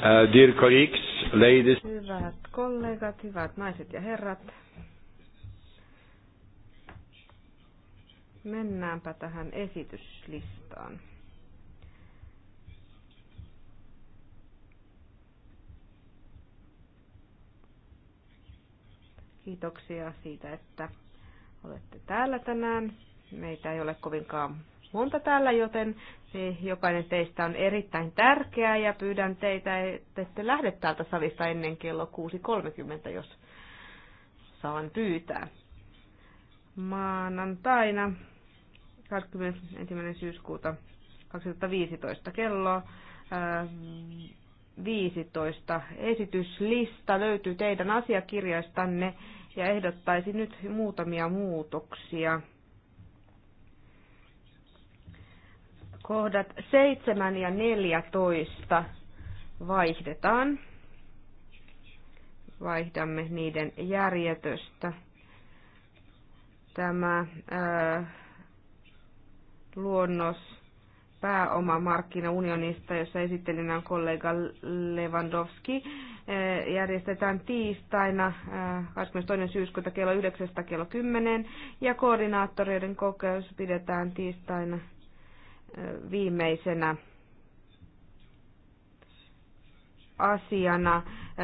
Uh, dear colleagues, ladies. Hyvät kollegat, hyvät naiset ja herrat. Mennäänpä tähän esityslistaan. Kiitoksia siitä, että olette täällä tänään. Meitä ei ole kovinkaan monta täällä, joten jokainen teistä on erittäin tärkeää ja pyydän teitä, että ette lähde täältä salista ennen kello 6.30, jos saan pyytää. Maanantaina 21. syyskuuta 2015 kello 15 äh, esityslista löytyy teidän asiakirjoistanne ja ehdottaisin nyt muutamia muutoksia. Kohdat 7 ja 14 vaihdetaan. Vaihdamme niiden järjetöstä. Tämä ää, äh, luonnos pääomamarkkinaunionista, jossa esittelinä kollega Lewandowski, äh, järjestetään tiistaina 22. Äh, syyskuuta kello 9 kello 10 ja koordinaattoreiden kokous pidetään tiistaina viimeisenä asiana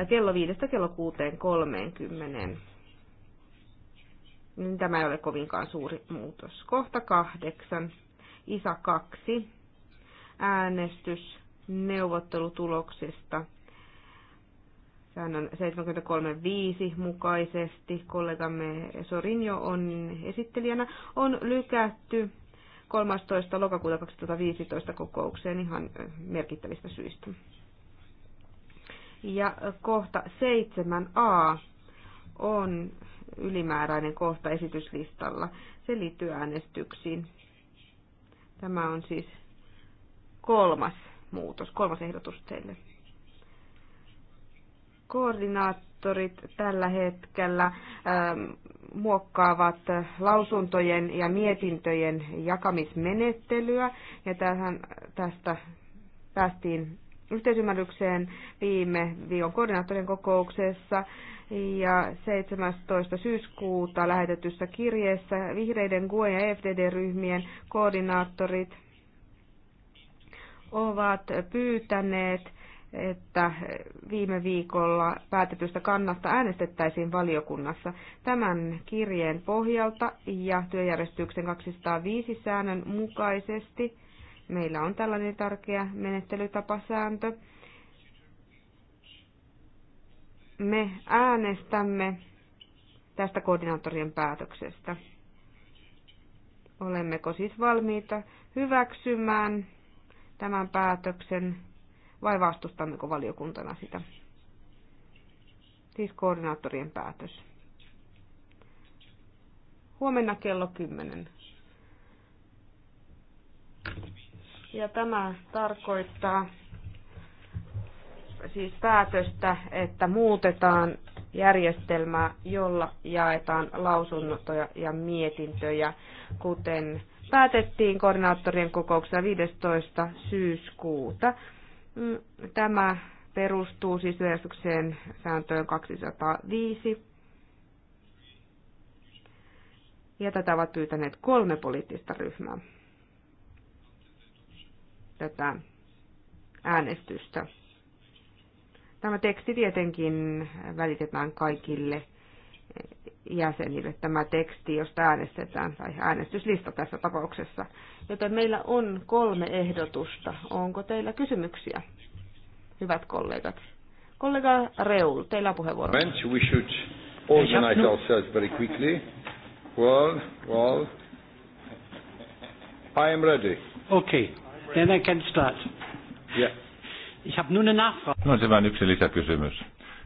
kello viidestä kello kuuteen kolmeenkymmeneen. Niin tämä ei ole kovinkaan suuri muutos. Kohta kahdeksan. Isa kaksi. Äänestys neuvottelutuloksista säännön 73.5 mukaisesti kollegamme Sorinjo on esittelijänä, on lykätty 13. lokakuuta 2015 kokoukseen ihan merkittävistä syistä. Ja kohta 7a on ylimääräinen kohta esityslistalla. Se liittyy äänestyksiin. Tämä on siis kolmas muutos, kolmas ehdotus teille. Koordinaat koordinaattorit tällä hetkellä ähm, muokkaavat lausuntojen ja mietintöjen jakamismenettelyä ja tähän, tästä päästiin yhteisymmärrykseen viime viikon koordinaattorien kokouksessa ja 17. syyskuuta lähetetyssä kirjeessä vihreiden GUE- ja e FDD-ryhmien koordinaattorit ovat pyytäneet että viime viikolla päätetystä kannasta äänestettäisiin valiokunnassa. Tämän kirjeen pohjalta ja työjärjestyksen 205 säännön mukaisesti meillä on tällainen tärkeä menettelytapasääntö. Me äänestämme tästä koordinaattorien päätöksestä. Olemmeko siis valmiita hyväksymään tämän päätöksen vai vastustammeko valiokuntana sitä. Siis koordinaattorien päätös. Huomenna kello 10. Ja tämä tarkoittaa siis päätöstä, että muutetaan järjestelmää, jolla jaetaan lausuntoja ja mietintöjä, kuten päätettiin koordinaattorien kokouksessa 15. syyskuuta. Mm, tämä perustuu siis yleistykseen sääntöön 205. Ja tätä ovat pyytäneet kolme poliittista ryhmää tätä äänestystä. Tämä teksti tietenkin välitetään kaikille jäsenille tämä teksti, josta äänestetään, tai äänestyslista tässä tapauksessa. Joten meillä on kolme ehdotusta. Onko teillä kysymyksiä, hyvät kollegat? Kollega Reul, teillä on puheenvuoro. We should organize ourselves very quickly. Well, well, I am ready. Okay, then I can start. Yeah. Ich habe nur eine Nachfrage. No, se vain yksi lisäkysymys.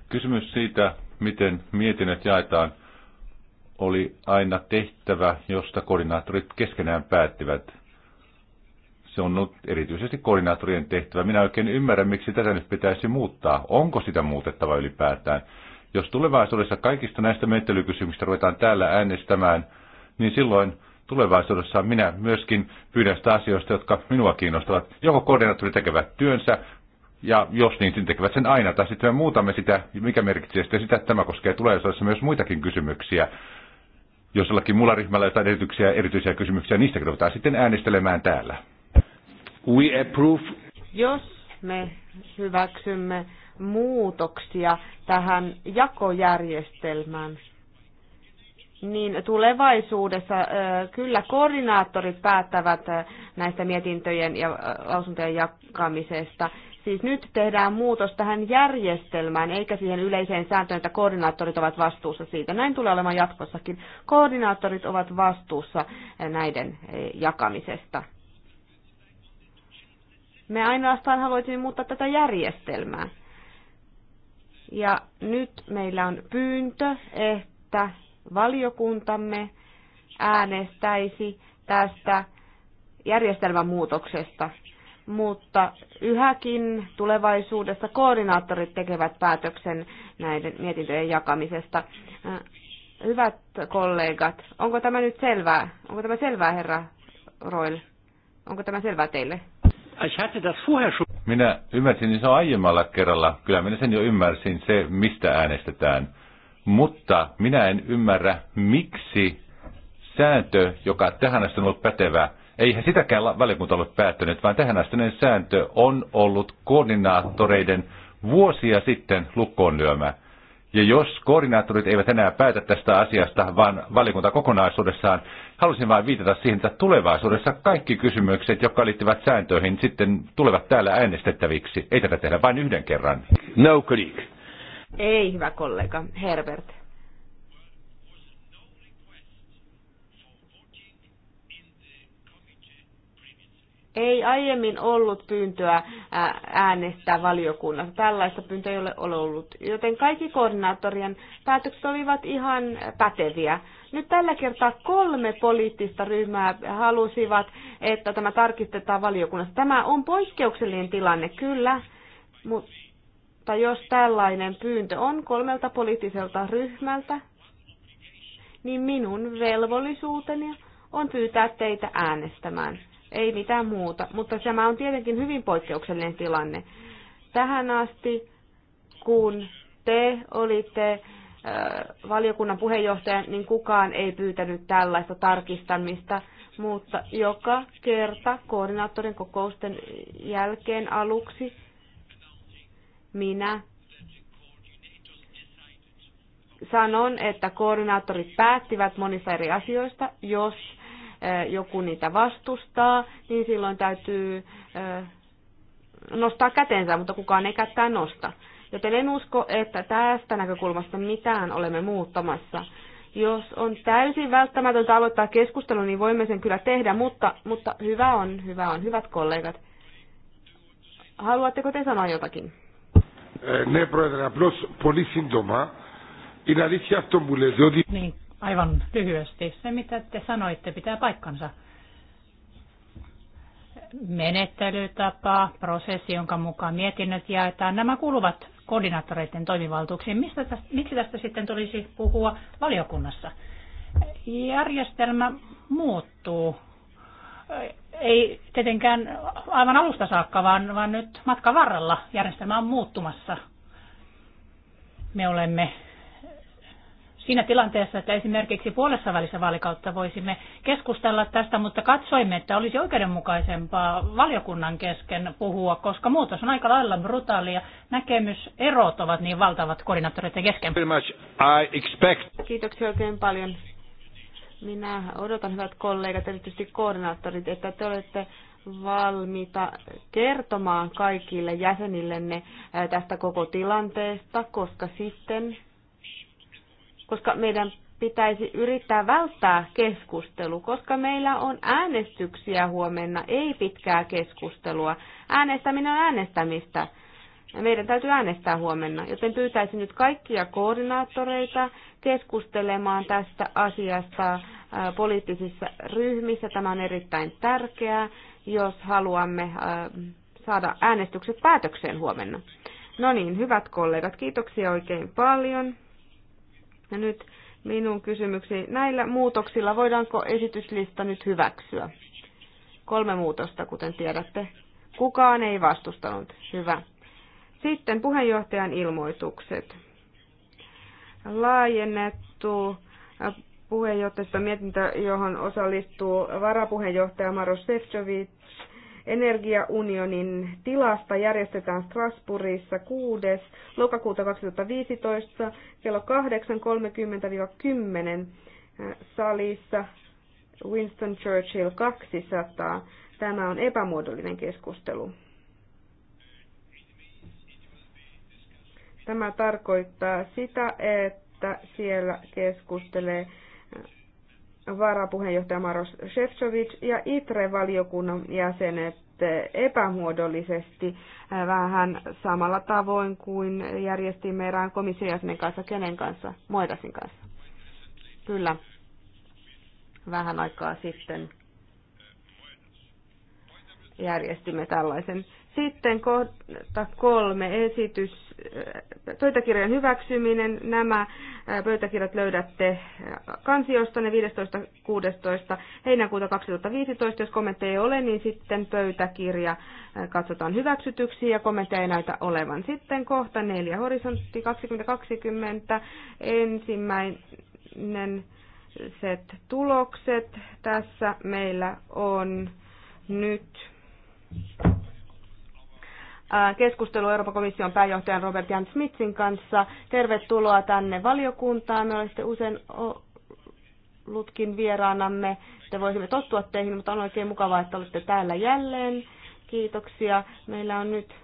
Kysymys siitä, miten mietinnöt jaetaan, oli aina tehtävä, josta koordinaattorit keskenään päättivät. Se on ollut erityisesti koordinaattorien tehtävä. Minä oikein ymmärrän, miksi tätä nyt pitäisi muuttaa. Onko sitä muutettava ylipäätään? Jos tulevaisuudessa kaikista näistä menettelykysymyksistä ruvetaan täällä äänestämään, niin silloin tulevaisuudessa minä myöskin pyydän sitä asioista, jotka minua kiinnostavat. Joko koordinaattori tekevät työnsä ja jos niin, niin tekevät sen aina. Tai sitten me muutamme sitä, mikä merkitsee sitten sitä, että tämä koskee tulevaisuudessa myös muitakin kysymyksiä. Jos jollakin mulla ryhmällä jotain erityisiä, erityisiä kysymyksiä, niin niistä kerrotaan sitten äänestelemään täällä. We approve. Jos me hyväksymme muutoksia tähän jakojärjestelmään, niin tulevaisuudessa kyllä koordinaattorit päättävät näistä mietintöjen ja lausuntojen jakamisesta. Siis nyt tehdään muutos tähän järjestelmään, eikä siihen yleiseen sääntöön, että koordinaattorit ovat vastuussa siitä. Näin tulee olemaan jatkossakin. Koordinaattorit ovat vastuussa näiden eh, jakamisesta. Me ainoastaan haluaisimme muuttaa tätä järjestelmää. Ja nyt meillä on pyyntö, että valiokuntamme äänestäisi tästä järjestelmän muutoksesta mutta yhäkin tulevaisuudessa koordinaattorit tekevät päätöksen näiden mietintöjen jakamisesta. Äh, hyvät kollegat, onko tämä nyt selvää? Onko tämä selvää, herra Roil? Onko tämä selvää teille? Minä ymmärsin niin se on aiemmalla kerralla. Kyllä minä sen jo ymmärsin, se mistä äänestetään. Mutta minä en ymmärrä, miksi sääntö, joka tähän asti on ollut pätevä, Eihän sitäkään valiokunta ole päättänyt, vaan tähänastinen sääntö on ollut koordinaattoreiden vuosia sitten lukkoon lyömä. Ja jos koordinaattorit eivät enää päätä tästä asiasta, vaan valiokunta kokonaisuudessaan, halusin vain viitata siihen, että tulevaisuudessa kaikki kysymykset, jotka liittyvät sääntöihin, sitten tulevat täällä äänestettäviksi. Ei tätä tehdä vain yhden kerran. No, colleague. Ei, hyvä kollega. Herbert. Ei aiemmin ollut pyyntöä äänestää valiokunnassa. Tällaista pyyntöä ei ole ollut. Joten kaikki koordinaattorien päätökset olivat ihan päteviä. Nyt tällä kertaa kolme poliittista ryhmää halusivat, että tämä tarkistetaan valiokunnassa. Tämä on poikkeuksellinen tilanne, kyllä, mutta jos tällainen pyyntö on kolmelta poliittiselta ryhmältä, niin minun velvollisuuteni on pyytää teitä äänestämään ei mitään muuta. Mutta tämä on tietenkin hyvin poikkeuksellinen tilanne. Tähän asti, kun te olitte valiokunnan puheenjohtaja, niin kukaan ei pyytänyt tällaista tarkistamista, mutta joka kerta koordinaattorin kokousten jälkeen aluksi minä sanon, että koordinaattorit päättivät monista eri asioista, jos joku niitä vastustaa, niin silloin täytyy nostaa kätensä, mutta kukaan ei kättää nosta. Joten en usko, että tästä näkökulmasta mitään olemme muuttamassa. Jos on täysin välttämätöntä aloittaa keskustelu, niin voimme sen kyllä tehdä, mutta, mutta hyvä on, hyvä on, hyvät kollegat. Haluatteko te sanoa jotakin? Eh, ne, πρόεδρε, Niin, aivan lyhyesti. Se, mitä te sanoitte, pitää paikkansa. Menettelytapa, prosessi, jonka mukaan mietinnöt jaetaan, nämä kuuluvat koordinaattoreiden toimivaltuuksiin. Mistä tästä, miksi tästä sitten tulisi puhua valiokunnassa? Järjestelmä muuttuu. Ei tietenkään aivan alusta saakka, vaan, vaan nyt matkan varrella järjestelmä on muuttumassa. Me olemme siinä tilanteessa, että esimerkiksi puolessa välissä vaalikautta voisimme keskustella tästä, mutta katsoimme, että olisi oikeudenmukaisempaa valiokunnan kesken puhua, koska muutos on aika lailla brutaali ja näkemyserot ovat niin valtavat koordinaattoreiden kesken. Kiitoksia oikein paljon. Minä odotan, hyvät kollegat, erityisesti koordinaattorit, että te olette valmiita kertomaan kaikille jäsenillenne tästä koko tilanteesta, koska sitten koska meidän pitäisi yrittää välttää keskustelu, koska meillä on äänestyksiä huomenna, ei pitkää keskustelua. Äänestäminen on äänestämistä. Meidän täytyy äänestää huomenna, joten pyytäisin nyt kaikkia koordinaattoreita keskustelemaan tästä asiasta äh, poliittisissa ryhmissä. Tämä on erittäin tärkeää, jos haluamme äh, saada äänestykset päätökseen huomenna. No niin, hyvät kollegat, kiitoksia oikein paljon. Ja nyt minun kysymykseni. Näillä muutoksilla voidaanko esityslista nyt hyväksyä? Kolme muutosta, kuten tiedätte. Kukaan ei vastustanut. Hyvä. Sitten puheenjohtajan ilmoitukset. Laajennettu äh, puheenjohtajista mietintö, johon osallistuu varapuheenjohtaja Maros Sefcovic energiaunionin tilasta järjestetään Strasbourgissa 6. lokakuuta 2015 kello 8.30-10 äh, salissa Winston Churchill 200. Tämä on epämuodollinen keskustelu. Tämä tarkoittaa sitä, että siellä keskustelee äh, varapuheenjohtaja Maros Shevchovic ja ITRE-valiokunnan jäsenet epämuodollisesti äh, vähän samalla tavoin kuin järjestimme erään komission jäsenen kanssa, kenen kanssa, Moidasin kanssa. Kyllä, vähän aikaa sitten järjestimme tällaisen. Sitten kohta kolme esitys, äh, pöytäkirjan hyväksyminen. Nämä äh, pöytäkirjat löydätte kansiosta ne 15.16. heinäkuuta 2015. Jos kommentteja ei ole, niin sitten pöytäkirja äh, katsotaan hyväksytyksi ja kommentteja ei näytä olevan. Sitten kohta neljä, horisontti 2020, ensimmäinen set tulokset. Tässä meillä on nyt keskustelu Euroopan komission pääjohtajan Robert Jan Smitsin kanssa. Tervetuloa tänne valiokuntaan. Me olette usein ollutkin vieraanamme, että voisimme tottua teihin, mutta on oikein mukavaa, että olette täällä jälleen. Kiitoksia. Meillä on nyt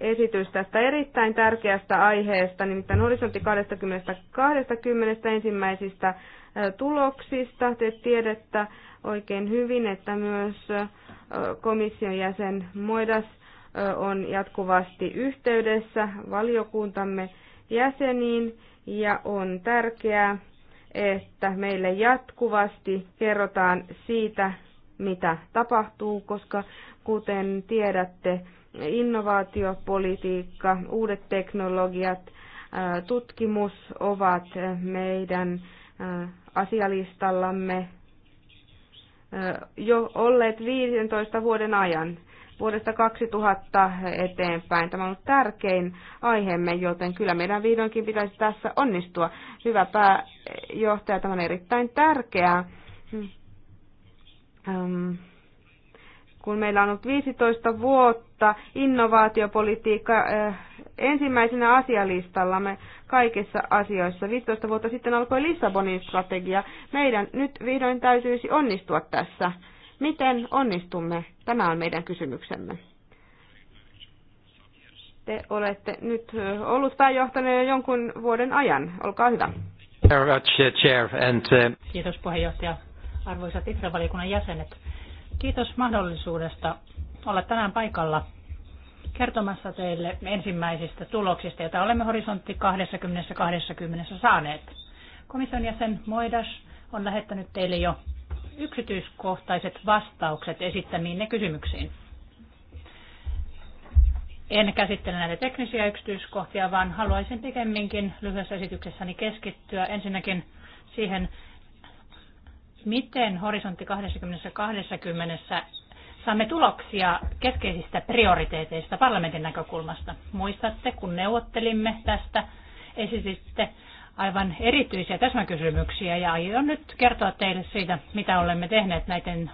esitys tästä erittäin tärkeästä aiheesta, nimittäin horisontti 20, 20 ensimmäisistä tuloksista. Te tiedätte oikein hyvin, että myös komission jäsen Moidas on jatkuvasti yhteydessä valiokuntamme jäseniin ja on tärkeää, että meille jatkuvasti kerrotaan siitä, mitä tapahtuu, koska kuten tiedätte, innovaatiopolitiikka, uudet teknologiat, tutkimus ovat meidän asialistallamme jo olleet 15 vuoden ajan vuodesta 2000 eteenpäin. Tämä on ollut tärkein aiheemme, joten kyllä meidän vihdoinkin pitäisi tässä onnistua. Hyvä pääjohtaja, tämä on erittäin tärkeää. Um, kun meillä on ollut 15 vuotta innovaatiopolitiikka eh, ensimmäisenä asialistallamme kaikissa asioissa. 15 vuotta sitten alkoi Lissabonin strategia. Meidän nyt vihdoin täytyisi onnistua tässä. Miten onnistumme? Tämä on meidän kysymyksemme. Te olette nyt eh, ollut pääjohtajana jo jonkun vuoden ajan. Olkaa hyvä. Uh, uh, Kiitos puheenjohtaja. Arvoisat valiokunnan jäsenet, Kiitos mahdollisuudesta olla tänään paikalla kertomassa teille ensimmäisistä tuloksista, joita olemme Horisontti 2020 saaneet. Komission jäsen Moidas on lähettänyt teille jo yksityiskohtaiset vastaukset ne kysymyksiin. En käsittele näitä teknisiä yksityiskohtia, vaan haluaisin pikemminkin lyhyessä esityksessäni keskittyä ensinnäkin siihen, miten horisontti 2020 saamme tuloksia keskeisistä prioriteeteista parlamentin näkökulmasta. Muistatte, kun neuvottelimme tästä, esititte aivan erityisiä täsmäkysymyksiä ja aion nyt kertoa teille siitä, mitä olemme tehneet näiden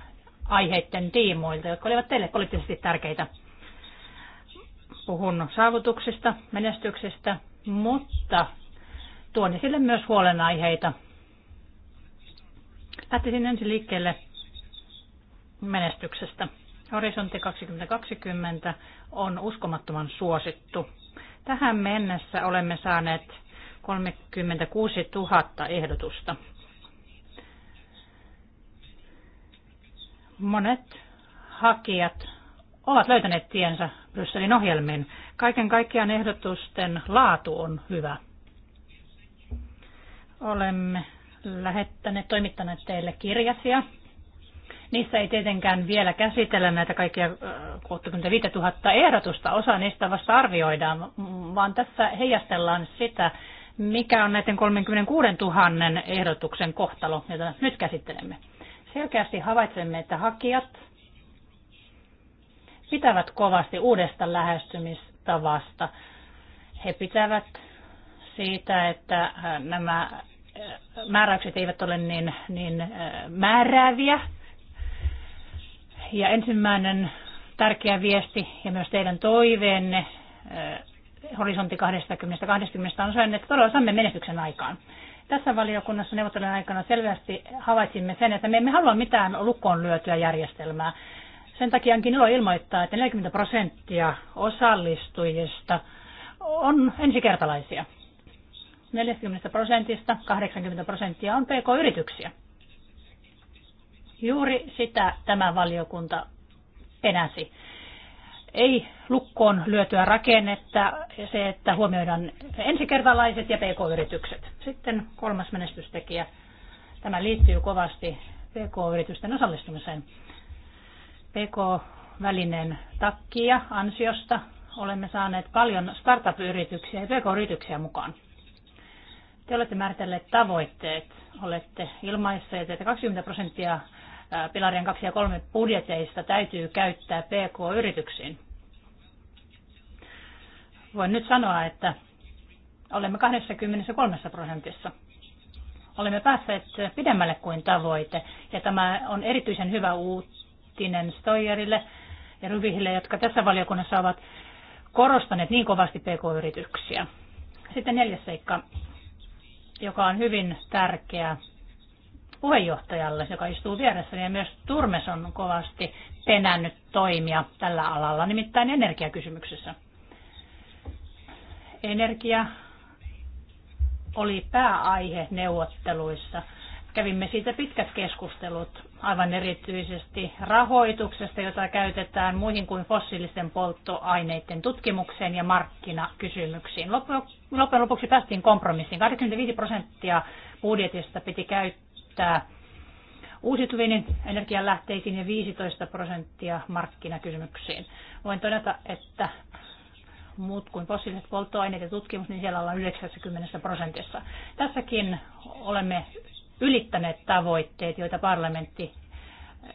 aiheiden tiimoilta, jotka olivat teille poliittisesti tärkeitä. Puhun saavutuksista, menestyksestä, mutta tuon esille myös huolenaiheita, Lähtisin ensin liikkeelle menestyksestä. Horisontti 2020 on uskomattoman suosittu. Tähän mennessä olemme saaneet 36 000 ehdotusta. Monet hakijat ovat löytäneet tiensä Brysselin ohjelmiin. Kaiken kaikkiaan ehdotusten laatu on hyvä. Olemme lähettäneet, toimittaneet teille kirjasia. Niissä ei tietenkään vielä käsitellä näitä kaikkia 65 äh, 000 ehdotusta, osa niistä vasta arvioidaan, vaan tässä heijastellaan sitä, mikä on näiden 36 000 ehdotuksen kohtalo, jota nyt käsittelemme. Selkeästi havaitsemme, että hakijat pitävät kovasti uudesta lähestymistavasta. He pitävät siitä, että äh, nämä määräykset eivät ole niin, niin äh, määrääviä. Ja ensimmäinen tärkeä viesti ja myös teidän toiveenne äh, horisontti 2020 on sen, että todella saamme menestyksen aikaan. Tässä valiokunnassa neuvottelujen aikana selvästi havaitsimme sen, että me emme halua mitään lukkoon lyötyä järjestelmää. Sen takia onkin ilo ilmoittaa, että 40 prosenttia osallistujista on ensikertalaisia. 40 prosentista 80 prosenttia on pk-yrityksiä. Juuri sitä tämä valiokunta penäsi. Ei lukkoon lyötyä rakennetta, ja se, että huomioidaan ensikertalaiset ja pk-yritykset. Sitten kolmas menestystekijä. Tämä liittyy kovasti pk-yritysten osallistumiseen. PK-välinen takkia ansiosta olemme saaneet paljon startup-yrityksiä ja pk-yrityksiä mukaan. Te olette määritelleet tavoitteet, olette ilmaisseet, että 20 prosenttia pilarien 2 ja 3 budjeteista täytyy käyttää PK-yrityksiin. Voin nyt sanoa, että olemme 23 prosentissa. Olemme päässeet pidemmälle kuin tavoite, ja tämä on erityisen hyvä uutinen Stoyerille ja Ryvihille, jotka tässä valiokunnassa ovat korostaneet niin kovasti PK-yrityksiä. Sitten neljäs seikka, joka on hyvin tärkeä puheenjohtajalle, joka istuu vieressäni, ja myös Turmes on kovasti penännyt toimia tällä alalla, nimittäin energiakysymyksessä. Energia oli pääaihe neuvotteluissa – Kävimme siitä pitkät keskustelut, aivan erityisesti rahoituksesta, jota käytetään muihin kuin fossiilisten polttoaineiden tutkimukseen ja markkinakysymyksiin. Loppujen lopuksi päästiin kompromissiin. 85 prosenttia budjetista piti käyttää uusiutuviin energianlähteisiin ja 15 prosenttia markkinakysymyksiin. Voin todeta, että muut kuin fossiiliset polttoaineet ja tutkimus, niin siellä ollaan 90 prosentissa. Tässäkin olemme ylittäneet tavoitteet, joita parlamentti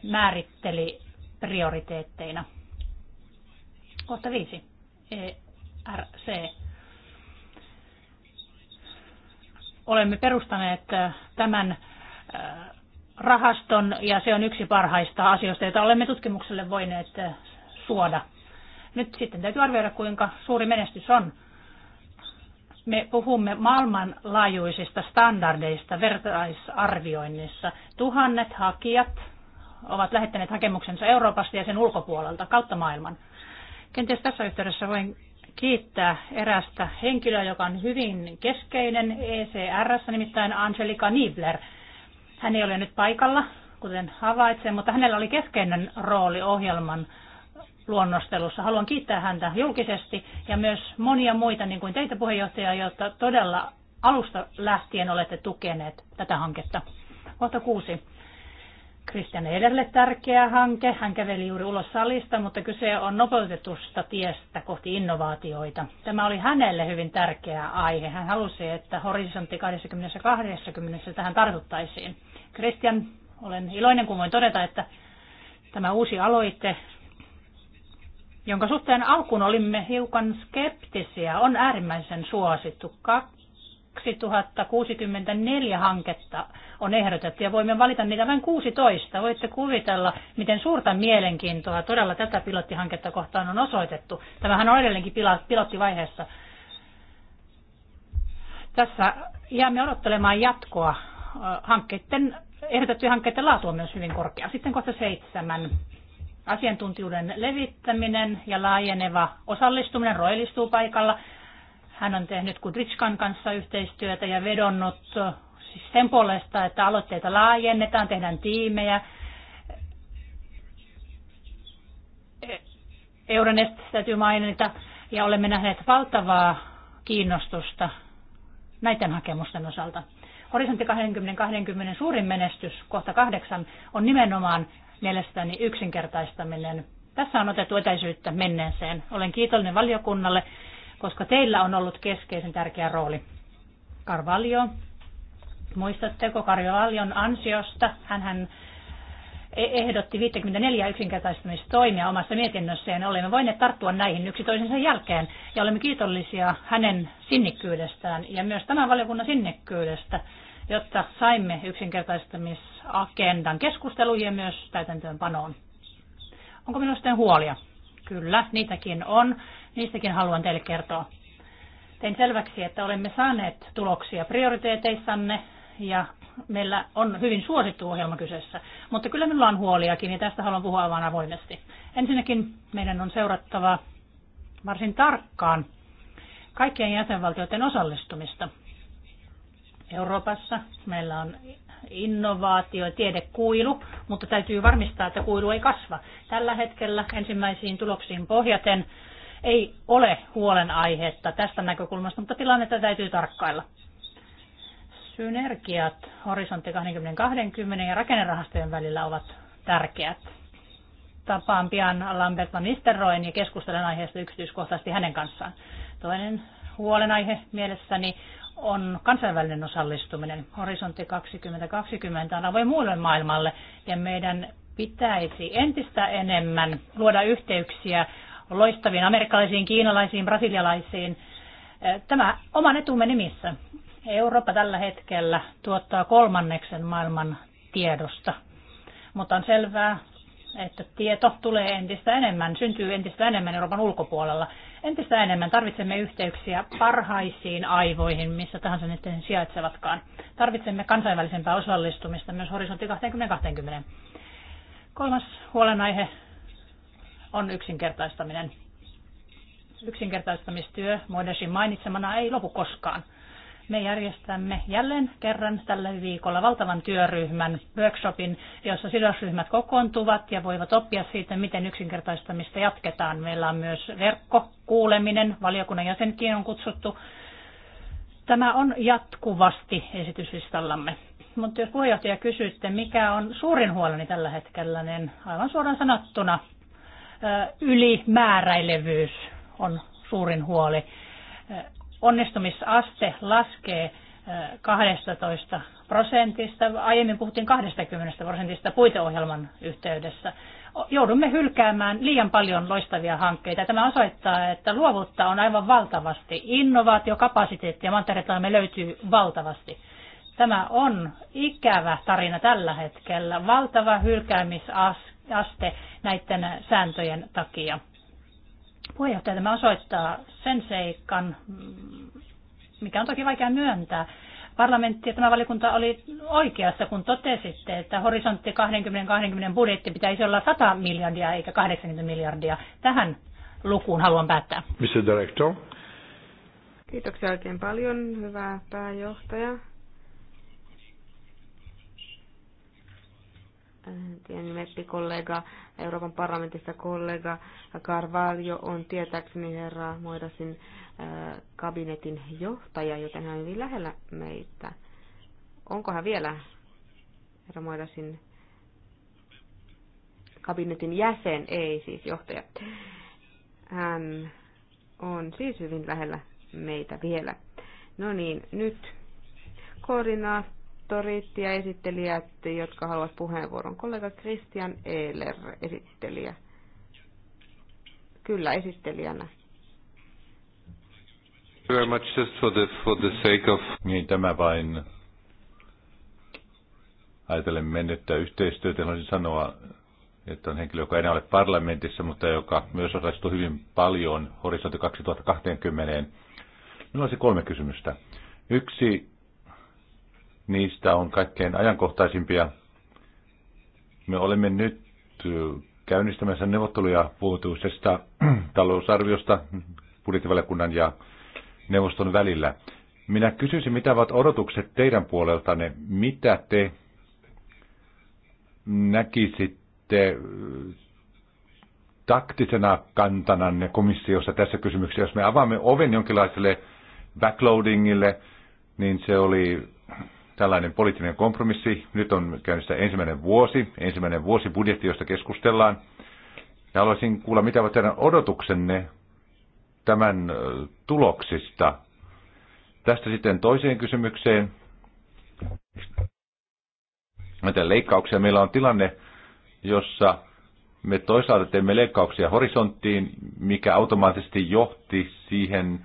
määritteli prioriteetteina. Kohta viisi. ERC. Olemme perustaneet tämän äh, rahaston ja se on yksi parhaista asioista, joita olemme tutkimukselle voineet äh, suoda. Nyt sitten täytyy arvioida, kuinka suuri menestys on me puhumme maailmanlaajuisista standardeista vertaisarvioinnissa. Tuhannet hakijat ovat lähettäneet hakemuksensa Euroopasta ja sen ulkopuolelta kautta maailman. Kenties tässä yhteydessä voin kiittää erästä henkilöä, joka on hyvin keskeinen ECR, nimittäin Angelika Niebler. Hän ei ole nyt paikalla, kuten havaitsen, mutta hänellä oli keskeinen rooli ohjelman luonnostelussa. Haluan kiittää häntä julkisesti ja myös monia muita, niin kuin teitä puheenjohtaja, jotta todella alusta lähtien olette tukeneet tätä hanketta. Kohta kuusi. Christian Ederle tärkeä hanke. Hän käveli juuri ulos salista, mutta kyse on nopeutetusta tiestä kohti innovaatioita. Tämä oli hänelle hyvin tärkeä aihe. Hän halusi, että horisontti 2020 tähän tartuttaisiin. Christian, olen iloinen, kun voin todeta, että tämä uusi aloite jonka suhteen alkuun olimme hiukan skeptisiä, on äärimmäisen suosittu. 2064 hanketta on ehdotettu ja voimme valita niitä vain 16. Voitte kuvitella, miten suurta mielenkiintoa todella tätä pilottihanketta kohtaan on osoitettu. Tämähän on edelleenkin pilottivaiheessa. Tässä jäämme odottelemaan jatkoa. Hankkeiden, ehdotettujen hankkeiden laatu on myös hyvin korkea. Sitten kohta seitsemän asiantuntijuuden levittäminen ja laajeneva osallistuminen roilistuu paikalla. Hän on tehnyt Kudritskan kanssa yhteistyötä ja vedonnut siis sen puolesta, että aloitteita laajennetaan, tehdään tiimejä. Euronest täytyy mainita, ja olemme nähneet valtavaa kiinnostusta näiden hakemusten osalta. Horisontti 2020 suurin menestys, kohta kahdeksan, on nimenomaan mielestäni yksinkertaistaminen. Tässä on otettu etäisyyttä menneeseen. Olen kiitollinen valiokunnalle, koska teillä on ollut keskeisen tärkeä rooli. Karvalio, muistatteko Karvalion ansiosta? hän e- ehdotti 54 yksinkertaistamistoimia omassa mietinnössään. Olemme voineet tarttua näihin yksi toisensa jälkeen ja olemme kiitollisia hänen sinnikkyydestään ja myös tämän valiokunnan sinnikkyydestä jotta saimme yksinkertaistamisagendan keskusteluihin ja myös täytäntöönpanoon. Onko minusta sitten huolia? Kyllä, niitäkin on. Niistäkin haluan teille kertoa. Tein selväksi, että olemme saaneet tuloksia prioriteeteissanne ja meillä on hyvin suosittu ohjelma kyseessä. Mutta kyllä minulla on huoliakin ja tästä haluan puhua aivan avoimesti. Ensinnäkin meidän on seurattava varsin tarkkaan kaikkien jäsenvaltioiden osallistumista Euroopassa. Meillä on innovaatio- ja tiedekuilu, mutta täytyy varmistaa, että kuilu ei kasva. Tällä hetkellä ensimmäisiin tuloksiin pohjaten ei ole huolenaihetta tästä näkökulmasta, mutta tilannetta täytyy tarkkailla. Synergiat horisontti 2020 ja rakennerahastojen välillä ovat tärkeät. Tapaan pian Lambert van Nistelrooyn ja keskustelen aiheesta yksityiskohtaisesti hänen kanssaan. Toinen huolenaihe mielessäni on kansainvälinen osallistuminen. Horisontti 2020 on avoin muulle maailmalle ja meidän pitäisi entistä enemmän luoda yhteyksiä loistaviin amerikkalaisiin, kiinalaisiin, brasilialaisiin. Tämä oman etumme nimissä. Eurooppa tällä hetkellä tuottaa kolmanneksen maailman tiedosta. Mutta on selvää, että tieto tulee entistä enemmän, syntyy entistä enemmän Euroopan ulkopuolella. Entistä enemmän tarvitsemme yhteyksiä parhaisiin aivoihin, missä tahansa ne sijaitsevatkaan. Tarvitsemme kansainvälisempää osallistumista myös horisontti 2020. Kolmas huolenaihe on yksinkertaistaminen. Yksinkertaistamistyö Modesin mainitsemana ei lopu koskaan. Me järjestämme jälleen kerran tällä viikolla valtavan työryhmän workshopin, jossa sidosryhmät kokoontuvat ja voivat oppia siitä, miten yksinkertaistamista jatketaan. Meillä on myös verkkokuuleminen, valiokunnan jäsenkin on kutsuttu. Tämä on jatkuvasti esityslistallamme. Mutta jos puheenjohtaja kysyitte, mikä on suurin huoleni tällä hetkellä, niin aivan suoraan sanottuna ylimääräilevyys on suurin huoli onnistumisaste laskee 12 eh, prosentista. Aiemmin puhuttiin 20 prosentista puiteohjelman yhteydessä. Joudumme hylkäämään liian paljon loistavia hankkeita. Tämä osoittaa, että luovuutta on aivan valtavasti. Innovaatiokapasiteettia mantereellamme löytyy valtavasti. Tämä on ikävä tarina tällä hetkellä. Valtava hylkäämisaste näiden sääntöjen takia. Puheenjohtaja, tämä osoittaa sen seikan, mikä on toki vaikea myöntää. Parlamentti ja tämä valikunta oli oikeassa, kun totesitte, että horisontti 20-20 budjetti pitäisi olla 100 miljardia eikä 80 miljardia. Tähän lukuun haluan päättää. Mr. Director. Kiitoksia oikein paljon, hyvä pääjohtaja. tieni kollega, Euroopan parlamentista kollega Carvalho on tietääkseni herra Moidasin äh, kabinetin johtaja, joten hän on hyvin lähellä meitä. Onko hän vielä herra Moidasin kabinetin jäsen, ei siis johtaja. Hän on siis hyvin lähellä meitä vielä. No niin, nyt koordinaatti tohtorit ja esittelijät, jotka haluavat puheenvuoron. Kollega Christian Ehler, esittelijä. Kyllä, esittelijänä. Very much just for the, for the sake of... Niin, tämä vain ajatellen mennyttä yhteistyötä. Haluaisin sanoa, että on henkilö, joka ei enää ole parlamentissa, mutta joka myös osallistuu hyvin paljon horisontti 2020. Minulla olisi kolme kysymystä. Yksi niistä on kaikkein ajankohtaisimpia. Me olemme nyt käynnistämässä neuvotteluja vuotuisesta talousarviosta budjettivaliokunnan ja neuvoston välillä. Minä kysyisin, mitä ovat odotukset teidän puoleltanne? Mitä te näkisitte taktisena kantananne komissiossa tässä kysymyksessä? Jos me avaamme oven jonkinlaiselle backloadingille, niin se oli tällainen poliittinen kompromissi. Nyt on käynnissä ensimmäinen vuosi, ensimmäinen vuosi budjetti, josta keskustellaan. Ja haluaisin kuulla, mitä ovat teidän odotuksenne tämän tuloksista. Tästä sitten toiseen kysymykseen. Näitä leikkauksia. Meillä on tilanne, jossa me toisaalta teemme leikkauksia horisonttiin, mikä automaattisesti johti siihen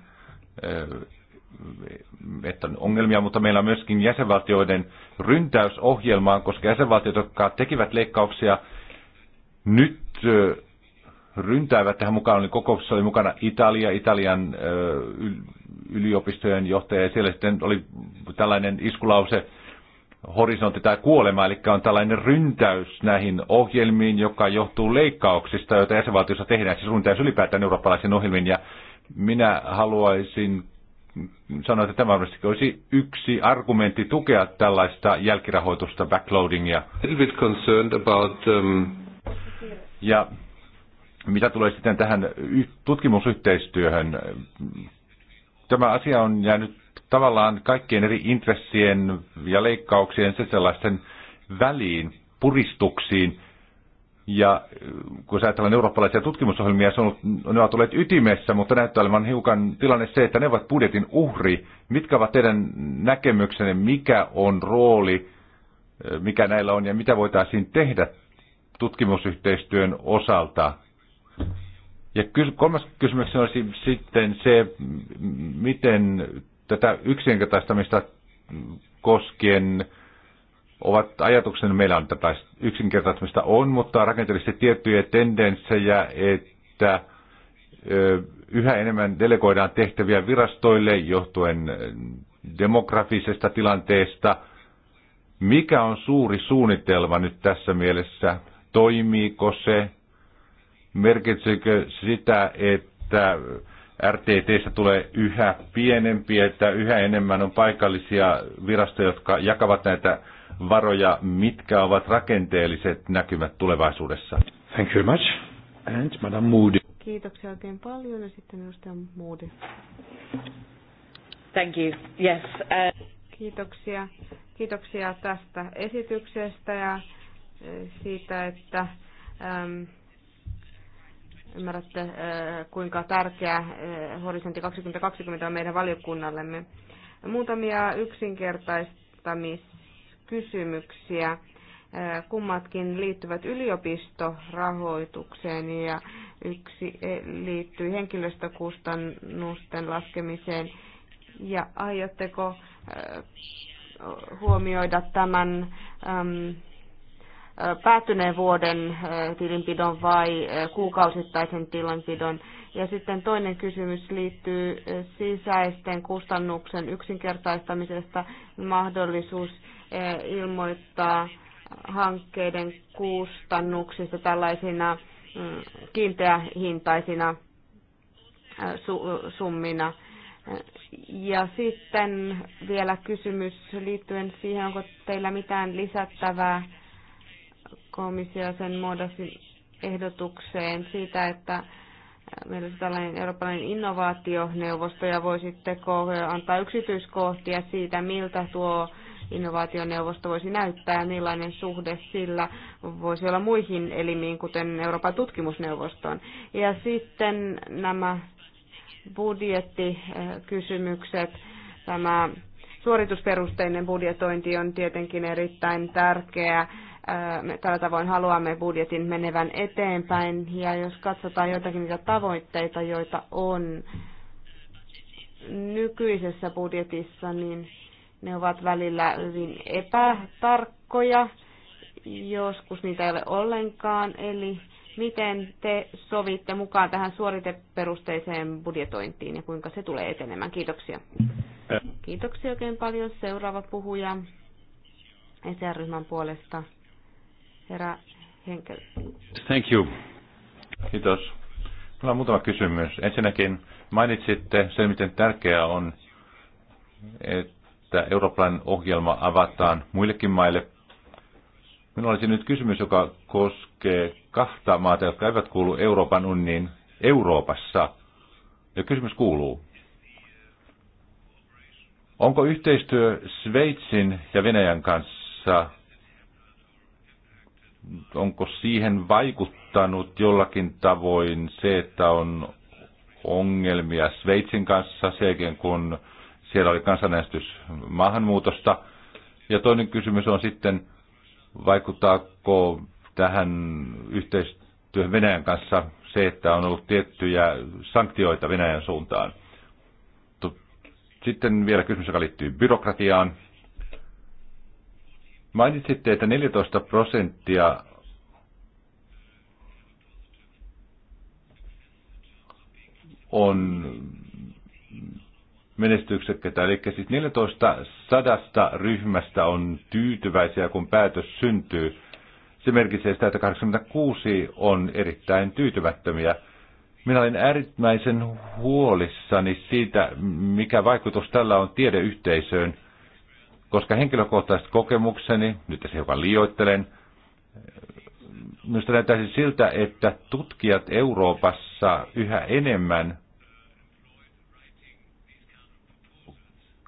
että on ongelmia, mutta meillä on myöskin jäsenvaltioiden ryntäysohjelmaa, koska jäsenvaltiot, jotka tekivät leikkauksia, nyt ryntäävät tähän mukaan. Oli kokouksessa oli mukana Italia, Italian yliopistojen johtaja, ja siellä sitten oli tällainen iskulause, horisontti tai kuolema, eli on tällainen ryntäys näihin ohjelmiin, joka johtuu leikkauksista, joita jäsenvaltiossa tehdään, siis ryntäys ylipäätään eurooppalaisiin ohjelmiin, ja minä haluaisin sanoit että tämä varmasti olisi yksi argumentti tukea tällaista jälkirahoitusta, backloadingia. Bit concerned about, um... Ja mitä tulee sitten tähän tutkimusyhteistyöhön, tämä asia on jäänyt tavallaan kaikkien eri intressien ja leikkauksien se sellaisten väliin, puristuksiin, ja äh, kun ajatellaan eurooppalaisia tutkimusohjelmia, se on ollut, ne ovat olleet ytimessä, mutta näyttää olevan hiukan tilanne se, että ne ovat budjetin uhri. Mitkä ovat teidän näkemyksenne, mikä on rooli, äh, mikä näillä on ja mitä voitaisiin tehdä tutkimusyhteistyön osalta? Ja kolmas kysymys olisi sitten se, miten tätä yksinkertaistamista koskien ovat ajatuksena, meillä on tätä yksinkertaistamista on, mutta rakenteellisesti tiettyjä tendenssejä, että yhä enemmän delegoidaan tehtäviä virastoille johtuen demografisesta tilanteesta. Mikä on suuri suunnitelma nyt tässä mielessä? Toimiiko se? Merkitsekö sitä, että RTTstä tulee yhä pienempi, että yhä enemmän on paikallisia virastoja, jotka jakavat näitä varoja, mitkä ovat rakenteelliset näkymät tulevaisuudessa? Thank you very much. And madam Moody. Kiitoksia oikein paljon ja sitten edustaja Moody. Thank you. Yes. Uh... Kiitoksia. Kiitoksia tästä esityksestä ja eh, siitä, että ähm, ymmärrätte, äh, kuinka tärkeä äh, Horisontti 2020 on meidän valiokunnallemme. Muutamia yksinkertaistamis kysymyksiä. Äh, kummatkin liittyvät yliopistorahoitukseen ja yksi eh, liittyy henkilöstökustannusten laskemiseen. Ja aiotteko äh, huomioida tämän äh, päättyneen vuoden tilinpidon vai kuukausittaisen tilinpidon. Ja sitten toinen kysymys liittyy sisäisten kustannuksen yksinkertaistamisesta mahdollisuus ilmoittaa hankkeiden kustannuksista tällaisina mm, kiinteähintaisina summina. Ja sitten vielä kysymys liittyen siihen, onko teillä mitään lisättävää komissio sen muodosin ehdotukseen siitä, että meillä on tällainen eurooppalainen innovaationeuvosto ja voisitteko antaa yksityiskohtia siitä, miltä tuo innovaationeuvosto voisi näyttää, millainen suhde sillä voisi olla muihin elimiin, kuten Euroopan tutkimusneuvostoon. Ja sitten nämä budjettikysymykset, tämä suoritusperusteinen budjetointi on tietenkin erittäin tärkeää. Me tällä tavoin haluamme budjetin menevän eteenpäin ja jos katsotaan joitakin niitä tavoitteita, joita on nykyisessä budjetissa, niin ne ovat välillä hyvin epätarkkoja, joskus niitä ei ole ollenkaan. Eli miten te sovitte mukaan tähän suoriteperusteiseen budjetointiin ja kuinka se tulee etenemään? Kiitoksia. Kiitoksia oikein paljon. Seuraava puhuja ECR-ryhmän puolesta. Herra Henkel. Thank you. Kiitos. Minulla on muutama kysymys. Ensinnäkin mainitsitte sen, miten tärkeää on, että että Euroopan ohjelma avataan muillekin maille. Minulla olisi nyt kysymys, joka koskee kahta maata, jotka eivät kuulu Euroopan unniin Euroopassa. Ja kysymys kuuluu, onko yhteistyö Sveitsin ja Venäjän kanssa, onko siihen vaikuttanut jollakin tavoin se, että on ongelmia Sveitsin kanssa sen kun siellä oli kansanäänestys maahanmuutosta. Ja toinen kysymys on sitten, vaikuttaako tähän yhteistyöhön Venäjän kanssa se, että on ollut tiettyjä sanktioita Venäjän suuntaan. Sitten vielä kysymys, joka liittyy byrokratiaan. Mainitsitte, että 14 prosenttia on menestyksekkäitä. Eli siis 14 sadasta ryhmästä on tyytyväisiä, kun päätös syntyy. Se merkitsee sitä, että 86 on erittäin tyytymättömiä. Minä olin äärimmäisen huolissani siitä, mikä vaikutus tällä on tiedeyhteisöön, koska henkilökohtaiset kokemukseni, nyt tässä hiukan liioittelen, minusta näyttäisi siltä, että tutkijat Euroopassa yhä enemmän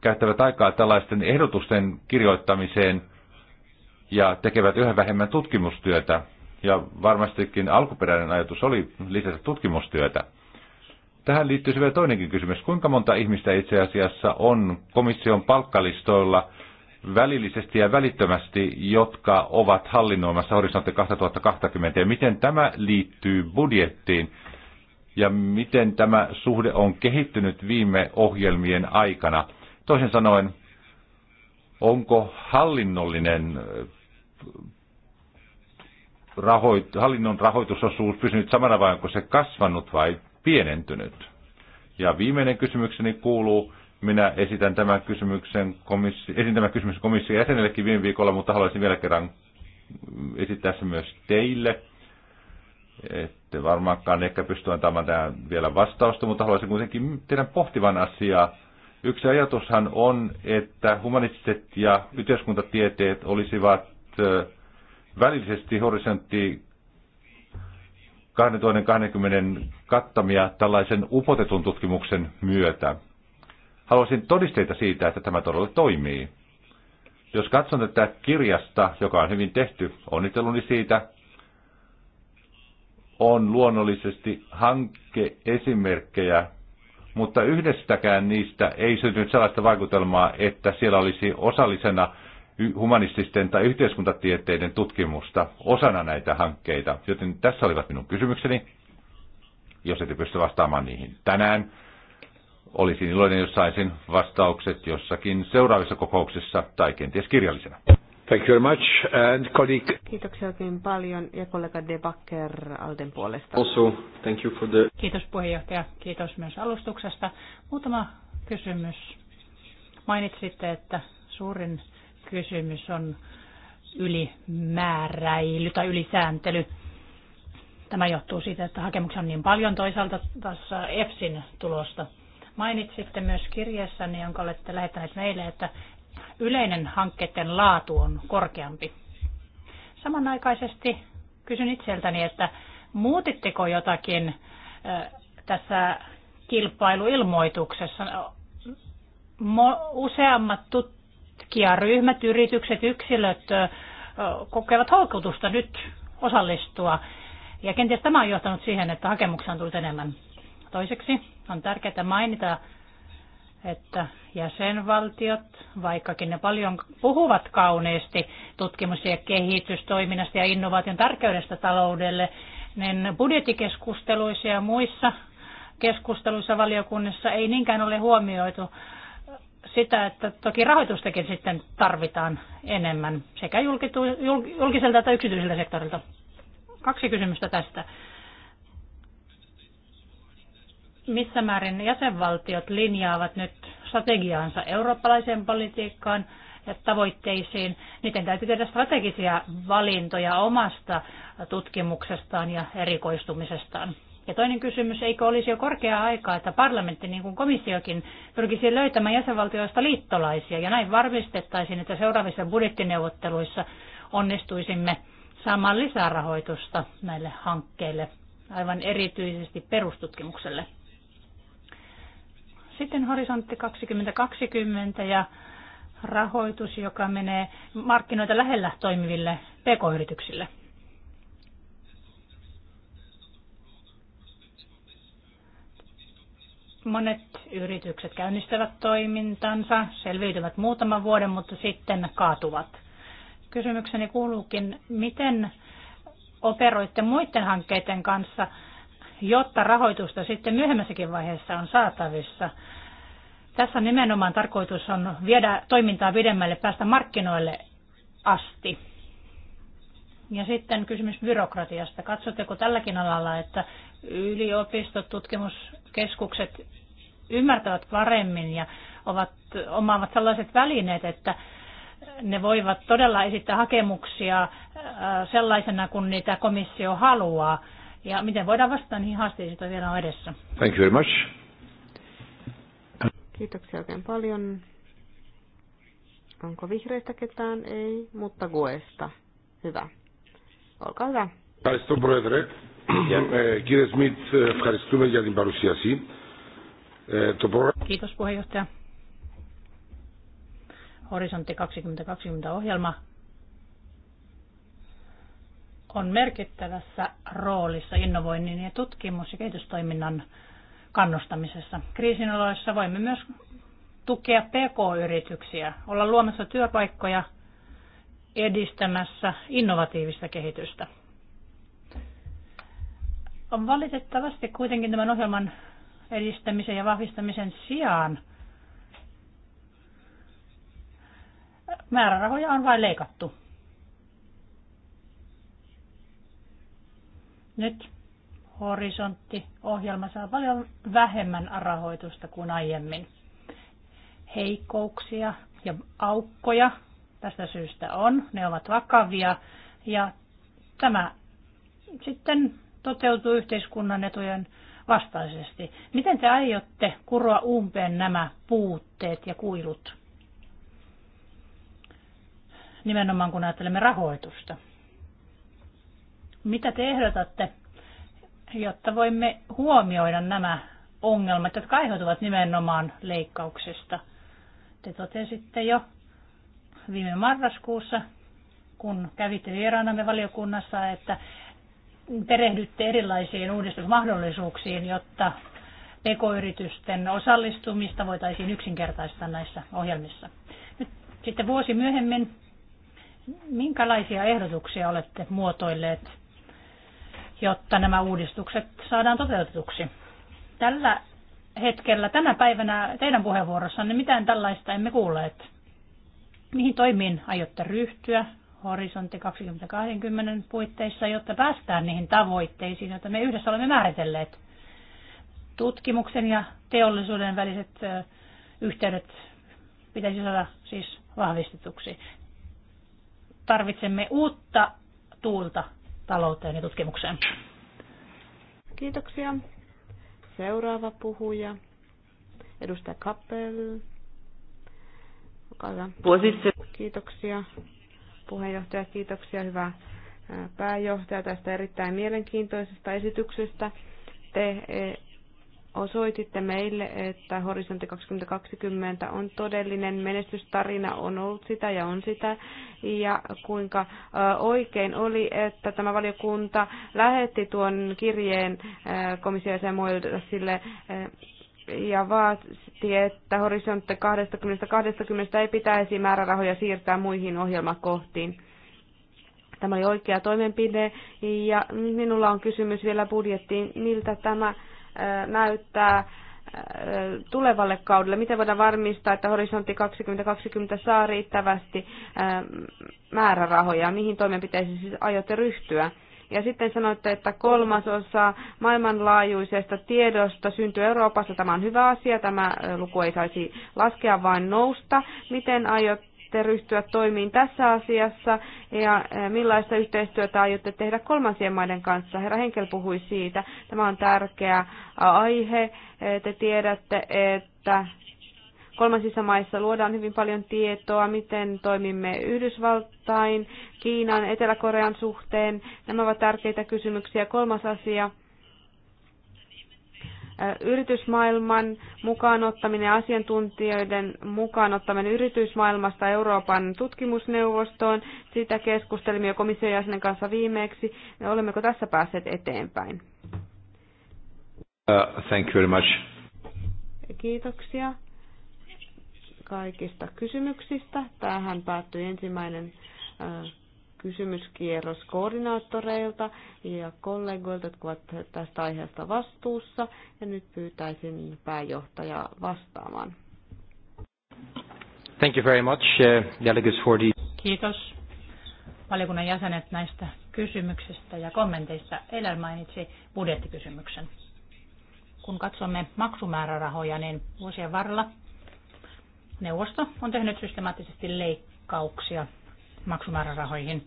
käyttävät aikaa tällaisten ehdotusten kirjoittamiseen ja tekevät yhä vähemmän tutkimustyötä. Ja varmastikin alkuperäinen ajatus oli lisätä tutkimustyötä. Tähän liittyy vielä toinenkin kysymys. Kuinka monta ihmistä itse asiassa on komission palkkalistoilla välillisesti ja välittömästi, jotka ovat hallinnoimassa horisontti 2020 ja miten tämä liittyy budjettiin ja miten tämä suhde on kehittynyt viime ohjelmien aikana – Toisin sanoen, onko hallinnollinen rahoit, hallinnon rahoitusosuus pysynyt samana vai onko se kasvanut vai pienentynyt? Ja viimeinen kysymykseni kuuluu, minä esitän tämän kysymyksen komissi, esin tämän kysymyksen komission jäsenellekin viime viikolla, mutta haluaisin vielä kerran mm, esittää se myös teille. Ette varmaankaan ehkä pysty antamaan tähän vielä vastausta, mutta haluaisin kuitenkin teidän pohtivan asiaa Yksi ajatushan on, että humanistiset ja yhteiskuntatieteet olisivat välillisesti horisontti 2020 kattamia tällaisen upotetun tutkimuksen myötä. Haluaisin todisteita siitä, että tämä todella toimii. Jos katson tätä kirjasta, joka on hyvin tehty, onnitteluni siitä, on luonnollisesti hankkeesimerkkejä mutta yhdestäkään niistä ei syntynyt sellaista vaikutelmaa, että siellä olisi osallisena humanististen tai yhteiskuntatieteiden tutkimusta osana näitä hankkeita. Joten tässä olivat minun kysymykseni. Jos ette pysty vastaamaan niihin tänään, olisin iloinen, jos saisin vastaukset jossakin seuraavissa kokouksissa tai kenties kirjallisena. Thank you very much. And colleague... Kiitoksia oikein paljon ja kollega De Backer Alden puolesta. Also, thank you for the... Kiitos puheenjohtaja, kiitos myös alustuksesta. Muutama kysymys. Mainitsitte, että suurin kysymys on ylimääräily tai ylisääntely. Tämä johtuu siitä, että hakemuksia on niin paljon toisaalta tässä EFSin tulosta. Mainitsitte myös kirjeessäni, jonka olette lähettäneet meille, että yleinen hankkeiden laatu on korkeampi. Samanaikaisesti kysyn itseltäni, että muutitteko jotakin tässä kilpailuilmoituksessa? Useammat tutkijaryhmät, yritykset, yksilöt kokevat houkutusta nyt osallistua. Ja kenties tämä on johtanut siihen, että hakemuksia on tullut enemmän. Toiseksi on tärkeää mainita että jäsenvaltiot, vaikkakin ne paljon puhuvat kauneesti tutkimus- ja kehitystoiminnasta ja innovaation tärkeydestä taloudelle, niin budjettikeskusteluissa ja muissa keskusteluissa valiokunnissa ei niinkään ole huomioitu sitä, että toki rahoitustakin sitten tarvitaan enemmän sekä julkiselta että yksityiseltä sektorilta. Kaksi kysymystä tästä missä määrin jäsenvaltiot linjaavat nyt strategiaansa eurooppalaiseen politiikkaan ja tavoitteisiin. Niiden täytyy tehdä strategisia valintoja omasta tutkimuksestaan ja erikoistumisestaan. Ja toinen kysymys, eikö olisi jo korkea aika, että parlamentti, niin kuin komissiokin, pyrkisi löytämään jäsenvaltioista liittolaisia ja näin varmistettaisiin, että seuraavissa budjettineuvotteluissa onnistuisimme saamaan lisää rahoitusta näille hankkeille, aivan erityisesti perustutkimukselle. Sitten horisontti 2020 ja rahoitus, joka menee markkinoita lähellä toimiville pk-yrityksille. Monet yritykset käynnistävät toimintansa, selviytyvät muutaman vuoden, mutta sitten kaatuvat. Kysymykseni kuuluukin, miten operoitte muiden hankkeiden kanssa – jotta rahoitusta sitten myöhemmässäkin vaiheessa on saatavissa. Tässä nimenomaan tarkoitus on viedä toimintaa pidemmälle, päästä markkinoille asti. Ja sitten kysymys byrokratiasta. Katsotteko tälläkin alalla, että yliopistot, tutkimuskeskukset ymmärtävät paremmin ja ovat, omaavat sellaiset välineet, että ne voivat todella esittää hakemuksia äh, sellaisena kuin niitä komissio haluaa ja miten voidaan vastata niihin haasteisiin, joita vielä on edessä. Thank you very much. Kiitoksia oikein paljon. Onko vihreistä ketään? Ei, mutta Guesta. Hyvä. Olkaa hyvä. Kiitos, Πρόεδρε. Kiitos, κύριε Σμιτ, ευχαριστούμε για την παρουσίαση. Kiitos, puheenjohtaja. Horisontti 2020 ohjelma on merkittävässä roolissa innovoinnin ja tutkimus- ja kehitystoiminnan kannustamisessa. Kriisin oloissa voimme myös tukea PK-yrityksiä, olla luomassa työpaikkoja, edistämässä innovatiivista kehitystä. On valitettavasti kuitenkin tämän ohjelman edistämisen ja vahvistamisen sijaan määrärahoja on vain leikattu. Nyt horisontti-ohjelma saa paljon vähemmän rahoitusta kuin aiemmin. Heikkouksia ja aukkoja tästä syystä on, ne ovat vakavia ja tämä sitten toteutuu yhteiskunnan etujen vastaisesti. Miten te aiotte kuroa umpeen nämä puutteet ja kuilut? Nimenomaan kun ajattelemme rahoitusta. Mitä te ehdotatte, jotta voimme huomioida nämä ongelmat, jotka aiheutuvat nimenomaan leikkauksista? Te totesitte jo viime marraskuussa, kun kävitte vieraanamme valiokunnassa, että perehdytte erilaisiin uudistusmahdollisuuksiin, jotta pk-yritysten osallistumista voitaisiin yksinkertaistaa näissä ohjelmissa. Nyt sitten vuosi myöhemmin, minkälaisia ehdotuksia olette muotoilleet jotta nämä uudistukset saadaan toteutetuksi. Tällä hetkellä, tänä päivänä teidän puheenvuorossanne mitään tällaista emme kuulleet. Mihin toimiin aiotte ryhtyä horisontti 2020 puitteissa, jotta päästään niihin tavoitteisiin, joita me yhdessä olemme määritelleet? Tutkimuksen ja teollisuuden väliset yhteydet pitäisi saada siis vahvistetuksi. Tarvitsemme uutta tuulta talouteen ja tutkimukseen. Kiitoksia. Seuraava puhuja, edustaja Kappel. Kiitoksia puheenjohtaja, kiitoksia hyvä pääjohtaja tästä erittäin mielenkiintoisesta esityksestä. Te e, osoititte meille, että Horisontti 2020 on todellinen menestystarina, on ollut sitä ja on sitä, ja kuinka oikein oli, että tämä valiokunta lähetti tuon kirjeen komissiojäsen sille ja vaati, että horisontti 2020 ei pitäisi määrärahoja siirtää muihin ohjelmakohtiin. Tämä oli oikea toimenpide ja minulla on kysymys vielä budjettiin, miltä tämä Äh, näyttää äh, tulevalle kaudelle? Miten voidaan varmistaa, että horisontti 2020 saa riittävästi äh, määrärahoja? Mihin toimenpiteisiin siis aiotte ryhtyä? Ja sitten sanoitte, että kolmasosa maailmanlaajuisesta tiedosta syntyy Euroopassa. Tämä on hyvä asia. Tämä luku ei saisi laskea, vaan nousta. Miten aiot aiotte ryhtyä toimiin tässä asiassa ja eh, millaista yhteistyötä aiotte tehdä kolmansien maiden kanssa? Herra Henkel puhui siitä. Tämä on tärkeä aihe. Eh, te tiedätte, että kolmansissa maissa luodaan hyvin paljon tietoa, miten toimimme Yhdysvaltain, Kiinan, Etelä-Korean suhteen. Nämä ovat tärkeitä kysymyksiä. Kolmas asia – yritysmaailman mukaanottaminen ja asiantuntijoiden mukaanottaminen yritysmaailmasta Euroopan tutkimusneuvostoon. Sitä keskustelimme jo komission jäsenen kanssa viimeksi. Olemmeko tässä päässeet eteenpäin? Uh, thank you very much. Kiitoksia kaikista kysymyksistä. Tähän päättyi ensimmäinen kysymyskierros koordinaattoreilta ja kollegoilta, jotka ovat tästä aiheesta vastuussa. Ja nyt pyytäisin pääjohtajaa vastaamaan. Thank you very much, uh, delegates for the... Kiitos valiokunnan jäsenet näistä kysymyksistä ja kommenteista. Eilen mainitsi budjettikysymyksen. Kun katsomme maksumäärärahoja, niin vuosien varrella neuvosto on tehnyt systemaattisesti leikkauksia maksumäärärahoihin.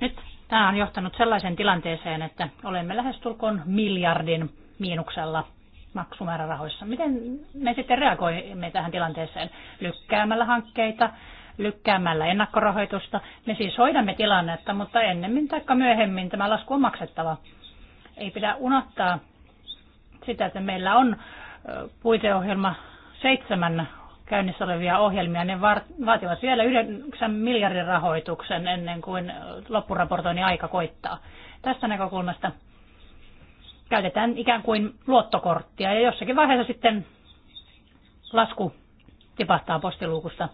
Nyt tämä on johtanut sellaiseen tilanteeseen, että olemme lähestulkoon miljardin miinuksella maksumäärärahoissa. Miten me sitten reagoimme tähän tilanteeseen? Lykkäämällä hankkeita, lykkäämällä ennakkorahoitusta. Me siis hoidamme tilannetta, mutta ennemmin tai myöhemmin tämä lasku on maksettava. Ei pidä unohtaa sitä, että meillä on puiteohjelma seitsemän käynnissä olevia ohjelmia, ne vaativat vielä 9 miljardin rahoituksen ennen kuin loppuraportoinnin aika koittaa. Tästä näkökulmasta käytetään ikään kuin luottokorttia ja jossakin vaiheessa sitten lasku tipahtaa postiluukusta.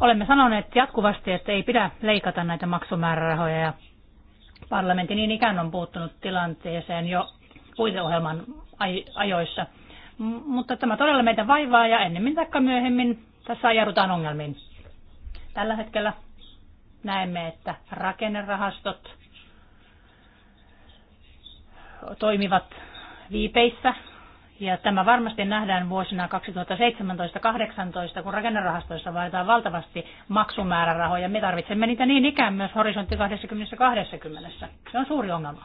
Olemme sanoneet jatkuvasti, että ei pidä leikata näitä maksumäärärahoja ja parlamentti niin ikään on puuttunut tilanteeseen jo puiteohjelman ajoissa – mutta tämä todella meitä vaivaa ja ennemmin tai myöhemmin tässä ajaudutaan ongelmiin. Tällä hetkellä näemme, että rakennerahastot toimivat viipeissä ja tämä varmasti nähdään vuosina 2017-2018, kun rakennerahastoissa vaaditaan valtavasti maksumäärärahoja. Me tarvitsemme niitä niin ikään myös horisontti 2020. Se on suuri ongelma.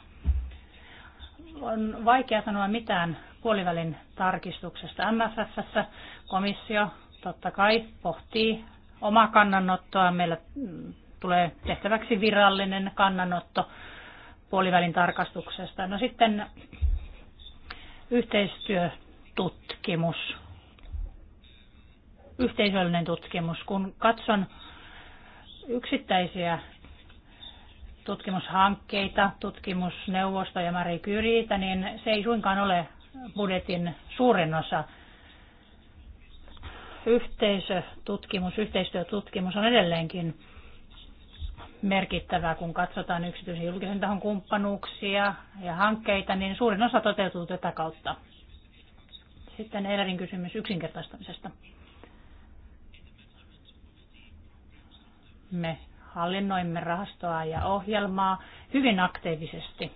On vaikea sanoa mitään puolivälin tarkistuksesta MFFssä. Komissio totta kai pohtii omaa kannanottoa. Meillä mm, tulee tehtäväksi virallinen kannanotto puolivälin tarkastuksesta. No sitten yhteistyötutkimus, yhteisöllinen tutkimus. Kun katson yksittäisiä tutkimushankkeita, tutkimusneuvosto ja Marie kyriitä niin se ei suinkaan ole budjetin suurin osa. Yhteisötutkimus, yhteistyötutkimus on edelleenkin merkittävää, kun katsotaan yksityisen julkisen tahon kumppanuuksia ja hankkeita, niin suurin osa toteutuu tätä kautta. Sitten Eilerin kysymys yksinkertaistamisesta. Me hallinnoimme rahastoa ja ohjelmaa hyvin aktiivisesti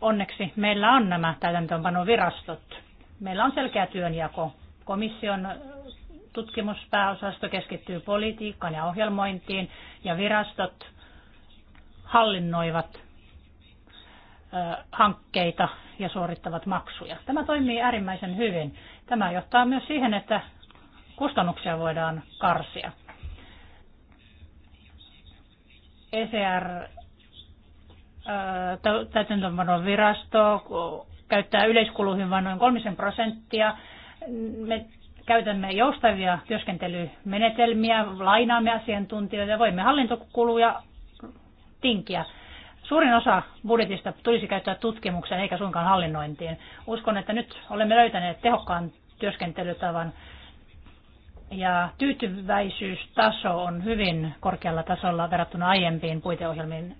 onneksi meillä on nämä täytäntöönpanovirastot. Meillä on selkeä työnjako. Komission tutkimuspääosasto keskittyy politiikkaan ja ohjelmointiin ja virastot hallinnoivat hankkeita ja suorittavat maksuja. Tämä toimii äärimmäisen hyvin. Tämä johtaa myös siihen, että kustannuksia voidaan karsia. ECR täytäntöönpanon virasto käyttää yleiskuluihin vain noin kolmisen prosenttia. Me käytämme joustavia työskentelymenetelmiä, lainaamme asiantuntijoita, voimme hallintokuluja tinkiä. Suurin osa budjetista tulisi käyttää tutkimukseen eikä suinkaan hallinnointiin. Uskon, että nyt olemme löytäneet tehokkaan työskentelytavan ja tyytyväisyystaso on hyvin korkealla tasolla verrattuna aiempiin puiteohjelmiin.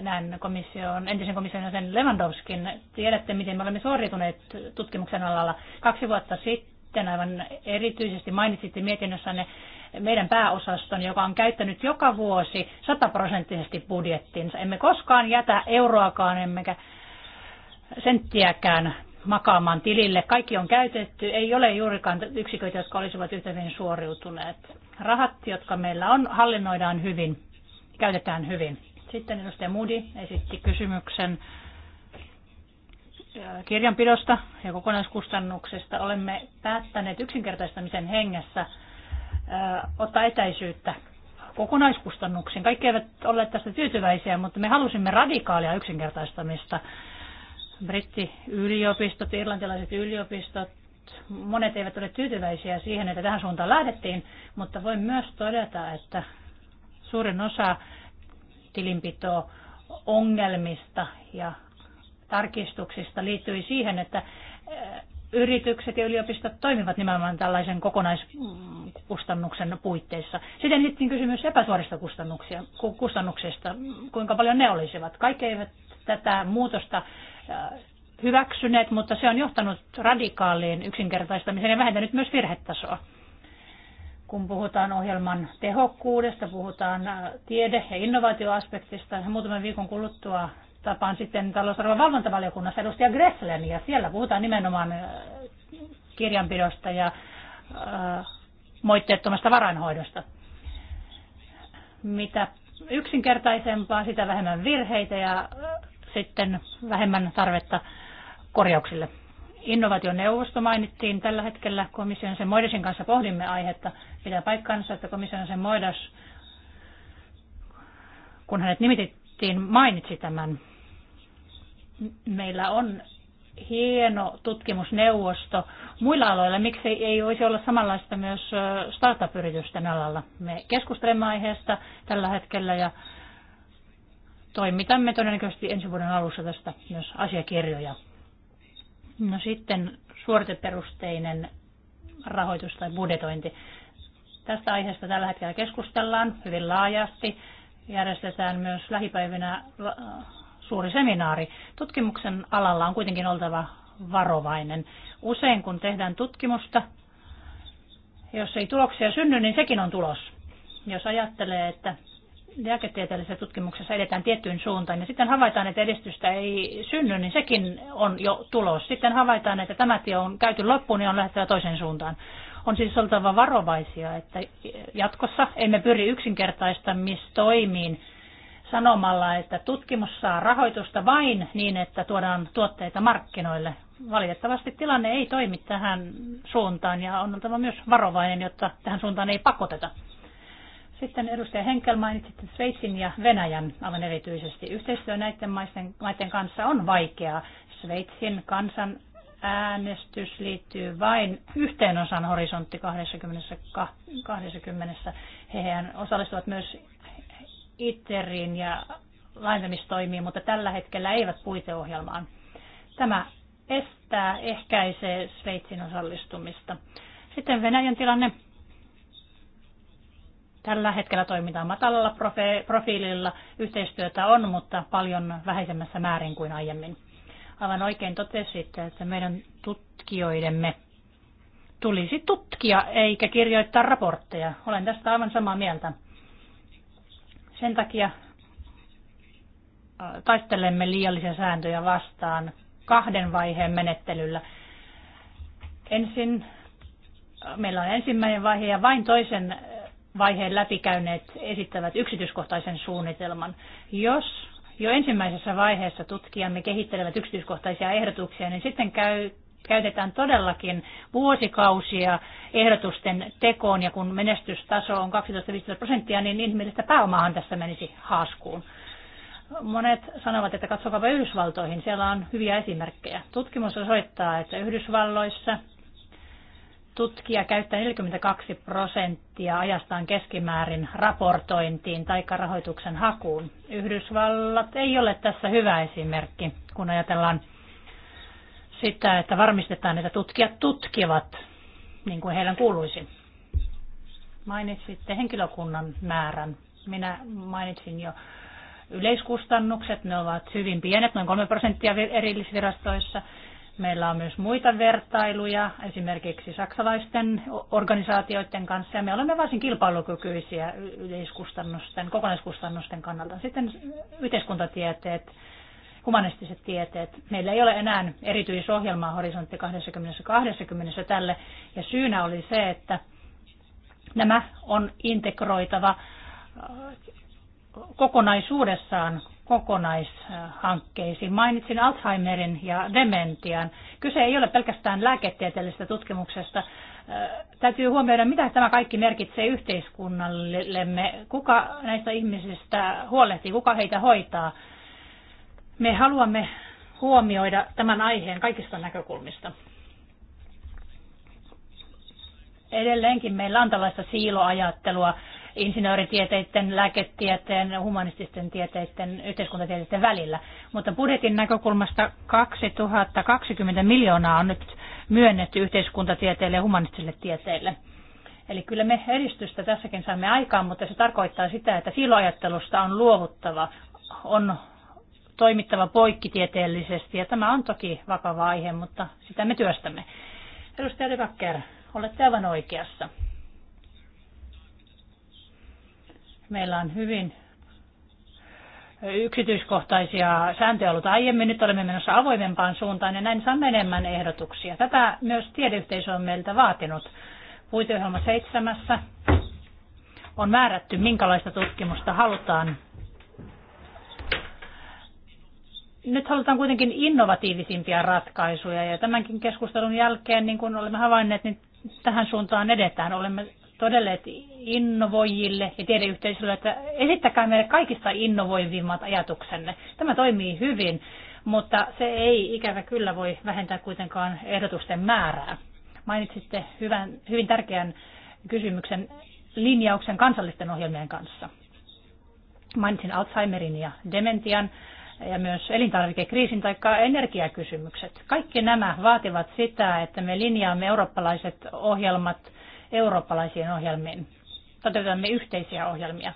Näen komission, entisen komission sen Lewandowskin. Tiedätte, miten me olemme suorituneet tutkimuksen alalla kaksi vuotta sitten. Aivan erityisesti mainitsitte mietinnössänne meidän pääosaston, joka on käyttänyt joka vuosi sataprosenttisesti budjettinsa. Emme koskaan jätä euroakaan emmekä senttiäkään makaamaan tilille. Kaikki on käytetty, ei ole juurikaan yksiköitä, jotka olisivat yhtä hyvin suoriutuneet. Rahat, jotka meillä on, hallinnoidaan hyvin, käytetään hyvin. Sitten edustaja Moody esitti kysymyksen äh, kirjanpidosta ja kokonaiskustannuksesta. Olemme päättäneet yksinkertaistamisen hengessä äh, ottaa etäisyyttä kokonaiskustannuksiin. Kaikki eivät ole tästä tyytyväisiä, mutta me halusimme radikaalia yksinkertaistamista brittiyliopistot, irlantilaiset yliopistot, monet eivät ole tyytyväisiä siihen, että tähän suuntaan lähdettiin, mutta voin myös todeta, että suurin osa tilinpito ongelmista ja tarkistuksista liittyi siihen, että eh, yritykset ja yliopistot toimivat nimenomaan tällaisen kokonaiskustannuksen puitteissa. Sitten sitten kysymys epäsuorista kustannuksista, kuinka paljon ne olisivat. Kaikki eivät tätä muutosta Äh, hyväksyneet, mutta se on johtanut radikaaliin yksinkertaistamiseen ja vähentänyt myös virhetasoa. Kun puhutaan ohjelman tehokkuudesta, puhutaan äh, tiede- ja innovaatioaspektista, muutaman viikon kuluttua tapaan sitten talousarvon valvontavaliokunnassa edustaja Gresslen ja siellä puhutaan nimenomaan äh, kirjanpidosta ja moitteettomasta varainhoidosta. Mitä yksinkertaisempaa, sitä vähemmän virheitä ja sitten vähemmän tarvetta korjauksille. Innovaationeuvosto mainittiin tällä hetkellä komission sen Moidasin kanssa pohdimme aihetta. Pitää paikkaansa, että komission sen Moidas, kun hänet nimitettiin, mainitsi tämän. Meillä on hieno tutkimusneuvosto muilla aloilla. Miksi ei voisi olla samanlaista myös startup-yritysten alalla? Me keskustelemme aiheesta tällä hetkellä ja toimitamme todennäköisesti ensi vuoden alussa tästä myös asiakirjoja. No sitten suoriteperusteinen rahoitus tai budjetointi. Tästä aiheesta tällä hetkellä keskustellaan hyvin laajasti. Järjestetään myös lähipäivinä suuri seminaari. Tutkimuksen alalla on kuitenkin oltava varovainen. Usein kun tehdään tutkimusta, jos ei tuloksia synny, niin sekin on tulos. Jos ajattelee, että lääketieteellisessä tutkimuksessa edetään tiettyyn suuntaan ja sitten havaitaan, että edistystä ei synny, niin sekin on jo tulos. Sitten havaitaan, että tämä tie on käyty loppuun, niin on lähdettävä toiseen suuntaan. On siis oltava varovaisia, että jatkossa emme pyri yksinkertaistamistoimiin sanomalla, että tutkimus saa rahoitusta vain niin, että tuodaan tuotteita markkinoille. Valitettavasti tilanne ei toimi tähän suuntaan ja on oltava myös varovainen, jotta tähän suuntaan ei pakoteta. Sitten edustaja Henkel että Sveitsin ja Venäjän aivan erityisesti. Yhteistyö näiden maisten, maiden kanssa on vaikeaa. Sveitsin kansan äänestys liittyy vain yhteen osan horisontti 20. 20. Hehän osallistuvat myös ITERiin ja laajentamistoimiin, mutta tällä hetkellä eivät puiteohjelmaan. Tämä estää, ehkäisee Sveitsin osallistumista. Sitten Venäjän tilanne Tällä hetkellä toimitaan matalalla profiililla, yhteistyötä on, mutta paljon vähäisemmässä määrin kuin aiemmin. Aivan oikein totesitte, että meidän tutkijoidemme tulisi tutkia eikä kirjoittaa raportteja. Olen tästä aivan samaa mieltä. Sen takia äh, taistelemme liiallisia sääntöjä vastaan kahden vaiheen menettelyllä. Ensin äh, meillä on ensimmäinen vaihe ja vain toisen vaiheen läpikäyneet esittävät yksityiskohtaisen suunnitelman. Jos jo ensimmäisessä vaiheessa tutkijamme kehittelevät yksityiskohtaisia ehdotuksia, niin sitten käy, käytetään todellakin vuosikausia ehdotusten tekoon, ja kun menestystaso on 12-15 prosenttia, niin inhimillistä pääomaahan tässä menisi haaskuun. Monet sanovat, että katsokaa Yhdysvaltoihin, siellä on hyviä esimerkkejä. Tutkimus osoittaa, että Yhdysvalloissa tutkija käyttää 42 prosenttia ajastaan keskimäärin raportointiin tai rahoituksen hakuun. Yhdysvallat ei ole tässä hyvä esimerkki, kun ajatellaan sitä, että varmistetaan, että tutkijat tutkivat niin kuin heidän kuuluisi. Mainitsitte henkilökunnan määrän. Minä mainitsin jo yleiskustannukset, ne ovat hyvin pienet, noin 3 prosenttia erillisvirastoissa. Meillä on myös muita vertailuja esimerkiksi saksalaisten organisaatioiden kanssa ja me olemme varsin kilpailukykyisiä yleiskustannusten, kokonaiskustannusten kannalta. Sitten yhteiskuntatieteet, humanistiset tieteet. Meillä ei ole enää erityisohjelmaa Horisontti 2020 tälle ja syynä oli se, että nämä on integroitava äh, kokonaisuudessaan kokonaishankkeisiin. Mainitsin Alzheimerin ja dementian. Kyse ei ole pelkästään lääketieteellisestä tutkimuksesta. Äh, täytyy huomioida, mitä tämä kaikki merkitsee yhteiskunnallemme, kuka näistä ihmisistä huolehtii, kuka heitä hoitaa. Me haluamme huomioida tämän aiheen kaikista näkökulmista. Edelleenkin meillä on tällaista siiloajattelua insinööritieteiden, lääketieteen, humanististen tieteiden, yhteiskuntatieteiden välillä. Mutta budjetin näkökulmasta 2020 miljoonaa on nyt myönnetty yhteiskuntatieteille ja humanistisille tieteille. Eli kyllä me edistystä tässäkin saamme aikaan, mutta se tarkoittaa sitä, että siloajattelusta on luovuttava, on toimittava poikkitieteellisesti, ja tämä on toki vakava aihe, mutta sitä me työstämme. Edustaja Debakker, olette aivan oikeassa. Meillä on hyvin yksityiskohtaisia sääntöjä ollut aiemmin. Nyt olemme menossa avoimempaan suuntaan ja näin saamme enemmän ehdotuksia. Tätä myös tiedeyhteisö on meiltä vaatinut. Puiteohjelma seitsemässä on määrätty, minkälaista tutkimusta halutaan. Nyt halutaan kuitenkin innovatiivisimpia ratkaisuja ja tämänkin keskustelun jälkeen, niin kuin olemme havainneet, niin tähän suuntaan edetään. Olemme todelleet innovoijille ja tiedeyhteisölle, että esittäkää meille kaikista innovoivimmat ajatuksenne. Tämä toimii hyvin, mutta se ei ikävä kyllä voi vähentää kuitenkaan ehdotusten määrää. Mainitsitte hyvän, hyvin tärkeän kysymyksen linjauksen kansallisten ohjelmien kanssa. Mainitsin Alzheimerin ja dementian ja myös elintarvikekriisin tai energiakysymykset. Kaikki nämä vaativat sitä, että me linjaamme eurooppalaiset ohjelmat eurooppalaisiin ohjelmiin. Toteutamme yhteisiä ohjelmia.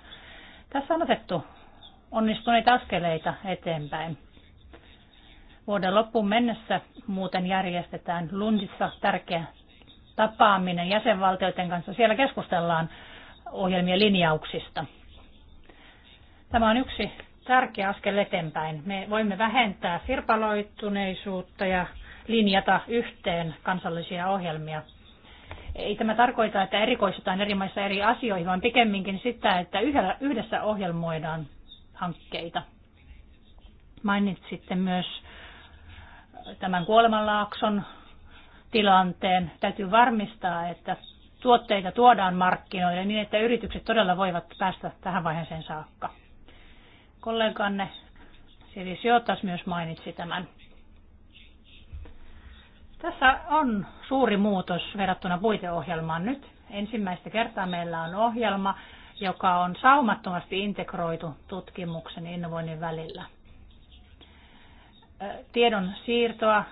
Tässä on otettu onnistuneita askeleita eteenpäin. Vuoden loppuun mennessä muuten järjestetään Lundissa tärkeä tapaaminen jäsenvaltioiden kanssa. Siellä keskustellaan ohjelmien linjauksista. Tämä on yksi tärkeä askel eteenpäin. Me voimme vähentää sirpaloituneisuutta ja linjata yhteen kansallisia ohjelmia. Ei tämä tarkoita, että erikoistutaan eri maissa eri asioihin, vaan pikemminkin sitä, että yhdessä ohjelmoidaan hankkeita. Mainitsitte myös tämän kuolemanlaakson tilanteen. Täytyy varmistaa, että tuotteita tuodaan markkinoille niin, että yritykset todella voivat päästä tähän vaiheeseen saakka. Kolleganne Siri Siotas myös mainitsi tämän. Tässä on suuri muutos verrattuna puiteohjelmaan nyt. Ensimmäistä kertaa meillä on ohjelma, joka on saumattomasti integroitu tutkimuksen ja innovoinnin välillä. Tiedon siirtoa,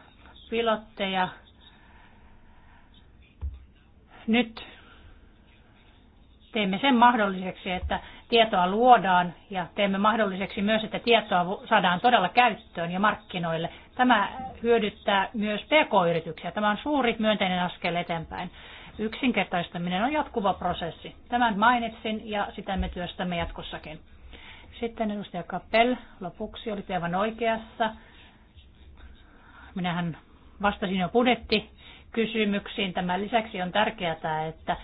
pilotteja. Nyt teemme sen mahdolliseksi, että tietoa luodaan ja teemme mahdolliseksi myös, että tietoa saadaan todella käyttöön ja markkinoille. Tämä hyödyttää myös pk-yrityksiä. Tämä on suuri myönteinen askel eteenpäin. Yksinkertaistaminen on jatkuva prosessi. Tämän mainitsin ja sitä me työstämme jatkossakin. Sitten edustaja Kapel, lopuksi oli aivan oikeassa. Minähän vastasin jo budjettikysymyksiin. Tämän lisäksi on tärkeää, että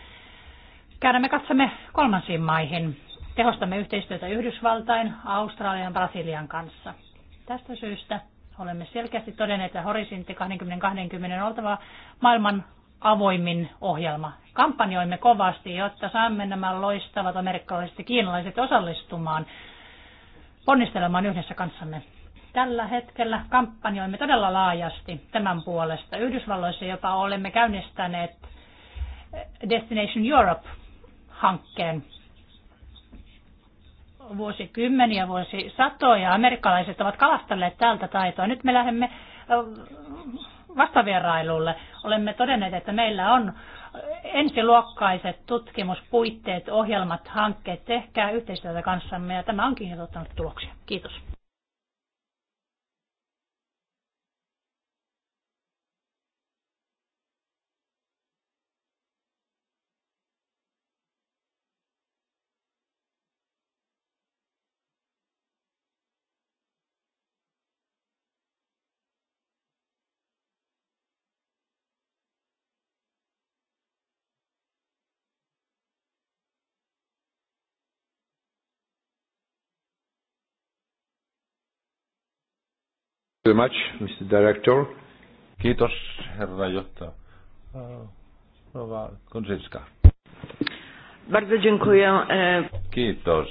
käydämme katsomme kolmansiin maihin. Tehostamme yhteistyötä Yhdysvaltain, Australian ja Brasilian kanssa. Tästä syystä olemme selkeästi todenneet, että Horisontti 2020 on oltava maailman avoimin ohjelma. Kampanjoimme kovasti, jotta saamme nämä loistavat amerikkalaiset ja kiinalaiset osallistumaan ponnistelemaan yhdessä kanssamme. Tällä hetkellä kampanjoimme todella laajasti tämän puolesta. Yhdysvalloissa jopa olemme käynnistäneet Destination Europe-hankkeen vuosikymmeniä, vuosisatoja. Amerikkalaiset ovat kalastelleet tältä taitoa. Nyt me lähdemme vastavierailulle. Olemme todenneet, että meillä on ensiluokkaiset tutkimuspuitteet, ohjelmat, hankkeet. Tehkää yhteistyötä kanssamme ja tämä onkin jo tuottanut tuloksia. Kiitos. very much, Mr. Director. Kiitos, herra johtaja. Äh, Rova Konzinska. Bardzo dziękuję. E, Kiitos.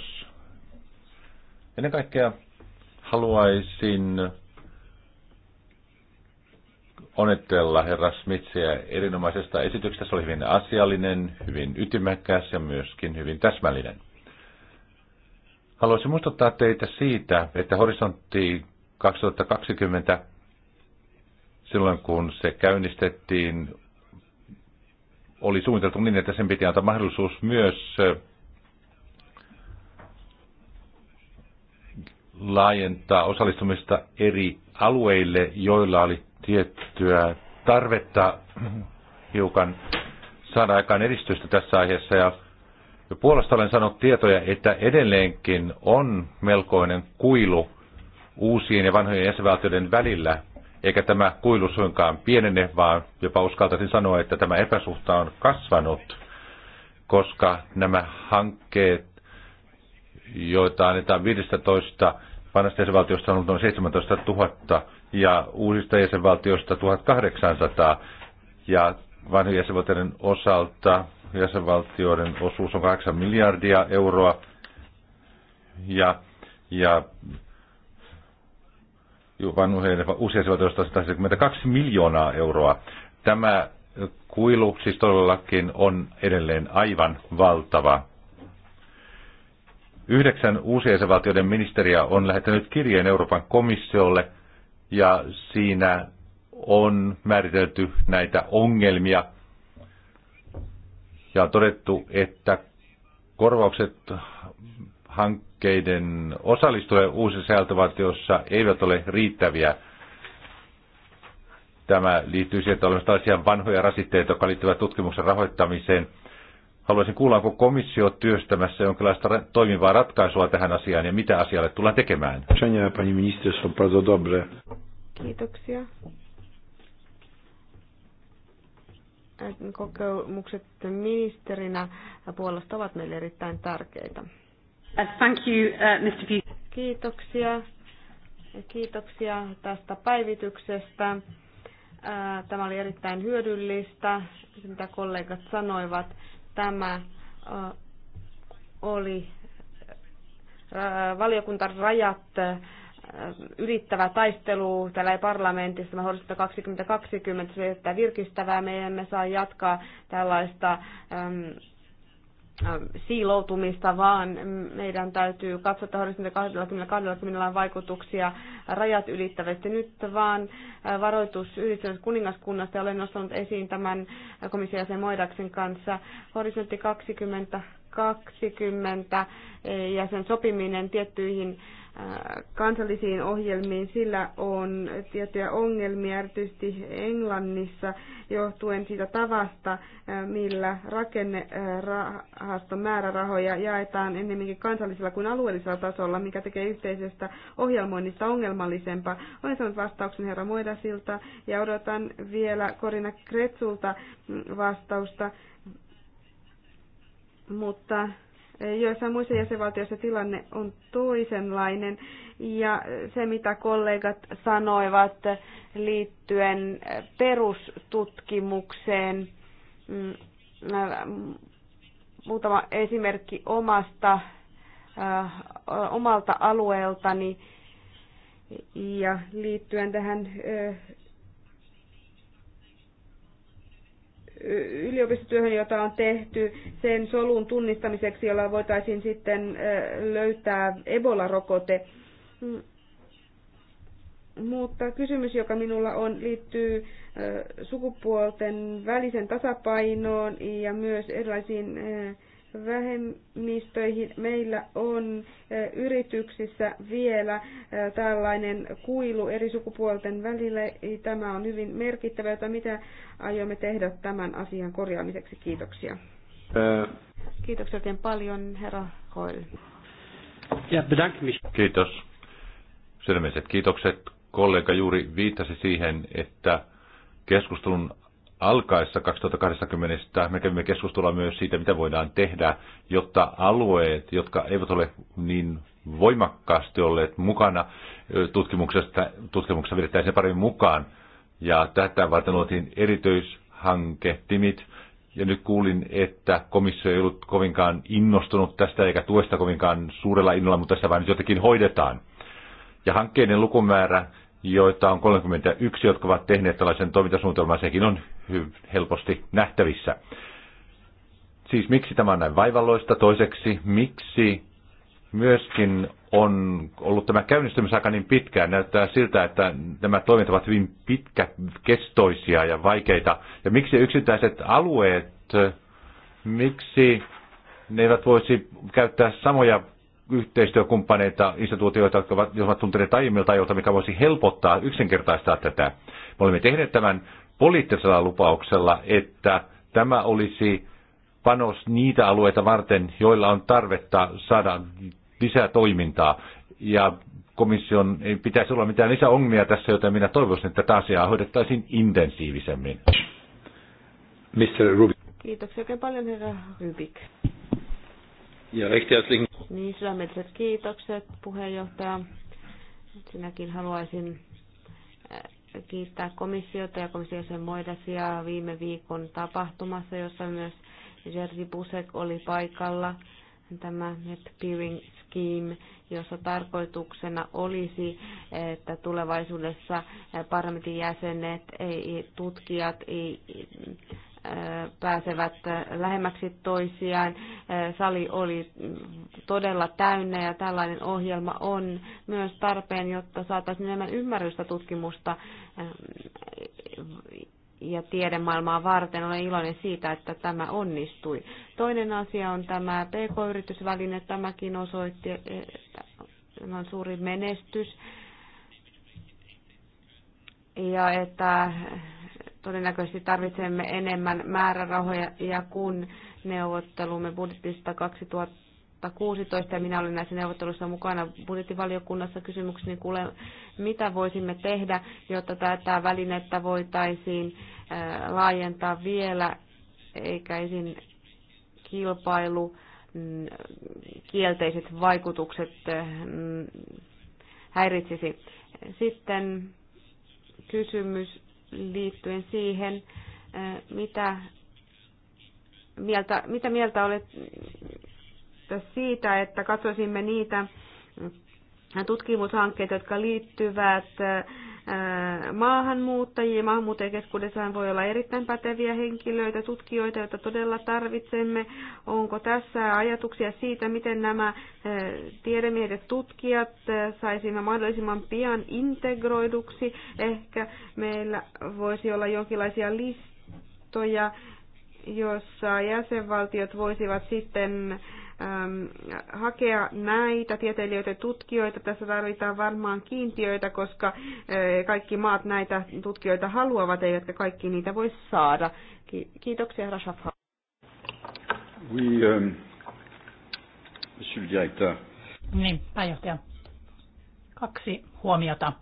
Ennen kaikkea haluaisin onnitella herra Smitsiä erinomaisesta esityksestä. Se oli hyvin asiallinen, hyvin ytimäkäs ja myöskin hyvin täsmällinen. Haluaisin muistuttaa teitä siitä, että horisontti 2020, silloin kun se käynnistettiin, oli suunniteltu niin, että sen piti antaa mahdollisuus myös laajentaa osallistumista eri alueille, joilla oli tiettyä tarvetta hiukan saada aikaan edistystä tässä aiheessa. Ja Puolesta olen saanut tietoja, että edelleenkin on melkoinen kuilu uusien ja vanhojen jäsenvaltioiden välillä, eikä tämä kuilu suinkaan pienene, vaan jopa uskaltaisin sanoa, että tämä epäsuhta on kasvanut, koska nämä hankkeet, joita annetaan 15 vanhasta jäsenvaltiosta on ollut noin 17 000 ja uusista jäsenvaltioista 1800 ja vanhojen jäsenvaltioiden osalta jäsenvaltioiden osuus on 8 miljardia euroa ja, ja vaan useisivat jostain 172 miljoonaa euroa. Tämä kuilu siis todellakin on edelleen aivan valtava. Yhdeksän uusia jäsenvaltioiden ministeriä on lähettänyt kirjeen Euroopan komissiolle ja siinä on määritelty näitä ongelmia ja on todettu, että korvaukset hankkeiden osallistujia uusi jäsenvaltioissa eivät ole riittäviä. Tämä liittyy siihen, että olemme tällaisia vanhoja rasitteita, jotka liittyvät tutkimuksen rahoittamiseen. Haluaisin kuulla, onko komissio työstämässä jonkinlaista toimivaa ratkaisua tähän asiaan ja mitä asialle tullaan tekemään. Kiitoksia. kokemukset ministerinä puolesta ovat meille erittäin tärkeitä. Uh, thank you, uh, Mr. Buse. Kiitoksia. Kiitoksia tästä päivityksestä. Uh, tämä oli erittäin hyödyllistä, mitä kollegat sanoivat. Tämä oli rajat ylittävä taistelu täällä parlamentissa, mä 2020, se on virkistävää, me emme saa jatkaa tällaista um, Ähm, siiloutumista, vaan meidän täytyy katsoa horisontti 2020 vaikutuksia rajat ylittävästi. Nyt vaan äh, varoitus yhdistyneestä kuningaskunnasta, ja olen nostanut esiin tämän komission jäsen Moidaksen kanssa. Horisontti 2020 ja sen sopiminen tiettyihin kansallisiin ohjelmiin. Sillä on tiettyjä ongelmia, erityisesti Englannissa, johtuen siitä tavasta, millä rakennerahaston määrärahoja jaetaan ennemminkin kansallisella kuin alueellisella tasolla, mikä tekee yhteisestä ohjelmoinnista ongelmallisempaa. Olen saanut vastauksen herra Moidasilta ja odotan vielä Korina Kretsulta vastausta, mutta Joissain muissa jäsenvaltioissa tilanne on toisenlainen ja se, mitä kollegat sanoivat liittyen perustutkimukseen, mm, muutama esimerkki omasta, äh, omalta alueeltani ja liittyen tähän äh, yliopistotyöhön, jota on tehty sen solun tunnistamiseksi, jolla voitaisiin sitten löytää Ebola-rokote. Mutta kysymys, joka minulla on, liittyy sukupuolten välisen tasapainoon ja myös erilaisiin vähemmistöihin. Meillä on eh, yrityksissä vielä eh, tällainen kuilu eri sukupuolten välillä. Tämä on hyvin merkittävä, jota mitä aiomme tehdä tämän asian korjaamiseksi. Kiitoksia. Ää... Äh. Kiitoksia oikein paljon, herra Hoil. Ja Kiitos. Sydämiset kiitokset. Kollega juuri viittasi siihen, että keskustelun alkaessa 2020 me kävimme keskustelua myös siitä, mitä voidaan tehdä, jotta alueet, jotka eivät ole niin voimakkaasti olleet mukana tutkimuksesta, tutkimuksessa vedettäisiin paremmin mukaan. Ja tätä varten luotiin erityishanke TIMIT. Ja nyt kuulin, että komissio ei ollut kovinkaan innostunut tästä eikä tuesta kovinkaan suurella innolla, mutta sitä vain jotenkin hoidetaan. Ja hankkeiden lukumäärä joita on 31, jotka ovat tehneet tällaisen toimintasuunnitelman. Sekin on helposti nähtävissä. Siis miksi tämä on näin vaivalloista? Toiseksi, miksi myöskin on ollut tämä käynnistymisaika niin pitkään. Näyttää siltä, että nämä toimet ovat hyvin pitkäkestoisia ja vaikeita. Ja miksi yksittäiset alueet, miksi ne eivät voisi käyttää samoja yhteistyökumppaneita, instituutioita, jotka ovat, jos ovat tunteneet aiemmilta ajoilta, mikä voisi helpottaa, yksinkertaistaa tätä. Me olemme tehneet tämän poliittisella lupauksella, että tämä olisi panos niitä alueita varten, joilla on tarvetta saada lisää toimintaa. Ja komission ei pitäisi olla mitään lisäongelmia tässä, joten minä toivoisin, että tätä asiaa hoidettaisiin intensiivisemmin. Mr. Rubik. Kiitoksia oikein paljon, herra Rubik. Ja recht Niin, sydämelliset kiitokset, puheenjohtaja. Sinäkin haluaisin kiittää komissiota ja komission Moidasia viime viikon tapahtumassa, jossa myös Jerzy Busek oli paikalla. Tämä net peering scheme, jossa tarkoituksena olisi, että tulevaisuudessa eh, parlamentin jäsenet, tutkijat, pääsevät lähemmäksi toisiaan. Sali oli todella täynnä ja tällainen ohjelma on myös tarpeen, jotta saataisiin enemmän ymmärrystä tutkimusta ähm, ja tiedemaailmaa varten. Olen iloinen siitä, että tämä onnistui. Toinen asia on tämä PK-yritysväline. Tämäkin osoitti, että on suuri menestys ja että Todennäköisesti tarvitsemme enemmän määrärahoja ja kun neuvottelumme budjetista 2016 ja minä olin näissä neuvotteluissa mukana budjettivaliokunnassa kysymykseni niin kuule, mitä voisimme tehdä, jotta tätä välinettä voitaisiin laajentaa vielä eikä esiin kilpailu mm, kielteiset vaikutukset mm, häiritsisi. Sitten kysymys liittyen siihen, mitä mieltä, mitä mieltä olet siitä, että katsoisimme niitä tutkimushankkeita, jotka liittyvät maahanmuuttajia. Maahanmuuttajien keskuudessahan voi olla erittäin päteviä henkilöitä, tutkijoita, joita todella tarvitsemme. Onko tässä ajatuksia siitä, miten nämä tiedemiehet tutkijat saisimme mahdollisimman pian integroiduksi? Ehkä meillä voisi olla jonkinlaisia listoja, jossa jäsenvaltiot voisivat sitten Ähm, hakea näitä tieteilijöitä ja tutkijoita. Tässä tarvitaan varmaan kiintiöitä, koska äh, kaikki maat näitä tutkijoita haluavat, eivätkä kaikki niitä voi saada. Kiitoksia, Rashaf. Oui, um, monsieur le directeur. Niin, pääjohtaja. Kaksi huomiota.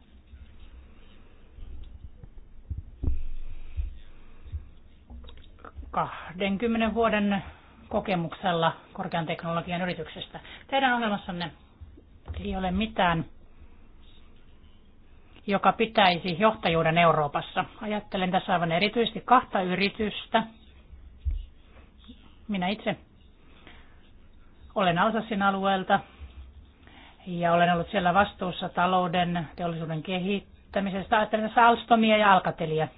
Kahdenkymmenen vuoden kokemuksella korkean teknologian yrityksestä. Teidän ohjelmassanne ei ole mitään, joka pitäisi johtajuuden Euroopassa. Ajattelen tässä aivan erityisesti kahta yritystä. Minä itse olen Alsasin alueelta ja olen ollut siellä vastuussa talouden, teollisuuden kehittämisestä. Ajattelen tässä Alstomia ja alkatelia.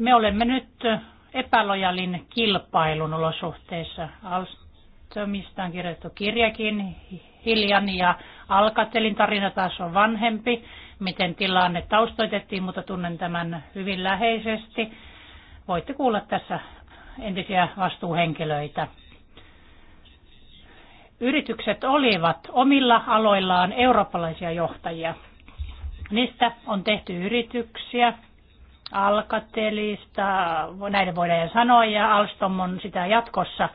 Me olemme nyt epälojalin kilpailun olosuhteissa. Alstomista on kirjoitettu kirjakin hiljan ja Alkatelin tarina taas on vanhempi, miten tilanne taustoitettiin, mutta tunnen tämän hyvin läheisesti. Voitte kuulla tässä entisiä vastuuhenkilöitä. Yritykset olivat omilla aloillaan eurooppalaisia johtajia. Niistä on tehty yrityksiä, Alcatelista, näiden voidaan sanoa, ja Alstom on sitä jatkossa.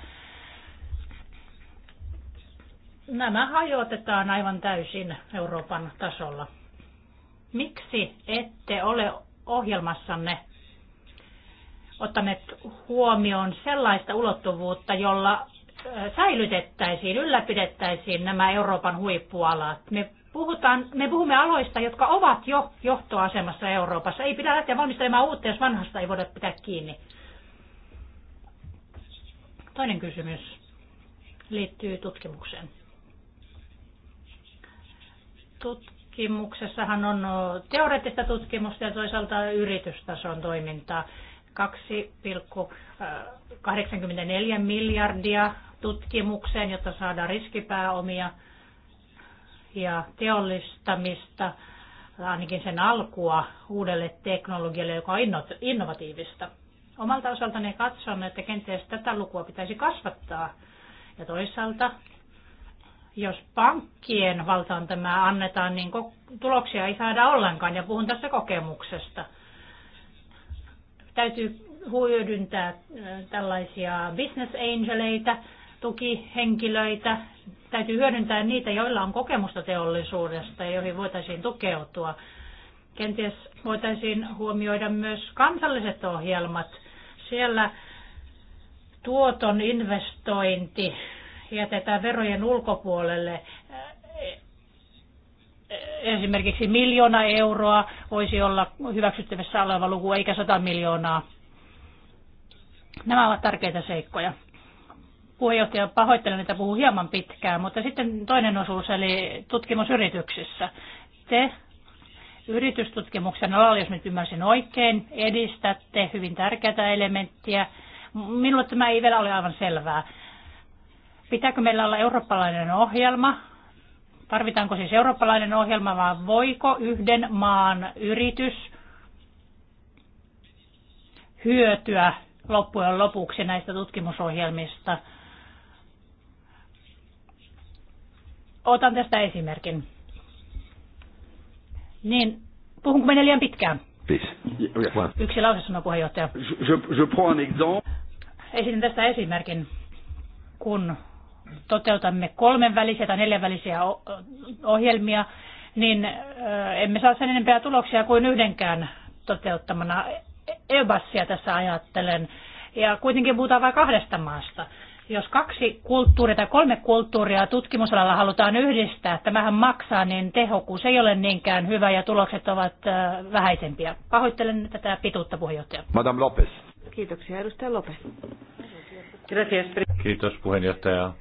Nämä hajotetaan aivan täysin Euroopan tasolla. Miksi ette ole ohjelmassanne ottaneet huomioon sellaista ulottuvuutta, jolla äh, säilytettäisiin, ylläpidettäisiin nämä Euroopan huippualat. Me puhutaan, me puhumme aloista, jotka ovat jo johtoasemassa Euroopassa. Ei pidä lähteä valmistelemaan uutta, jos vanhasta ei voida pitää kiinni. Toinen kysymys liittyy tutkimukseen. Tutkimuksessahan on no, teoreettista tutkimusta ja toisaalta yritystason toimintaa. 2,84 äh, miljardia tutkimukseen, jotta saadaan riskipääomia – ja teollistamista, ainakin sen alkua uudelle teknologialle, joka on innovatiivista. Omalta osaltani katson, että kenties tätä lukua pitäisi kasvattaa. Ja toisaalta, jos pankkien valtaan tämä annetaan, niin tuloksia ei saada ollenkaan, ja puhun tässä kokemuksesta. Täytyy hyödyntää tällaisia business angeleita, tukihenkilöitä. Täytyy hyödyntää niitä, joilla on kokemusta teollisuudesta ja joihin voitaisiin tukeutua. Kenties voitaisiin huomioida myös kansalliset ohjelmat. Siellä tuoton investointi jätetään verojen ulkopuolelle. Esimerkiksi miljoona euroa voisi olla hyväksyttävissä oleva luku, eikä 100 miljoonaa. Nämä ovat tärkeitä seikkoja puheenjohtaja, pahoittelen, että puhuu hieman pitkään, mutta sitten toinen osuus, eli tutkimusyrityksissä. Te yritystutkimuksen alalla, jos nyt ymmärsin oikein, edistätte hyvin tärkeitä elementtiä. Minulle tämä ei vielä ole aivan selvää. Pitääkö meillä olla eurooppalainen ohjelma? Tarvitaanko siis eurooppalainen ohjelma vai voiko yhden maan yritys hyötyä loppujen lopuksi näistä tutkimusohjelmista – Otan tästä esimerkin. Niin, puhunko minä liian pitkään? Yksi lause sanoo puheenjohtaja. Je, je Esitin tästä esimerkin, kun toteutamme kolmen välisiä tai neljän välisiä ohjelmia, niin emme saa sen enempää tuloksia kuin yhdenkään toteuttamana. E, Ebassia tässä ajattelen. Ja kuitenkin puhutaan vain kahdesta maasta. Jos kaksi kulttuuria tai kolme kulttuuria tutkimusalalla halutaan yhdistää, tämähän maksaa, niin tehokkuus ei ole niinkään hyvä ja tulokset ovat äh, vähäisempiä. Pahoittelen tätä pituutta puheenjohtaja. Madame Lopez. Kiitoksia, edustaja Lopez. Kiitos puheenjohtaja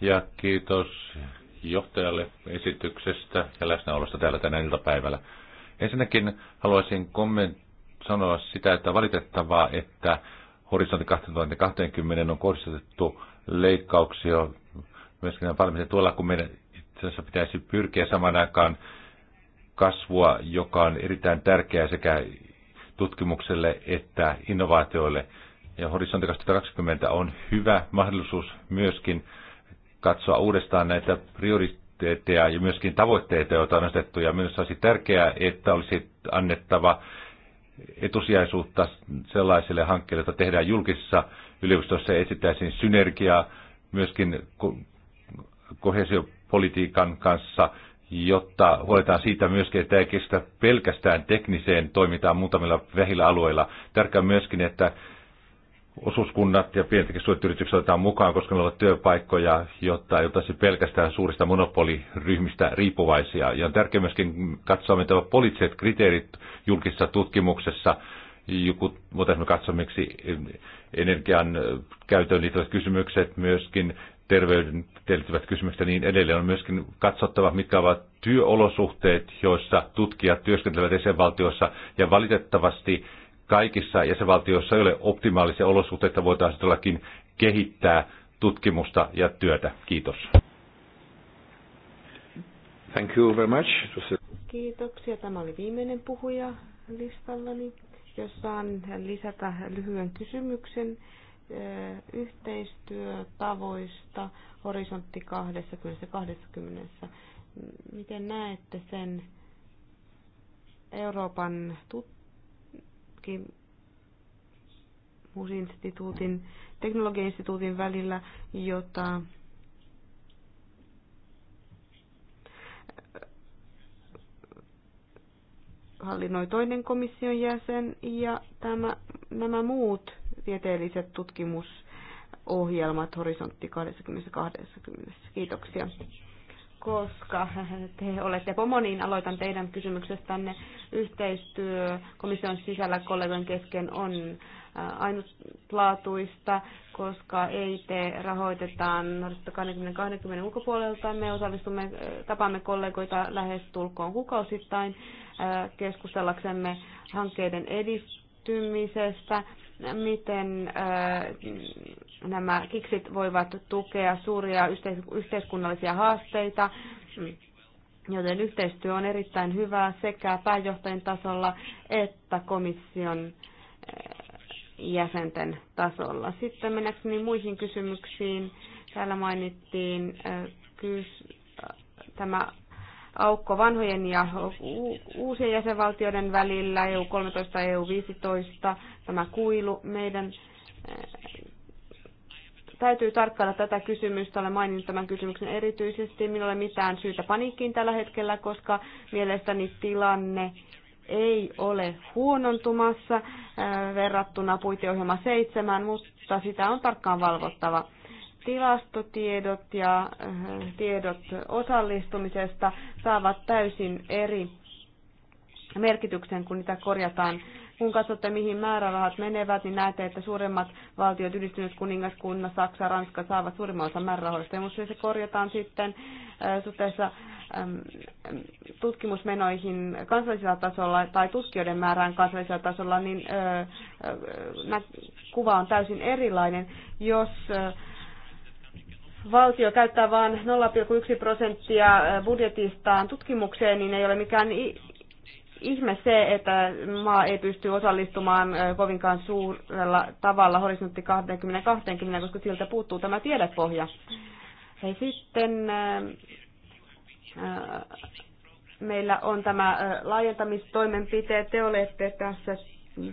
ja kiitos johtajalle esityksestä ja läsnäolosta täällä tänä iltapäivällä. Ensinnäkin haluaisin komment- sanoa sitä, että valitettavaa, että horisontti 2020 on kohdistettu leikkauksia myöskin valmiita tuolla, kun meidän itse asiassa pitäisi pyrkiä samaan aikaan kasvua, joka on erittäin tärkeää sekä tutkimukselle että innovaatioille. Ja horisontti 2020 on hyvä mahdollisuus myöskin katsoa uudestaan näitä prioriteetteja ja myöskin tavoitteita, joita on asetettu. Ja minusta olisi tärkeää, että olisi annettava etusijaisuutta sellaisille hankkeille, joita tehdään julkisissa yliopistossa ja esittäisiin synergiaa myöskin kohesiopolitiikan kanssa, jotta huoletaan siitä myöskin, että ei kestä pelkästään tekniseen toimintaan muutamilla vähillä alueilla. Tärkeää myöskin, että osuuskunnat ja pienetkin suuret yritykset otetaan mukaan, koska ne ovat työpaikkoja, jotta ei oltaisi pelkästään suurista monopoliryhmistä riippuvaisia. Ja on tärkeää myöskin katsoa, mitä ovat poliittiset kriteerit julkisessa tutkimuksessa, joku, mutta jos me katsomme energian käyttöön liittyvät kysymykset, myöskin terveyden liittyvät kysymykset ja niin edelleen, on myöskin katsottava, mitkä ovat työolosuhteet, joissa tutkijat työskentelevät jäsenvaltioissa, ja valitettavasti kaikissa jäsenvaltioissa ei ole optimaalisia olosuhteita, voitaisiin todellakin kehittää tutkimusta ja työtä. Kiitos. Thank you very much. Kiitoksia. Tämä oli viimeinen puhuja listallani. Jos saan lisätä lyhyen kysymyksen eh, yhteistyötavoista horisontti 20. Miten näette sen Euroopan tutkimuksen? tutkimusinstituutin, teknologiainstituutin välillä, jota äh, hallinnoi toinen komission jäsen ja tämä, nämä muut tieteelliset tutkimusohjelmat Horisontti 2020. Kiitoksia koska te olette pomo, niin aloitan teidän kysymyksestänne. Yhteistyö komission sisällä kollegan kesken on äh, ainutlaatuista, koska EIT rahoitetaan Norista 2020 ulkopuolelta. Me osallistumme, äh, tapaamme kollegoita lähes tulkoon kuukausittain äh, keskustellaksemme hankkeiden edistymisestä miten nämä kiksit voivat tukea suuria yhteiskunnallisia haasteita, joten yhteistyö on erittäin hyvää sekä pääjohtajien tasolla että komission jäsenten tasolla. Sitten mennäkseni muihin kysymyksiin. Täällä mainittiin kys- tämä aukko vanhojen ja uusien jäsenvaltioiden välillä, EU-13 ja EU-15, tämä kuilu. Meidän eh, täytyy tarkkailla tätä kysymystä. Olen maininnut tämän kysymyksen erityisesti. Minulla ei ole mitään syytä paniikkiin tällä hetkellä, koska mielestäni tilanne ei ole huonontumassa eh, verrattuna puiteohjelma 7, mutta sitä on tarkkaan valvottava tilastotiedot ja eh, tiedot osallistumisesta saavat täysin eri merkityksen, kun niitä korjataan. Kun katsotte, mihin määrärahat menevät, niin näette, että suuremmat valtiot, yhdistynyt kuningaskunta, Saksa, Ranska saavat suurimman osan määrärahoista. Mutta se korjataan sitten eh, suhteessa tutkimusmenoihin kansallisella tasolla tai tutkijoiden määrään kansallisella tasolla, niin eh, kuva on täysin erilainen. Jos valtio käyttää vain 0,1 prosenttia budjetistaan tutkimukseen, niin ei ole mikään ihme se, että maa ei pysty osallistumaan kovinkaan suurella tavalla horisontti 2020, koska siltä puuttuu tämä tiedepohja. Ja sitten meillä on tämä laajentamistoimenpiteet. Te olette tässä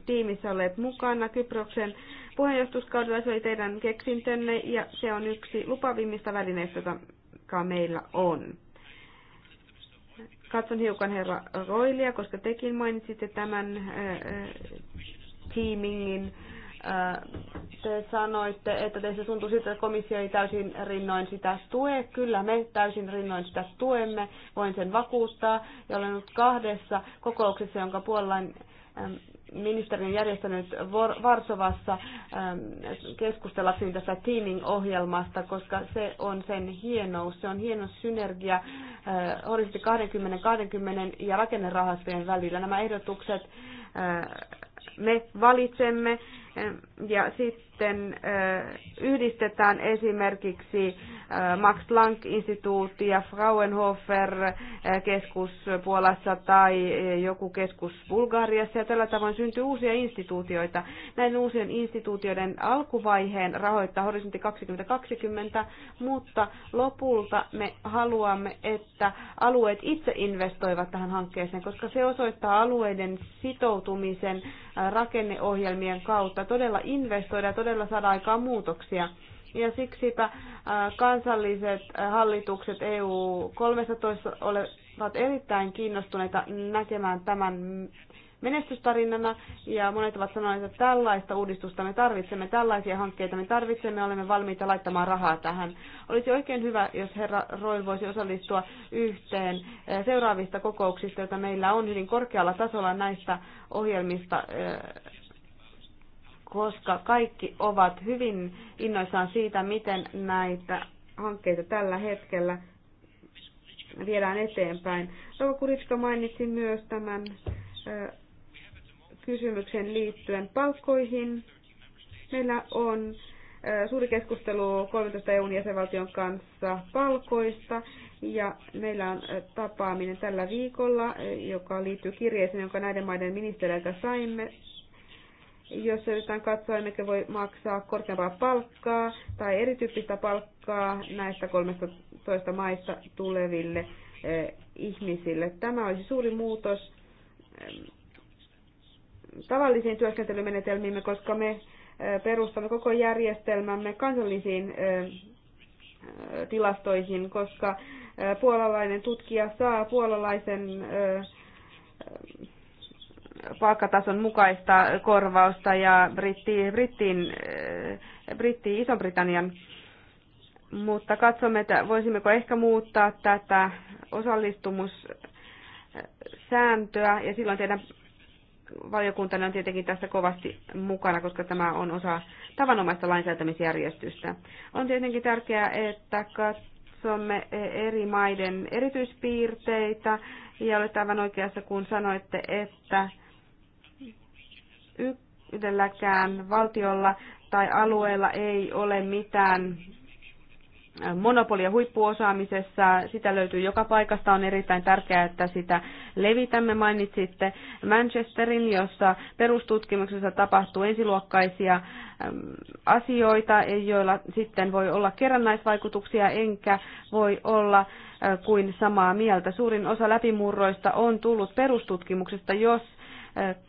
tiimissä olleet mukana Kyproksen puheenjohtuskaudella. Se oli teidän keksintönne ja se on yksi lupavimmista välineistä, joka meillä on. Katson hiukan herra Roilia, koska tekin mainitsitte tämän äh, äh, teamingin. Äh, te sanoitte, että teistä tuntuu siltä, että komissio ei täysin rinnoin sitä tue. Kyllä me täysin rinnoin sitä tuemme, voin sen vakuuttaa. Ja olen ollut kahdessa kokouksessa, jonka puolella on järjestänyt Varsovassa ähm, keskustella tästä teaming-ohjelmasta, koska se on sen hienous. Se on hieno synergia äh, horisontti 20, 20 ja rakennerahastojen välillä. Nämä ehdotukset äh, me valitsemme ähm, ja sitten äh, yhdistetään esimerkiksi äh, Max Planck-instituutti ja Frauenhofer-keskus äh, Puolassa tai joku keskus Bulgariassa ja tällä tavoin syntyy uusia instituutioita. Näin uusien instituutioiden alkuvaiheen rahoittaa Horisontti 2020, mutta lopulta me haluamme, että alueet itse investoivat tähän hankkeeseen, koska se osoittaa alueiden sitoutumisen rakenneohjelmien kautta todella investoida ja todella saada aikaan muutoksia. Ja siksipä äh, kansalliset äh, hallitukset EU-13 ovat erittäin kiinnostuneita näkemään tämän menestystarinana ja monet ovat sanoneet, että tällaista uudistusta me tarvitsemme, tällaisia hankkeita me tarvitsemme, olemme valmiita laittamaan rahaa tähän. Olisi oikein hyvä, jos herra Roy voisi osallistua yhteen äh, seuraavista kokouksista, joita meillä on hyvin korkealla tasolla näistä ohjelmista koska kaikki ovat hyvin innoissaan siitä, miten näitä hankkeita tällä hetkellä viedään eteenpäin. Rova Kuritska mainitsi myös tämän kysymyksen liittyen palkkoihin. Meillä on suuri keskustelu 13 EUn jäsenvaltion kanssa palkoista ja meillä on tapaaminen tällä viikolla, joka liittyy kirjeeseen, jonka näiden maiden ministereiltä saimme jos yritetään katsoa, mikä voi maksaa korkeampaa palkkaa tai erityyppistä palkkaa näistä 13 maista tuleville eh, ihmisille. Tämä olisi suuri muutos eh, tavallisiin työskentelymenetelmiimme, koska me eh, perustamme koko järjestelmämme kansallisiin tilastoihin, koska puolalainen tutkija saa puolalaisen palkkatason mukaista korvausta ja Britti Brittiin, äh, Brittiin Iso-Britannian. Mutta katsomme, että voisimmeko ehkä muuttaa tätä osallistumussääntöä ja silloin teidän valiokuntana on tietenkin tässä kovasti mukana, koska tämä on osa tavanomaista lainsäätämisjärjestystä. On tietenkin tärkeää, että katsomme eri maiden erityispiirteitä ja olette aivan oikeassa, kun sanoitte, että yhdelläkään valtiolla tai alueella ei ole mitään monopolia huippuosaamisessa. Sitä löytyy joka paikasta. On erittäin tärkeää, että sitä levitämme. Mainitsitte Manchesterin, jossa perustutkimuksessa tapahtuu ensiluokkaisia asioita, joilla sitten voi olla kerrannaisvaikutuksia, enkä voi olla äh, kuin samaa mieltä. Suurin osa läpimurroista on tullut perustutkimuksesta, jos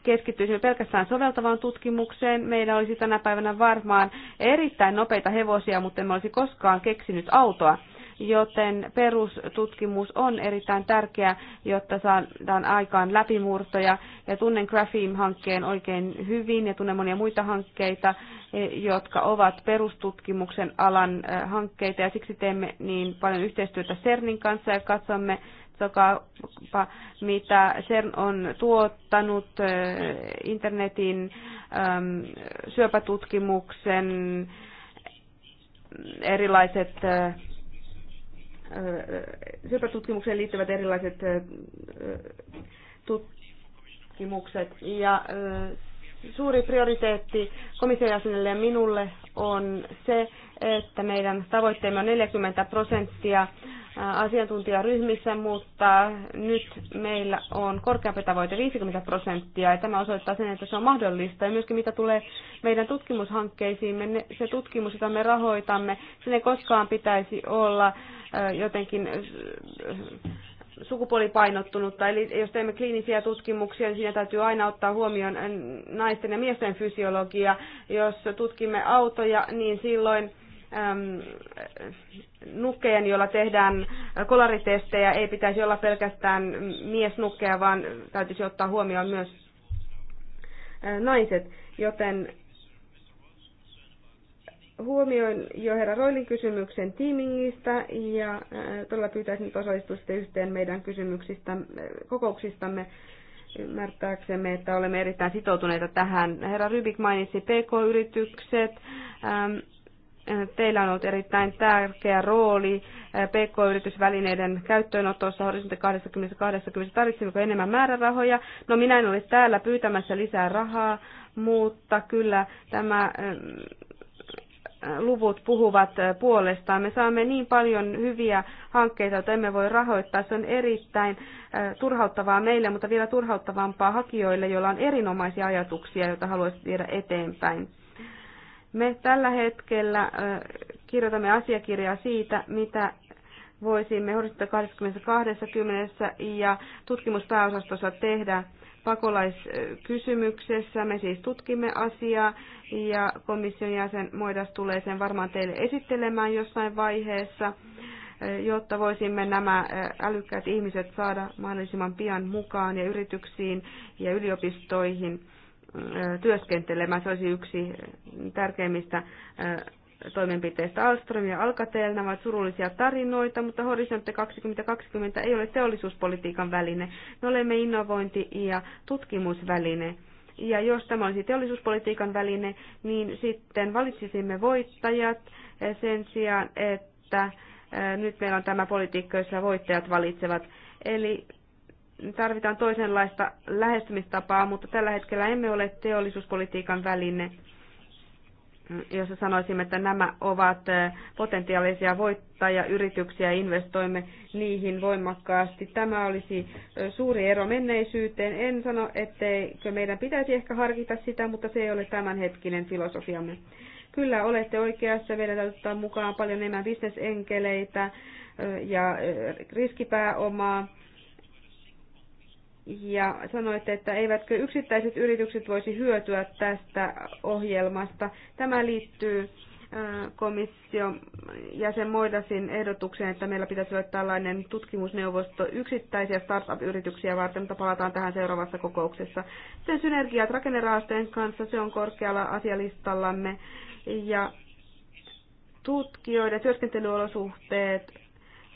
keskittyisimme pelkästään soveltavaan tutkimukseen, meillä olisi tänä päivänä varmaan erittäin nopeita hevosia, mutta emme olisi koskaan keksinyt autoa. Joten perustutkimus on erittäin tärkeä, jotta saadaan aikaan läpimurtoja. Ja tunnen Grapheme-hankkeen oikein hyvin ja tunnen monia muita hankkeita, e, jotka ovat perustutkimuksen alan e, hankkeita. Ja siksi teemme niin paljon yhteistyötä CERNin kanssa ja katsomme, katsokaa, mitä CERN on tuottanut äh, internetin ähm, syöpätutkimuksen erilaiset äh, äh, syöpätutkimukseen liittyvät erilaiset tutkimukset. Ja suuri prioriteetti komission jäsenelle ja minulle on se, että meidän tavoitteemme on 40 prosenttia asiantuntijaryhmissä, mutta nyt meillä on korkeampi tavoite 50 prosenttia ja tämä osoittaa sen, että se on mahdollista. Ja myöskin mitä tulee meidän tutkimushankkeisiimme, se tutkimus, jota me rahoitamme, sen ei koskaan pitäisi olla jotenkin sukupuolipainottunutta. Eli jos teemme kliinisiä tutkimuksia, niin siinä täytyy aina ottaa huomioon naisten ja miesten fysiologia. Jos tutkimme autoja, niin silloin Ähm, nukkeen, jolla tehdään kolaritestejä, ei pitäisi olla pelkästään miesnukkeja, vaan täytyisi ottaa huomioon myös äh, naiset. Joten huomioin jo herra Roilin kysymyksen tiimingistä ja äh, todella pyytäisin nyt osallistusta yhteen meidän kysymyksistä, äh, kokouksistamme ymmärtääksemme, että olemme erittäin sitoutuneita tähän. Herra Rybik mainitsi PK-yritykset. Ähm, Teillä on ollut erittäin tärkeä rooli eh, PK-yritysvälineiden käyttöönotossa horisontti 2020. Tarvitsemmeko enemmän määrärahoja? No minä en ole täällä pyytämässä lisää rahaa, mutta kyllä tämä eh, luvut puhuvat eh, puolestaan. Me saamme niin paljon hyviä hankkeita, joita emme voi rahoittaa. Se on erittäin turhauttavaa meille, mutta vielä turhauttavampaa hakijoille, joilla on erinomaisia ajatuksia, joita haluaisi viedä eteenpäin. Me tällä hetkellä kirjoitamme asiakirjaa siitä, mitä voisimme horisontti 2020 ja tutkimuspääosastossa tehdä pakolaiskysymyksessä. Me siis tutkimme asiaa ja komission jäsen Moidas tulee sen varmaan teille esittelemään jossain vaiheessa, jotta voisimme nämä älykkäät ihmiset saada mahdollisimman pian mukaan ja yrityksiin ja yliopistoihin työskentelemään. Se olisi yksi tärkeimmistä toimenpiteistä Alström ja Alcatel. Nämä ovat surullisia tarinoita, mutta Horisontti 2020 ei ole teollisuuspolitiikan väline. Me olemme innovointi- ja tutkimusväline. Ja jos tämä olisi teollisuuspolitiikan väline, niin sitten valitsisimme voittajat sen sijaan, että nyt meillä on tämä politiikka, jossa voittajat valitsevat. Eli tarvitaan toisenlaista lähestymistapaa, mutta tällä hetkellä emme ole teollisuuspolitiikan väline, jossa sanoisimme, että nämä ovat potentiaalisia voittajayrityksiä ja investoimme niihin voimakkaasti. Tämä olisi suuri ero menneisyyteen. En sano, etteikö meidän pitäisi ehkä harkita sitä, mutta se ei ole tämänhetkinen filosofiamme. Kyllä olette oikeassa, meidän täytyy ottaa mukaan paljon enemmän bisnesenkeleitä ja riskipääomaa ja sanoitte, että eivätkö yksittäiset yritykset voisi hyötyä tästä ohjelmasta. Tämä liittyy äh, komission jäsen Moidasin ehdotukseen, että meillä pitäisi olla tällainen tutkimusneuvosto yksittäisiä startup-yrityksiä varten, mutta palataan tähän seuraavassa kokouksessa. Sen synergiat rakennerahastojen kanssa, se on korkealla asialistallamme ja tutkijoiden työskentelyolosuhteet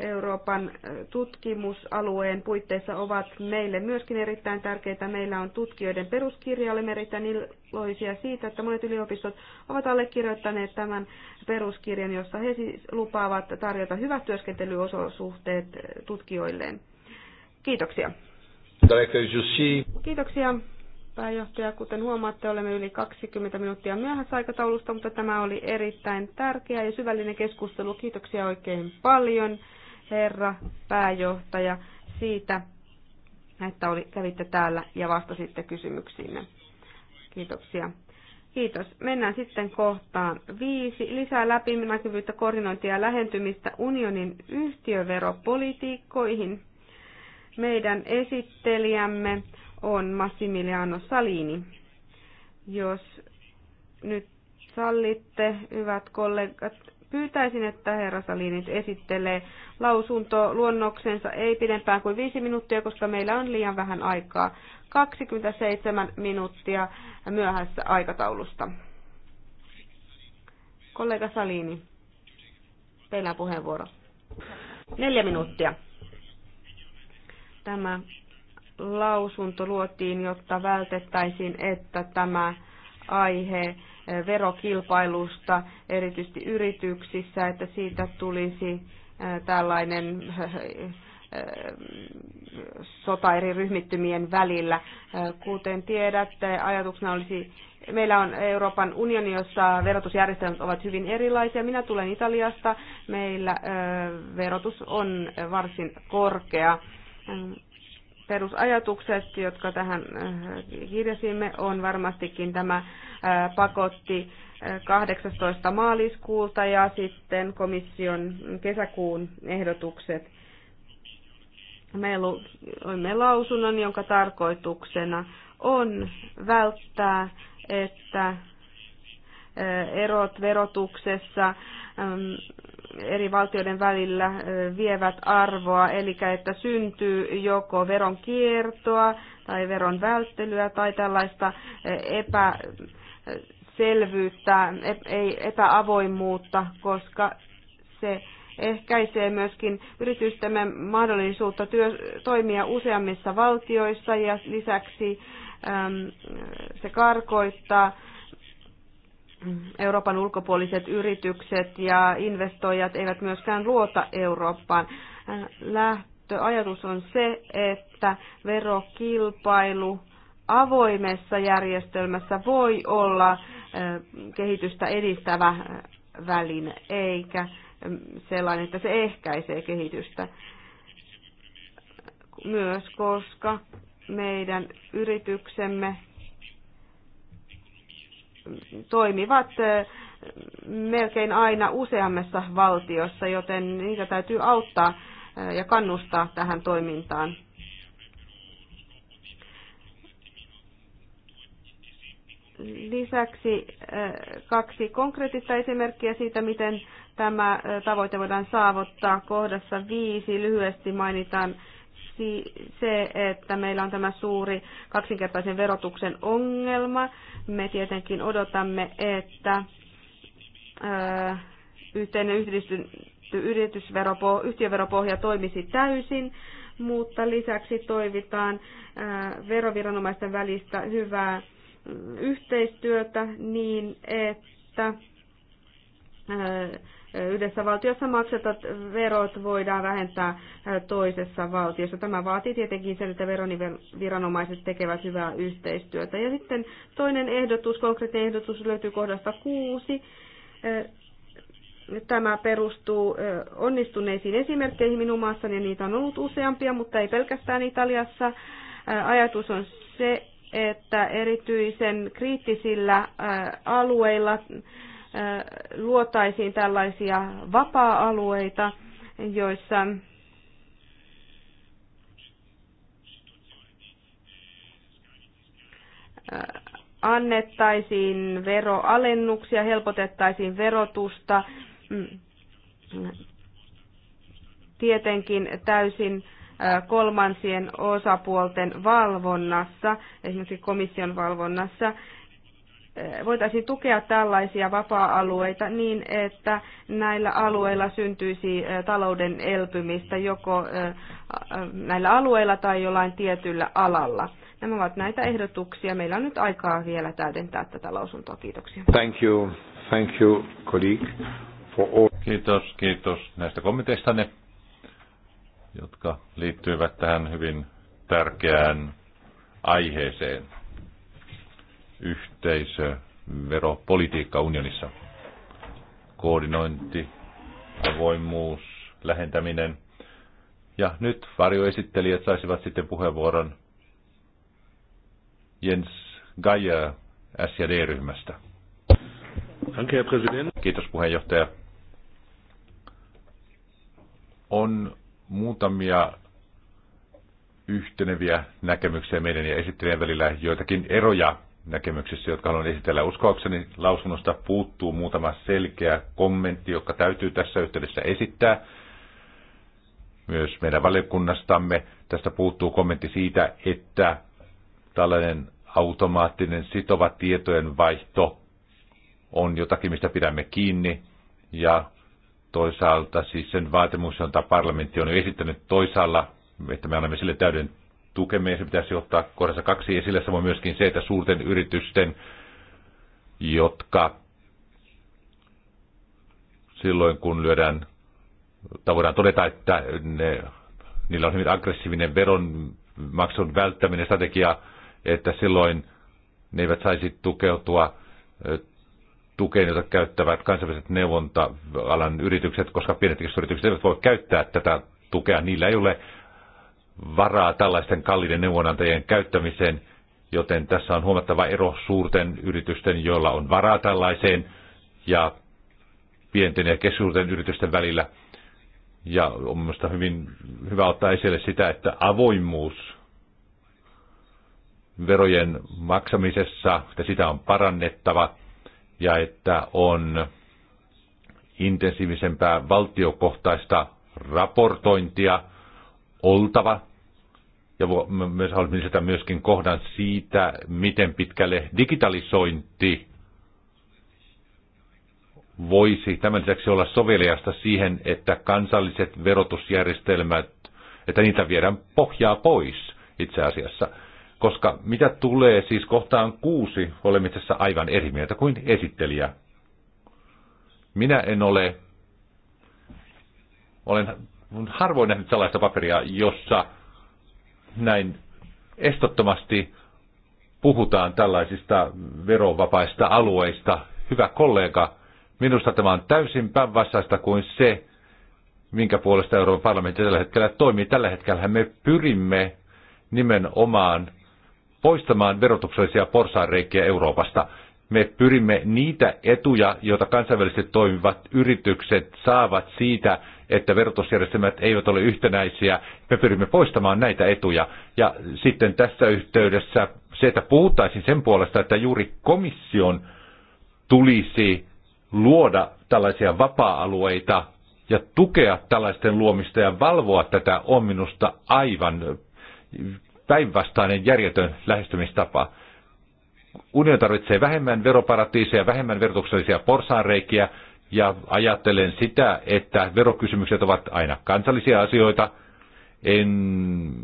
Euroopan tutkimusalueen puitteissa ovat meille myöskin erittäin tärkeitä. Meillä on tutkijoiden peruskirja, olemme erittäin iloisia siitä, että monet yliopistot ovat allekirjoittaneet tämän peruskirjan, jossa he siis lupaavat tarjota hyvät työskentelyosuhteet tutkijoilleen. Kiitoksia. Kiitoksia pääjohtaja. Kuten huomaatte, olemme yli 20 minuuttia myöhässä aikataulusta, mutta tämä oli erittäin tärkeä ja syvällinen keskustelu. Kiitoksia oikein paljon herra pääjohtaja siitä, että oli, kävitte täällä ja vastasitte kysymyksiimme. Kiitoksia. Kiitos. Mennään sitten kohtaan viisi. Lisää läpinäkyvyyttä, koordinointia ja lähentymistä unionin yhtiöveropolitiikkoihin. Meidän esittelijämme on Massimiliano Salini. Jos nyt sallitte, hyvät kollegat, pyytäisin, että herra Salini esittelee lausunto luonnoksensa ei pidempään kuin viisi minuuttia, koska meillä on liian vähän aikaa. 27 minuuttia myöhässä aikataulusta. Kollega Salini, teillä on puheenvuoro. Neljä minuuttia. Tämä lausunto luotiin, jotta vältettäisiin, että tämä aihe verokilpailusta, erityisesti yrityksissä, että siitä tulisi Äh, tällainen äh, äh, sota eri ryhmittymien välillä. Kuten tiedätte, ajatuksena olisi, meillä on Euroopan unioni, jossa verotusjärjestelmät ovat hyvin erilaisia. Minä tulen Italiasta, meillä verotus on varsin korkea. Ähm, perusajatukset, jotka tähän kirjasimme, on varmastikin tämä pakotti 18. maaliskuulta ja sitten komission kesäkuun ehdotukset. Meillä on lausunnon, jonka tarkoituksena on välttää, että eh, erot verotuksessa mm, eri valtioiden välillä eh, vievät arvoa, eli että syntyy joko veron kiertoa tai veron välttelyä tai tällaista eh, epä ei epäavoimuutta, koska se ehkäisee myöskin yritystemme mahdollisuutta työ, toimia useammissa valtioissa ja lisäksi äm, se karkoittaa Euroopan ulkopuoliset yritykset ja investoijat eivät myöskään luota Eurooppaan. Äh, lähtöajatus on se, että verokilpailu avoimessa järjestelmässä voi olla kehitystä edistävä väline, eikä sellainen, että se ehkäisee kehitystä. Myös koska meidän yrityksemme toimivat melkein aina useammassa valtiossa, joten niitä täytyy auttaa ja kannustaa tähän toimintaan. Lisäksi äh, kaksi konkreettista esimerkkiä siitä, miten tämä äh, tavoite voidaan saavuttaa. Kohdassa viisi lyhyesti mainitaan se, että meillä on tämä suuri kaksinkertaisen verotuksen ongelma. Me tietenkin odotamme, että äh, yhteinen yhtiöveropohja toimisi täysin, mutta lisäksi toivitaan veroviranomaisten välistä hyvää yhteistyötä niin, että yhdessä valtiossa maksetat verot voidaan vähentää toisessa valtiossa. Tämä vaatii tietenkin sen, että veroniviranomaiset tekevät hyvää yhteistyötä. Ja sitten toinen ehdotus, konkreettinen ehdotus löytyy kohdasta kuusi. Tämä perustuu onnistuneisiin esimerkkeihin minun maassani, ja niitä on ollut useampia, mutta ei pelkästään Italiassa. Ajatus on se, että erityisen kriittisillä äh, alueilla äh, luotaisiin tällaisia vapaa-alueita, joissa äh, annettaisiin veroalennuksia, helpotettaisiin verotusta, mm. tietenkin täysin kolmansien osapuolten valvonnassa, esimerkiksi komission valvonnassa, voitaisiin tukea tällaisia vapaa-alueita niin, että näillä alueilla syntyisi talouden elpymistä joko näillä alueilla tai jollain tietyllä alalla. Nämä ovat näitä ehdotuksia. Meillä on nyt aikaa vielä täydentää tätä lausuntoa. Kiitoksia. Thank you. Thank you, colleague, for all. Kiitos, kiitos näistä kommenteistanne jotka liittyivät tähän hyvin tärkeään aiheeseen yhteisöveropolitiikka unionissa. Koordinointi, avoimuus, lähentäminen. Ja nyt varjoesittelijät saisivat sitten puheenvuoron Jens Geier SD-ryhmästä. Kiitos puheenjohtaja. On muutamia yhteneviä näkemyksiä meidän ja esittelijän välillä, joitakin eroja näkemyksissä, jotka haluan esitellä. Uskoakseni lausunnosta puuttuu muutama selkeä kommentti, joka täytyy tässä yhteydessä esittää. Myös meidän valiokunnastamme tästä puuttuu kommentti siitä, että tällainen automaattinen sitova tietojen vaihto on jotakin, mistä pidämme kiinni, ja toisaalta siis sen vaatimus, jota parlamentti on jo esittänyt toisaalla, että me annamme sille täyden tukemme, ja se pitäisi ottaa kohdassa kaksi esille, samoin myöskin se, että suurten yritysten, jotka silloin kun lyödään, tai voidaan todeta, että ne, niillä on hyvin aggressiivinen veronmaksun välttäminen strategia, että silloin ne eivät saisi tukeutua tukeen, jota käyttävät kansainväliset neuvonta-alan yritykset, koska pienet yritykset eivät voi käyttää tätä tukea. Niillä ei ole varaa tällaisten kalliiden neuvonantajien käyttämiseen, joten tässä on huomattava ero suurten yritysten, joilla on varaa tällaiseen, ja pienten ja keskisuurten yritysten välillä. Ja on mielestäni hyvin hyvä ottaa esille sitä, että avoimuus verojen maksamisessa, että sitä on parannettava – ja että on intensiivisempää valtiokohtaista raportointia oltava. Ja myös haluaisin lisätä myöskin kohdan siitä, miten pitkälle digitalisointi voisi tämän lisäksi olla soveliasta siihen, että kansalliset verotusjärjestelmät, että niitä viedään pohjaa pois itse asiassa koska mitä tulee siis kohtaan kuusi, olemme tässä aivan eri mieltä kuin esittelijä. Minä en ole, olen harvoin nähnyt sellaista paperia, jossa näin estottomasti puhutaan tällaisista verovapaista alueista. Hyvä kollega, minusta tämä on täysin päinvastaista kuin se, minkä puolesta Euroopan parlamentti tällä hetkellä toimii. Tällä hetkellä me pyrimme nimenomaan poistamaan verotuksellisia porsaanreikiä Euroopasta. Me pyrimme niitä etuja, joita kansainvälisesti toimivat yritykset saavat siitä, että verotusjärjestelmät eivät ole yhtenäisiä. Me pyrimme poistamaan näitä etuja. Ja sitten tässä yhteydessä se, että puhuttaisiin sen puolesta, että juuri komission tulisi luoda tällaisia vapaa-alueita ja tukea tällaisten luomista ja valvoa tätä on minusta aivan päinvastainen järjetön lähestymistapa. Union tarvitsee vähemmän veroparatiiseja, vähemmän verotuksellisia porsaanreikiä, ja ajattelen sitä, että verokysymykset ovat aina kansallisia asioita. En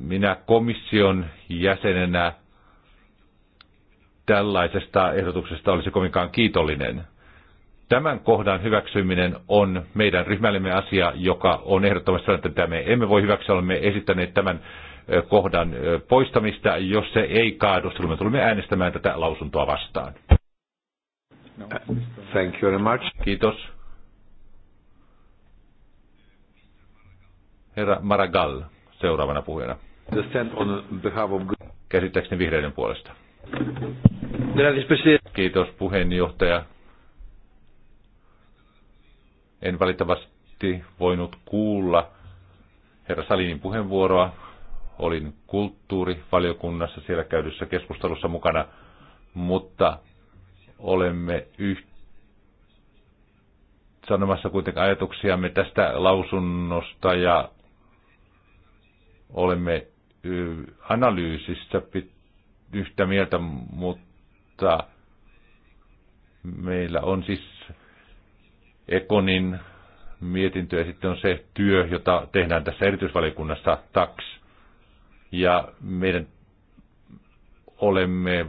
minä komission jäsenenä tällaisesta ehdotuksesta olisi kovinkaan kiitollinen. Tämän kohdan hyväksyminen on meidän ryhmällemme asia, joka on ehdottomasti sanottu, että me emme voi hyväksyä, olemme esittäneet tämän kohdan poistamista. Jos se ei kaadu, silloin me tulemme äänestämään tätä lausuntoa vastaan. No. Uh, thank you very much. Kiitos. Herra Maragall, seuraavana puhujana. Käsittääkseni vihreiden puolesta. Kiitos puheenjohtaja. En valitettavasti voinut kuulla herra Salinin puheenvuoroa, olin kulttuurivaliokunnassa siellä käydyssä keskustelussa mukana, mutta olemme yht... sanomassa kuitenkin ajatuksiamme tästä lausunnosta ja olemme analyysissä yhtä mieltä, mutta meillä on siis Ekonin mietintö ja sitten on se työ, jota tehdään tässä erityisvaliokunnassa TAX ja meidän olemme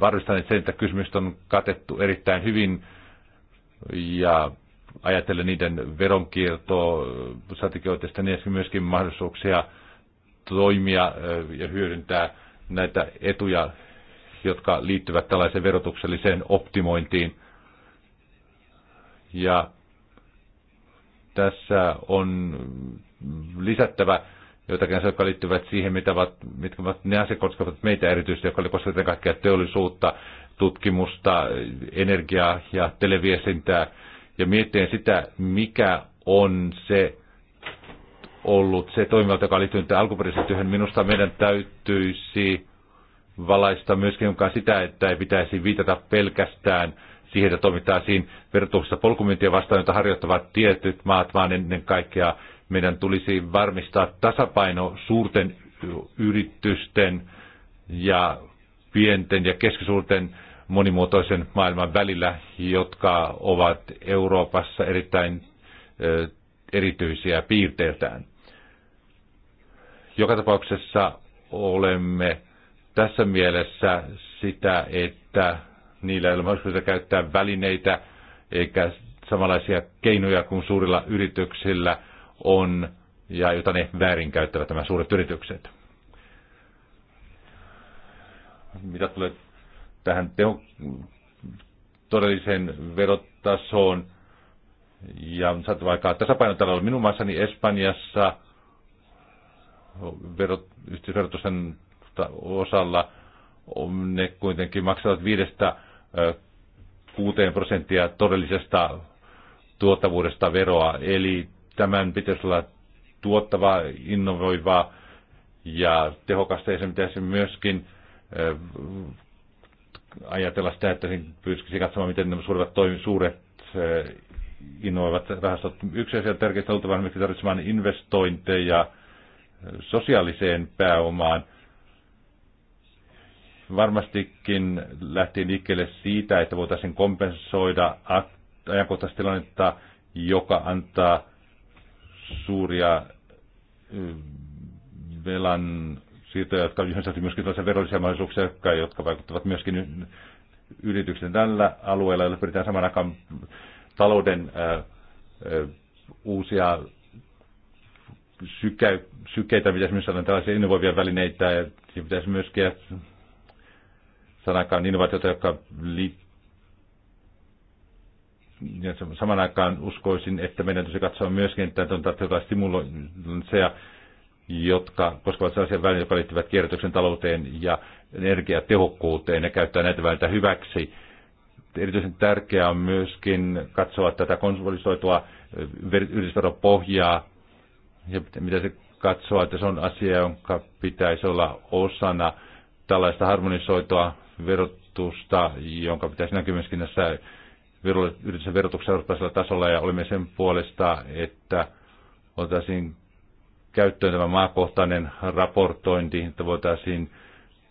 varmistaneet sen, että kysymykset on katettu erittäin hyvin ja ajatellen niiden veronkiertoa, strategioitista, niin myöskin mahdollisuuksia toimia ja hyödyntää näitä etuja, jotka liittyvät tällaiseen verotukselliseen optimointiin. Ja tässä on lisättävä joitakin asioita, jotka liittyvät siihen, mitä ovat, mitkä ovat ne asiat ovat meitä erityisesti, joka koskevat kaikkea teollisuutta, tutkimusta, energiaa ja televiesintää, ja miettien sitä, mikä on se ollut se toimivalta, joka liittyy tähän alkuperäiseen työhön. Minusta meidän täytyisi valaista myöskin mukaan sitä, että ei pitäisi viitata pelkästään siihen, että toimitaan siinä vertauksessa polkumyyntiä vastaan, jota harjoittavat tietyt maat, vaan ennen kaikkea meidän tulisi varmistaa tasapaino suurten yritysten ja pienten ja keskisuurten monimuotoisen maailman välillä, jotka ovat Euroopassa erittäin erityisiä piirteiltään. Joka tapauksessa olemme tässä mielessä sitä, että niillä ei ole mahdollisuutta käyttää välineitä eikä samanlaisia keinoja kuin suurilla yrityksillä – on ja jota ne väärinkäyttävät nämä suuret yritykset. Mitä tulee tähän teho, todelliseen verotasoon ja saatu aikaa tasapainotaloudella. Minun maassani Espanjassa verot, osalla osalla ne kuitenkin maksavat viidestä kuuteen prosenttia todellisesta tuottavuudesta veroa, eli tämän pitäisi olla tuottavaa, innovoivaa ja tehokasta. Ja se pitäisi myöskin ajatella sitä, että pyrkisi katsomaan, miten nämä suuret, toimi, suuret innovoivat rahastot. Yksi asia tärkeistä oltava esimerkiksi tarvitsemaan investointeja sosiaaliseen pääomaan. Varmastikin lähtien liikkeelle siitä, että voitaisiin kompensoida tilannetta, joka antaa suuria velan siirtoja, jotka on myöskin tällaisia verollisia mahdollisuuksia, jotka vaikuttavat myöskin yrityksen tällä alueella, jolla pyritään saman aikaan talouden ää, ää, uusia sykä, sykeitä, pitäisi myös saada tällaisia innovoivia välineitä, ja pitäisi myöskin saada aikaan innovaatioita, jotka liittyvät ja saman aikaan uskoisin, että meidän tulisi katsoa myöskin, että on jotain stimulointeja, jotka koskevat sellaisia välineitä, jotka liittyvät kierrätyksen talouteen ja energiatehokkuuteen ja käyttää näitä välineitä hyväksi. Erityisen tärkeää on myöskin katsoa tätä konsolisoitua yritysveropohjaa ja mitä se katsoa, että se on asia, jonka pitäisi olla osana tällaista harmonisoitua verotusta, jonka pitäisi näkyä myöskin näissä yrityksen verotuksen eurooppalaisella tasolla ja olimme sen puolesta, että otaisiin käyttöön tämä maakohtainen raportointi, että voitaisiin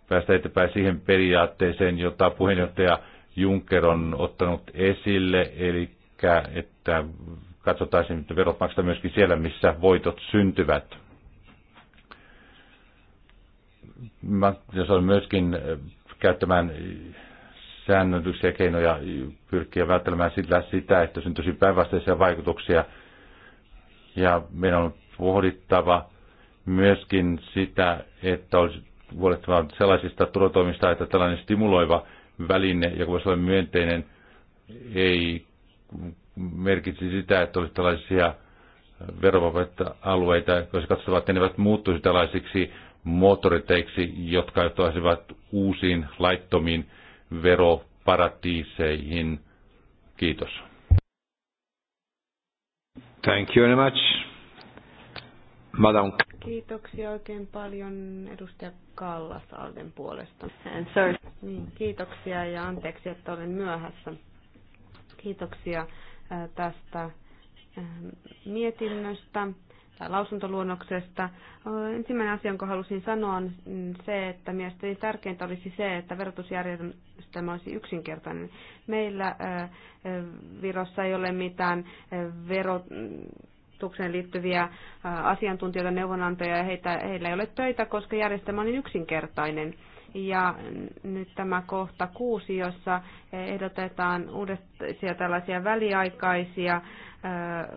päästä eteenpäin siihen periaatteeseen, jota puheenjohtaja Juncker on ottanut esille, eli että katsotaan, että verot maksetaan myöskin siellä, missä voitot syntyvät. Mä, jos on myöskin äh, käyttämään säännöllisiä keinoja pyrkiä välttämään sillä sitä, että syntyisi päinvastaisia vaikutuksia. Ja meidän on pohdittava myöskin sitä, että olisi huolehtava sellaisista turvatoimista, että tällainen stimuloiva väline, ja kun olla myönteinen, ei merkitsi sitä, että olisi tällaisia verovapaita alueita, jos katsotaan, että ne eivät muuttuisi tällaisiksi moottoriteiksi, jotka johtaisivat uusiin laittomiin veroparatiiseihin. Kiitos. Thank you very much. Madame. Kiitoksia oikein paljon edustaja Kallas Alden puolesta. Niin, kiitoksia ja anteeksi, että olen myöhässä. Kiitoksia äh, tästä äh, mietinnöstä lausuntoluonnoksesta. Ensimmäinen asia, jonka halusin sanoa, on se, että mielestäni tärkeintä olisi se, että verotusjärjestelmä olisi yksinkertainen. Meillä Virossa ei ole mitään verot liittyviä asiantuntijoita, neuvonantajia, ja heitä, heillä ei ole töitä, koska järjestelmä on niin yksinkertainen. Ja nyt tämä kohta kuusi, jossa ehdotetaan uudestaan tällaisia väliaikaisia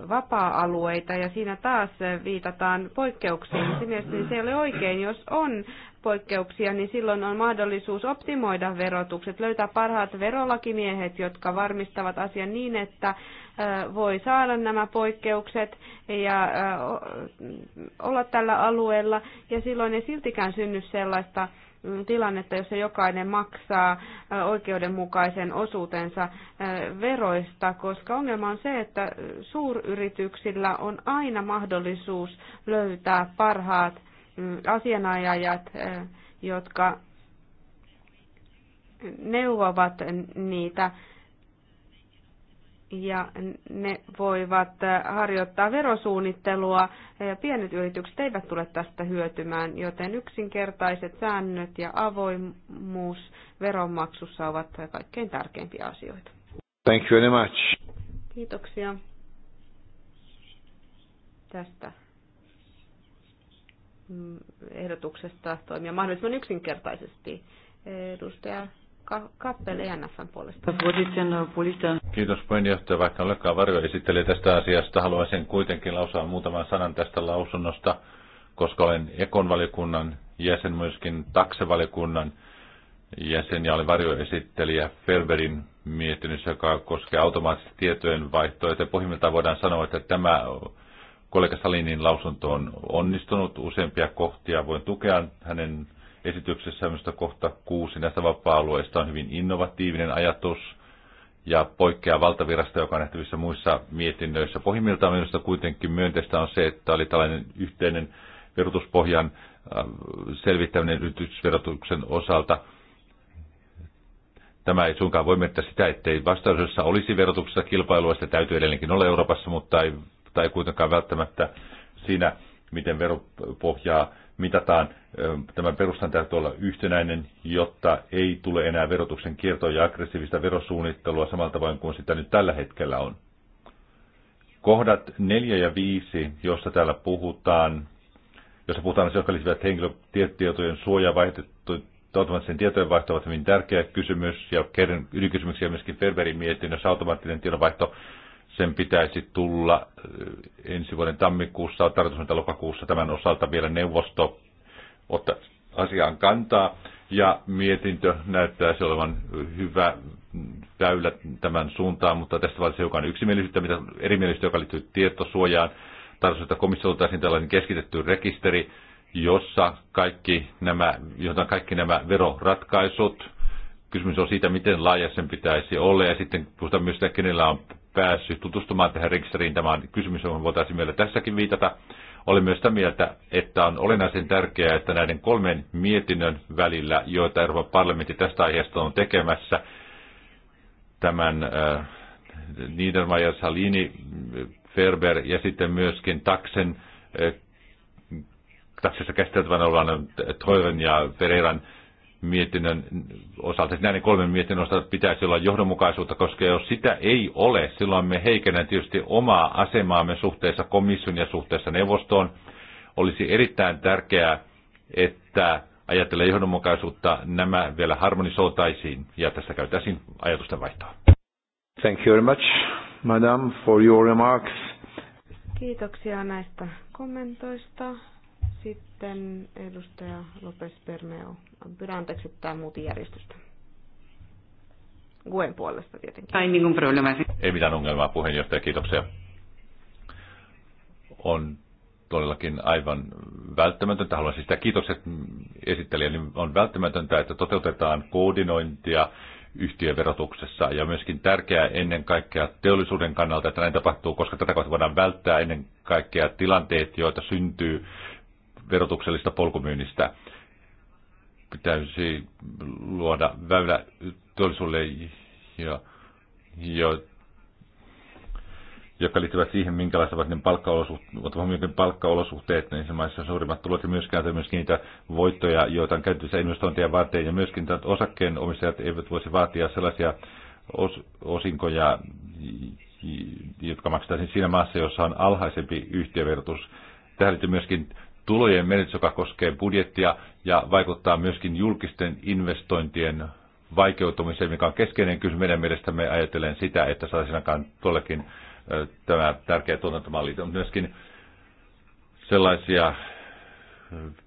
vapaa-alueita ja siinä taas viitataan poikkeuksiin. mielestäni se ei ole oikein, jos on poikkeuksia, niin silloin on mahdollisuus optimoida verotukset, löytää parhaat verolakimiehet, jotka varmistavat asian niin, että voi saada nämä poikkeukset ja olla tällä alueella. Ja silloin ei siltikään synny sellaista tilannetta, jossa jokainen maksaa oikeudenmukaisen osuutensa veroista, koska ongelma on se, että suuryrityksillä on aina mahdollisuus löytää parhaat mm, asianajajat, jotka neuvovat niitä ja ne voivat äh, harjoittaa verosuunnittelua. Pienet yritykset eivät tule tästä hyötymään, joten yksinkertaiset säännöt ja avoimuus veronmaksussa ovat kaikkein tärkeimpiä asioita. Thank you very much. Kiitoksia tästä mm, ehdotuksesta toimia mahdollisimman yksinkertaisesti. Edustaja Kappel ENFn puolesta. No, Kiitos puheenjohtaja, vaikka olekaan varjo esitteli tästä asiasta, haluaisin kuitenkin lausua muutaman sanan tästä lausunnosta, koska olen ekonvalikunnan jäsen, myöskin taksevalikunnan jäsen ja olen varjoesittelijä Ferberin mietinnössä, joka koskee automaattisesti tietojen vaihtoa, joten pohjimmiltaan voidaan sanoa, että tämä kollega Salinin lausunto on onnistunut. Useampia kohtia voin tukea hänen esityksessä minusta kohta kuusi näistä vapaa-alueista on hyvin innovatiivinen ajatus ja poikkeaa valtavirasta, joka on nähtävissä muissa mietinnöissä. Pohjimmiltaan minusta kuitenkin myönteistä on se, että oli tällainen yhteinen verotuspohjan äh, selvittäminen yritysverotuksen osalta. Tämä ei suinkaan voi merkitä sitä, ettei vastaisuudessa olisi verotuksessa kilpailua, sitä täytyy edelleenkin olla Euroopassa, mutta ei, tai kuitenkaan välttämättä siinä, miten veropohjaa mitataan Tämä perustan täytyy olla yhtenäinen, jotta ei tule enää verotuksen kiertoa ja aggressiivista verosuunnittelua samalla tavoin kuin sitä nyt tällä hetkellä on. Kohdat 4 ja 5, jossa täällä puhutaan, jossa puhutaan asioista, jotka liittyvät henkilötietojen suojaa automaattisen vaihto ovat hyvin tärkeä kysymys ja ydinkysymyksiä myöskin Ferberin mietinnössä automaattinen tiedonvaihto sen pitäisi tulla ensi vuoden tammikuussa, tarkoitus että lokakuussa tämän osalta vielä neuvosto ottaa asiaan kantaa. Ja mietintö näyttää se olevan hyvä täylä tämän suuntaan, mutta tästä vaiheessa hiukan yksimielisyyttä, mitä erimielisyyttä, joka liittyy tietosuojaan. Tarkoitus, että komissiolta oltaisiin tällainen keskitetty rekisteri, jossa kaikki nämä, johon kaikki nämä veroratkaisut, kysymys on siitä, miten laaja sen pitäisi olla, ja sitten puhutaan myös sitä, kenellä on päässyt tutustumaan tähän rekisteriin. Tämä on kysymys, johon voitaisiin vielä tässäkin viitata. Olen myös sitä mieltä, että on olennaisen tärkeää, että näiden kolmen mietinnön välillä, joita Euroopan parlamentti tästä aiheesta on tekemässä, tämän äh, Niedermayer, Salini, Ferber ja sitten myöskin Taksen, äh, Taksessa käsiteltävän olevan Toiven ja Pereiran äh, mietinnön osalta, näiden kolmen mietinnön osalta pitäisi olla johdonmukaisuutta, koska jos sitä ei ole, silloin me heikennämme tietysti omaa asemaamme suhteessa komission ja suhteessa neuvostoon. Olisi erittäin tärkeää, että ajatellen johdonmukaisuutta nämä vielä harmonisoitaisiin ja tässä käytäisiin ajatusten vaihtoa. Thank you very much, madam, for your remarks. Kiitoksia näistä kommentoista. Sitten edustaja Lopes Bermeo. Pyydän anteeksi tämä muutin järjestystä. Guen puolesta tietenkin. Ei, niin Ei mitään ongelmaa, puheenjohtaja. Kiitoksia. On todellakin aivan välttämätöntä, haluan siis sitä kiitokset esittelijä, niin on välttämätöntä, että toteutetaan koordinointia yhtiöverotuksessa ja myöskin tärkeää ennen kaikkea teollisuuden kannalta, että näin tapahtuu, koska tätä kautta voidaan välttää ennen kaikkea tilanteet, joita syntyy verotuksellista polkumyynnistä. Pitäisi luoda väylä teollisuudelle, ja, ja, jotka liittyvät siihen, minkälaista ovat ne palkkaolosuhteet, huomioon niin palkkaolosuhteet näissä maissa suurimmat tulot ja myöskään myöskin niitä voittoja, joita on käytössä investointia varten. Ja myöskin osakkeenomistajat eivät voisi vaatia sellaisia os, osinkoja, jotka maksetaan siinä maassa, jossa on alhaisempi yhtiöverotus. Tähän liittyy myöskin tulojen menetys, joka koskee budjettia ja vaikuttaa myöskin julkisten investointien vaikeutumiseen, mikä on keskeinen kysymys meidän mielestämme ajatellen sitä, että saisinakaan tuollekin tämä tärkeä tuotantomalli on myöskin sellaisia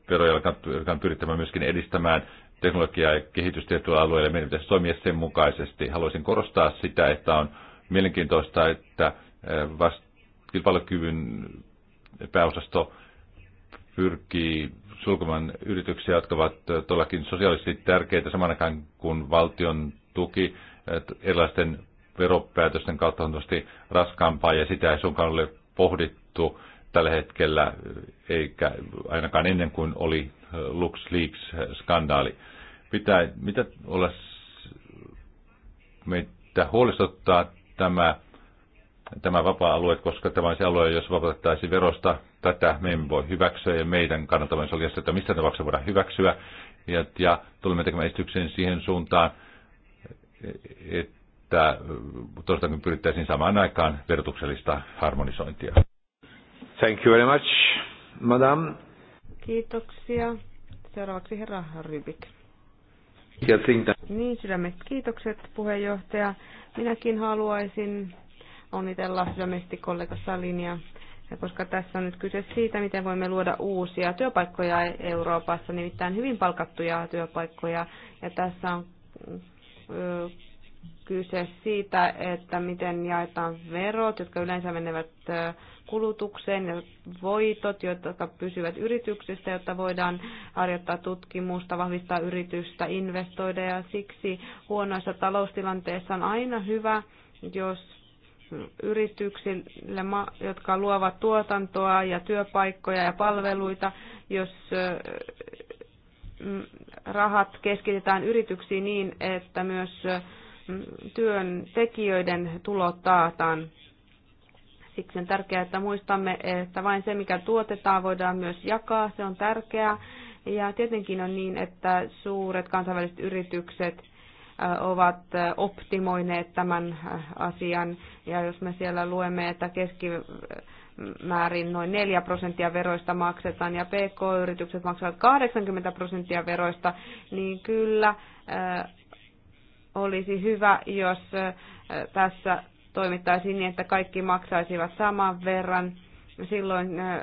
veroja, jotka on pyrittävä myöskin edistämään teknologiaa ja kehitystä tietyllä alueella. Meidän pitäisi toimia sen mukaisesti. Haluaisin korostaa sitä, että on mielenkiintoista, että vast- kilpailukyvyn pääosasto pyrkii sulkemaan yrityksiä, jotka ovat todellakin sosiaalisesti tärkeitä saman aikaan kuin valtion tuki erilaisten veropäätösten kautta on tosi raskaampaa ja sitä ei suinkaan ole pohdittu tällä hetkellä, eikä ainakaan ennen kuin oli LuxLeaks-skandaali. Pitää, mitä olla, meitä huolestuttaa tämä, tämä vapaa-alue, koska tämä on se alue, jos vapautettaisiin verosta, Tätä me emme voi hyväksyä ja meidän kannatamme oli se, että mistä tapauksessa voidaan hyväksyä. Ja, ja tulemme tekemään esityksen siihen suuntaan, että toisaalta pyrittäisiin samaan aikaan verotuksellista harmonisointia. Thank you very much, madam. Kiitoksia. Seuraavaksi herra Rybik. Niin, sydämestä kiitokset puheenjohtaja. Minäkin haluaisin onnitella sydämesti kollega Salinia ja koska tässä on nyt kyse siitä, miten voimme luoda uusia työpaikkoja Euroopassa, nimittäin hyvin palkattuja työpaikkoja. Ja tässä on kyse siitä, että miten jaetaan verot, jotka yleensä menevät kulutukseen ja voitot, jotka pysyvät yrityksistä, jotta voidaan harjoittaa tutkimusta, vahvistaa yritystä, investoida ja siksi huonoissa taloustilanteissa on aina hyvä, jos yrityksille, jotka luovat tuotantoa ja työpaikkoja ja palveluita, jos rahat keskitetään yrityksiin niin, että myös työntekijöiden tulot taataan. Siksi on tärkeää, että muistamme, että vain se, mikä tuotetaan, voidaan myös jakaa. Se on tärkeää. Ja tietenkin on niin, että suuret kansainväliset yritykset – ovat optimoineet tämän asian. Ja jos me siellä luemme, että keskimäärin noin 4 prosenttia veroista maksetaan ja PK-yritykset maksavat 80 prosenttia veroista, niin kyllä äh, olisi hyvä, jos äh, tässä toimittaisiin niin, että kaikki maksaisivat saman verran Silloin äh,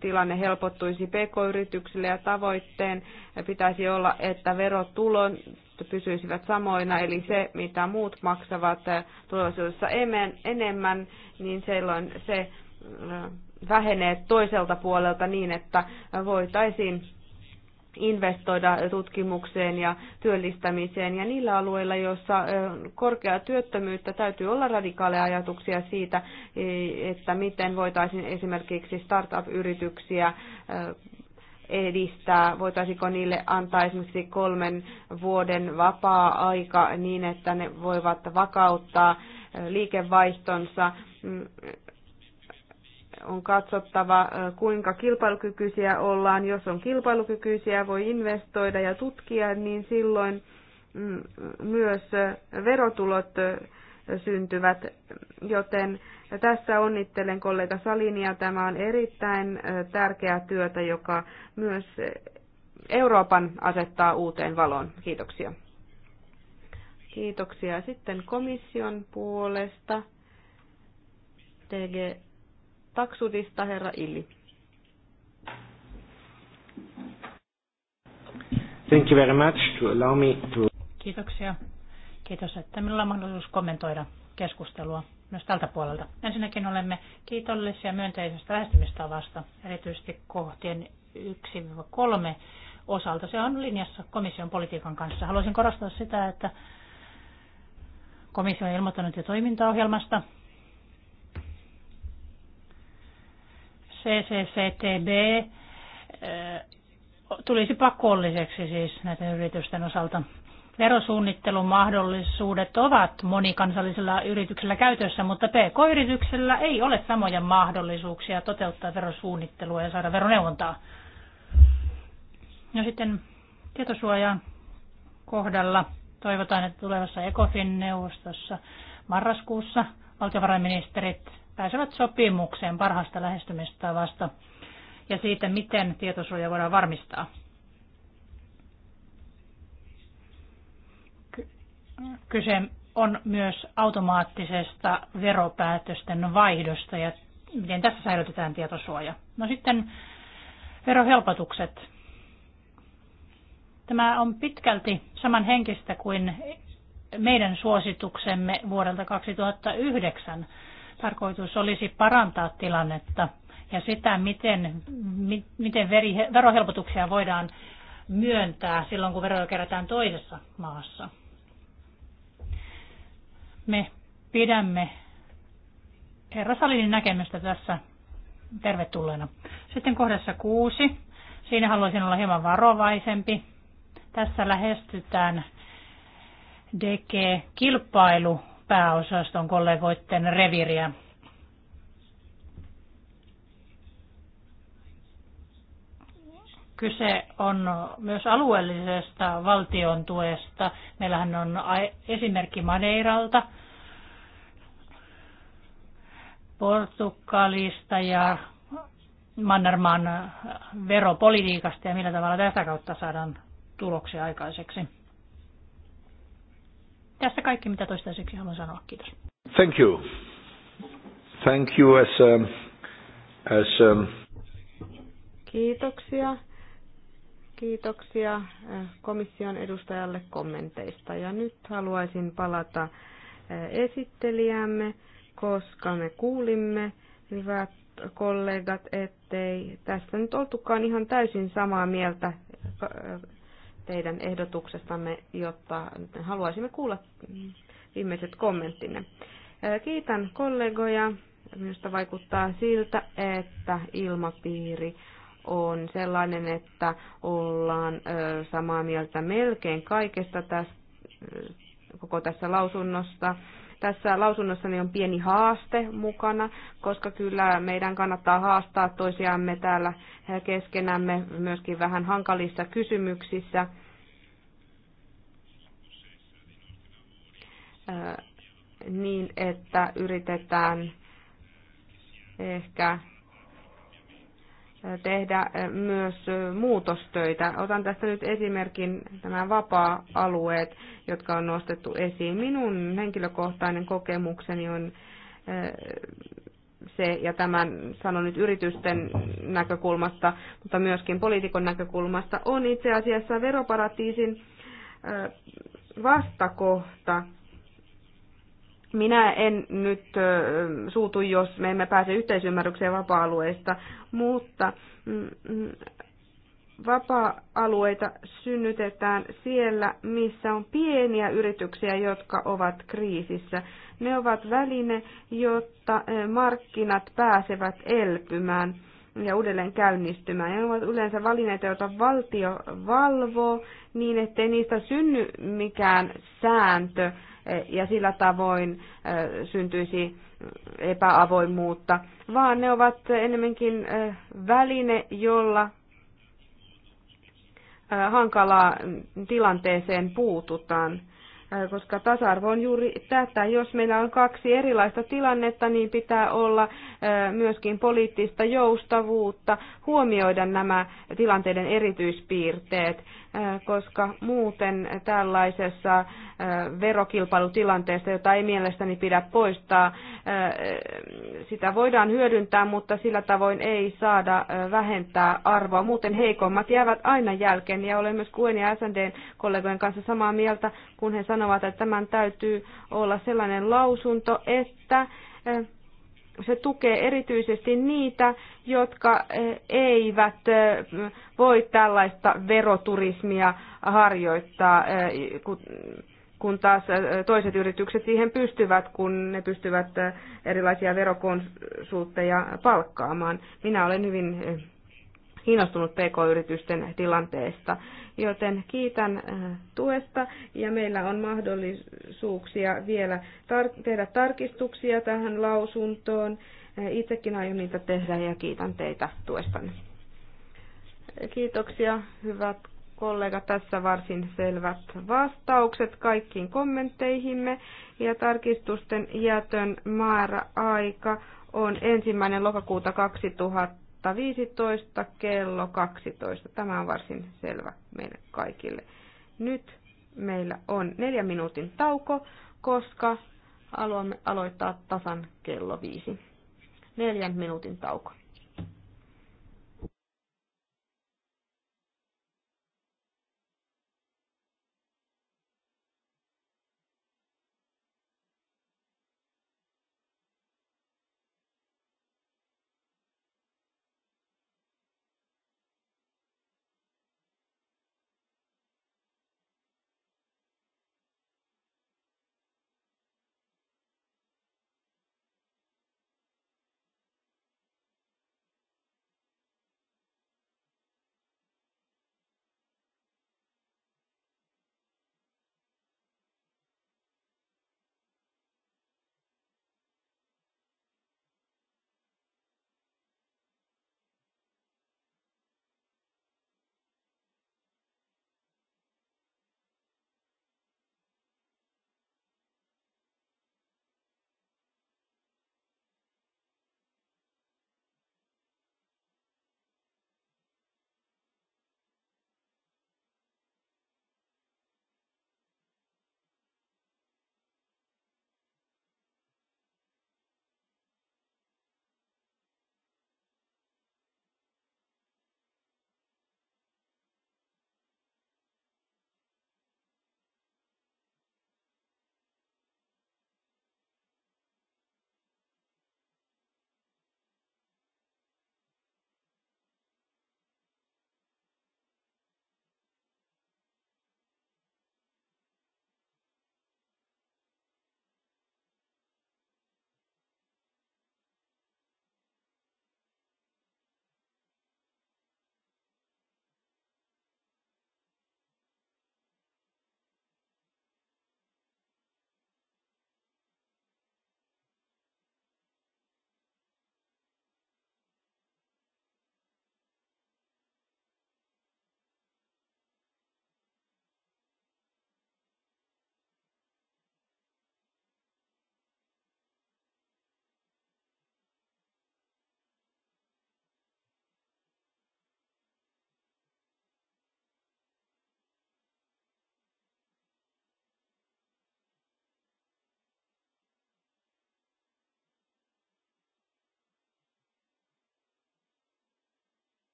tilanne helpottuisi pk-yrityksille ja tavoitteen pitäisi olla, että verotulon pysyisivät samoina, eli se, mitä muut maksavat äh, tulevaisuudessa enemmän, niin silloin se äh, vähenee toiselta puolelta niin, että voitaisiin investoida tutkimukseen ja työllistämiseen. Ja niillä alueilla, joissa korkea korkeaa työttömyyttä, täytyy olla radikaaleja ajatuksia siitä, e, että miten voitaisiin esimerkiksi startup-yrityksiä edistää? Voitaisiko niille antaa esimerkiksi kolmen vuoden vapaa-aika niin, että ne voivat vakauttaa liikevaihtonsa mm, on katsottava, kuinka kilpailukykyisiä ollaan. Jos on kilpailukykyisiä, voi investoida ja tutkia, niin silloin mm, myös verotulot syntyvät, joten tässä onnittelen kollega Salinia. Tämä on erittäin tärkeää työtä, joka myös Euroopan asettaa uuteen valoon. Kiitoksia. Kiitoksia. Sitten komission puolesta. TG taksudista herra Illi. Thank you very much to allow me to... Kiitoksia. Kiitos, että minulla on mahdollisuus kommentoida keskustelua myös tältä puolelta. Ensinnäkin olemme kiitollisia myönteisestä lähestymistavasta, erityisesti kohtien 1-3 osalta. Se on linjassa komission politiikan kanssa. Haluaisin korostaa sitä, että komissio on ilmoittanut jo toimintaohjelmasta CCCTB eh, tulisi pakolliseksi siis näiden yritysten osalta. Verosuunnittelun mahdollisuudet ovat monikansallisilla yrityksillä käytössä, mutta PK-yrityksellä ei ole samoja mahdollisuuksia toteuttaa verosuunnittelua ja saada veroneuvontaa. No sitten tietosuojan kohdalla toivotaan, että tulevassa ECOFIN-neuvostossa marraskuussa valtiovarainministerit pääsevät sopimukseen parhaasta lähestymistavasta ja siitä, miten tietosuoja voidaan varmistaa. Kyse on myös automaattisesta veropäätösten vaihdosta ja miten tässä säilytetään tietosuoja. No sitten verohelpotukset. Tämä on pitkälti samanhenkistä kuin meidän suosituksemme vuodelta 2009 Tarkoitus olisi parantaa tilannetta ja sitä, miten, miten veri, verohelpotuksia voidaan myöntää silloin, kun veroja kerätään toisessa maassa. Me pidämme herra Salinin näkemystä tässä tervetulleena. Sitten kohdassa kuusi. Siinä haluaisin olla hieman varovaisempi. Tässä lähestytään DG-kilpailu pääosaston kollegoiden reviriä. Kyse on myös alueellisesta valtion tuesta. Meillähän on esimerkki Madeiralta, Portugalista ja Mannermaan veropolitiikasta ja millä tavalla tästä kautta saadaan tuloksia aikaiseksi. Tässä kaikki, mitä toistaiseksi haluan sanoa. Kiitos. Thank you. Thank you as, um, as, um... Kiitoksia. Kiitoksia eh, komission edustajalle kommenteista. Ja nyt haluaisin palata eh, esittelijämme, koska me kuulimme, hyvät kollegat, ettei tässä nyt oltukaan ihan täysin samaa mieltä eh, teidän ehdotuksestanne, jotta haluaisimme kuulla viimeiset kommenttinne. Kiitän kollegoja. Minusta vaikuttaa siltä, että ilmapiiri on sellainen, että ollaan samaa mieltä melkein kaikesta tässä, koko tässä lausunnosta. Tässä lausunnossani on pieni haaste mukana, koska kyllä meidän kannattaa haastaa toisiamme täällä keskenämme myöskin vähän hankalissa kysymyksissä. Niin, että yritetään ehkä tehdä eh, myös eh, muutostöitä. Otan tästä nyt esimerkin nämä vapaa-alueet, jotka on nostettu esiin. Minun henkilökohtainen kokemukseni on eh, se, ja tämän sanon nyt yritysten näkökulmasta, mutta myöskin poliitikon näkökulmasta, on itse asiassa veroparatiisin vastakohta. Minä en nyt suutu, jos me emme pääse yhteisymmärrykseen vapaa-alueista, mutta mm, mm, vapaa-alueita synnytetään siellä, missä on pieniä yrityksiä, jotka ovat kriisissä. Ne ovat väline, jotta markkinat pääsevät elpymään ja uudelleen käynnistymään. Ja ne ovat yleensä välineitä, joita valtio valvoo niin, ettei niistä synny mikään sääntö, ja sillä tavoin syntyisi epäavoimuutta, vaan ne ovat enemmänkin väline, jolla hankalaa tilanteeseen puututaan koska tasa-arvo on juuri tätä. Jos meillä on kaksi erilaista tilannetta, niin pitää olla myöskin poliittista joustavuutta, huomioida nämä tilanteiden erityispiirteet. Äh, koska muuten tällaisessa äh, verokilpailutilanteessa, jota ei mielestäni pidä poistaa, äh, sitä voidaan hyödyntää, mutta sillä tavoin ei saada vähentää arvoa. Muuten heikommat jäävät aina jälkeen ja olen myös QN ja SNDn kollegojen kanssa samaa mieltä, kun he sanovat, että tämän täytyy olla sellainen lausunto, että se tukee erityisesti niitä, jotka eh, eivät eh, voi tällaista veroturismia harjoittaa, eh, kun taas toiset yritykset siihen pystyvät, kun ne pystyvät erilaisia verokonsultteja palkkaamaan. Minä olen hyvin kiinnostunut PK-yritysten tilanteesta. Joten kiitän äh, tuesta ja meillä on mahdollisuuksia vielä tar- tehdä tarkistuksia tähän lausuntoon. Äh, itsekin aion niitä tehdä ja kiitän teitä tuestanne. Kiitoksia, hyvät kollega tässä varsin selvät vastaukset kaikkiin kommentteihimme ja tarkistusten jätön määräaika on ensimmäinen lokakuuta 2000 2015 kello 12. Tämä on varsin selvä meille kaikille. Nyt meillä on neljä minuutin tauko, koska haluamme aloittaa tasan kello viisi. Neljän minuutin tauko.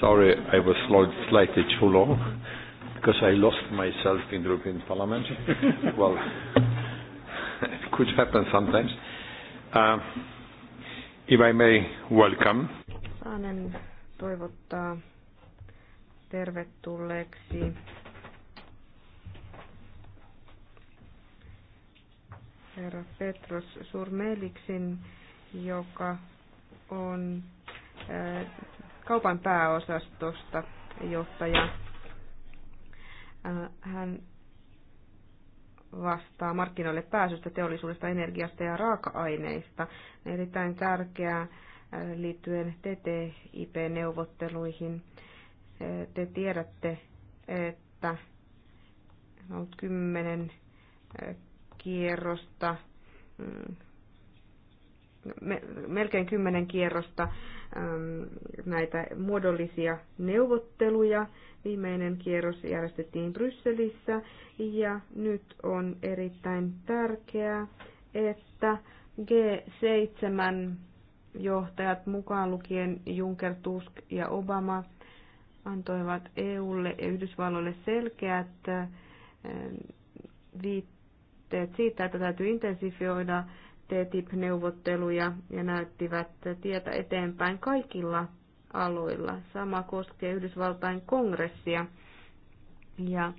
Sorry, I was slightly too long because I lost myself in the European Parliament. well, it could happen sometimes. Uh, if I may welcome. Saanen toivottaa tervetulleeksi herra Petros Surmeliksin, joka on äh, kaupan pääosastosta johtaja. Hän vastaa markkinoille pääsystä teollisuudesta, energiasta ja raaka-aineista. Erittäin tärkeää liittyen TTIP-neuvotteluihin. Te tiedätte, että on ollut kymmenen kierrosta, mm, melkein kymmenen kierrosta Ähm, näitä muodollisia neuvotteluja. Viimeinen kierros järjestettiin Brysselissä ja nyt on erittäin tärkeää, että G7 johtajat mukaan lukien Juncker, Tusk ja Obama antoivat EUlle ja Yhdysvalloille selkeät ähm, viitteet siitä, että täytyy intensifioida TTIP-neuvotteluja ja näyttivät tietä eteenpäin kaikilla aloilla. Sama koskee Yhdysvaltain kongressia ja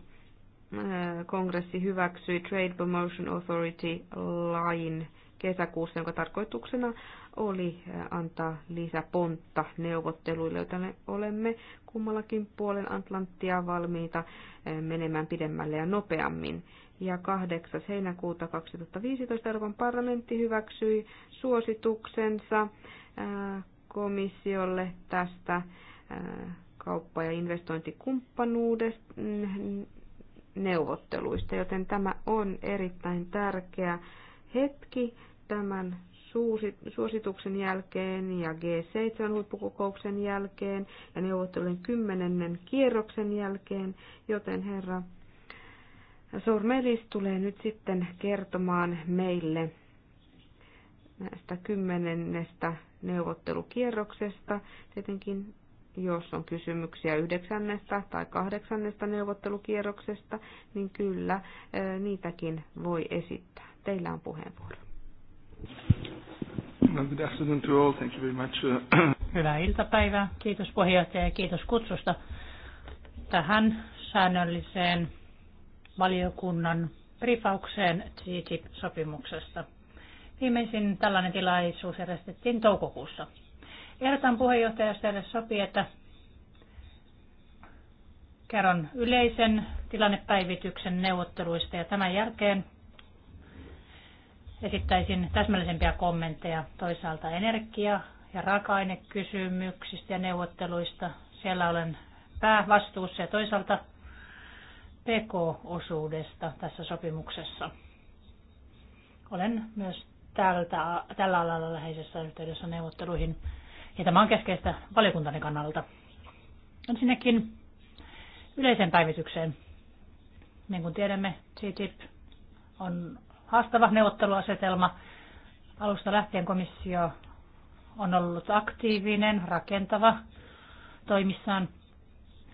kongressi hyväksyi Trade Promotion Authority-lain kesäkuussa, jonka tarkoituksena oli antaa lisäpontta neuvotteluille, joita me olemme kummallakin puolen Atlanttia valmiita menemään pidemmälle ja nopeammin ja 8. heinäkuuta 2015 Euroopan parlamentti hyväksyi suosituksensa äh, komissiolle tästä äh, kauppa- ja investointikumppanuudesta mm, neuvotteluista, joten tämä on erittäin tärkeä hetki tämän suosituksen jälkeen ja G7-huippukokouksen jälkeen ja neuvottelujen kymmenennen kierroksen jälkeen, joten herra Sormelis tulee nyt sitten kertomaan meille näistä kymmenennestä neuvottelukierroksesta. Tietenkin jos on kysymyksiä yhdeksännestä tai kahdeksannesta neuvottelukierroksesta, niin kyllä niitäkin voi esittää. Teillä on puheenvuoro. Good afternoon to all. Thank you very much. Uh, Hyvää iltapäivää. Kiitos puheenjohtaja ja kiitos kutsusta tähän säännölliseen valiokunnan briefaukseen TTIP-sopimuksesta. Viimeisin tällainen tilaisuus järjestettiin toukokuussa. Ehdotan puheenjohtajasta sopii, että kerron yleisen tilannepäivityksen neuvotteluista ja tämän jälkeen esittäisin täsmällisempiä kommentteja toisaalta energia- ja raaka-ainekysymyksistä ja neuvotteluista. Siellä olen päävastuussa ja toisaalta PK-osuudesta tässä sopimuksessa. Olen myös tältä, tällä alalla läheisessä yhteydessä neuvotteluihin, ja tämä on keskeistä valiokuntani kannalta. Ensinnäkin yleisen päivitykseen. Niin kuin tiedämme, TTIP on haastava neuvotteluasetelma. Alusta lähtien komissio on ollut aktiivinen, rakentava toimissaan.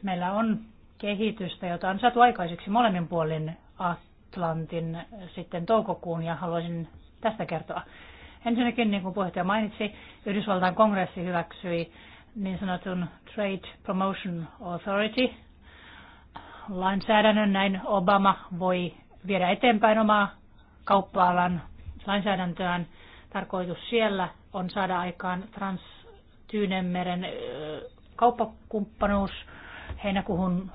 Meillä on kehitystä, jota on saatu aikaiseksi molemmin puolin Atlantin sitten toukokuun ja haluaisin tästä kertoa. Ensinnäkin, niin kuin puheenjohtaja mainitsi, Yhdysvaltain kongressi hyväksyi niin sanotun Trade Promotion Authority lainsäädännön. Näin Obama voi viedä eteenpäin omaa kauppa-alan lainsäädäntöään. Tarkoitus siellä on saada aikaan trans tyynemeren kauppakumppanuus heinäkuuhun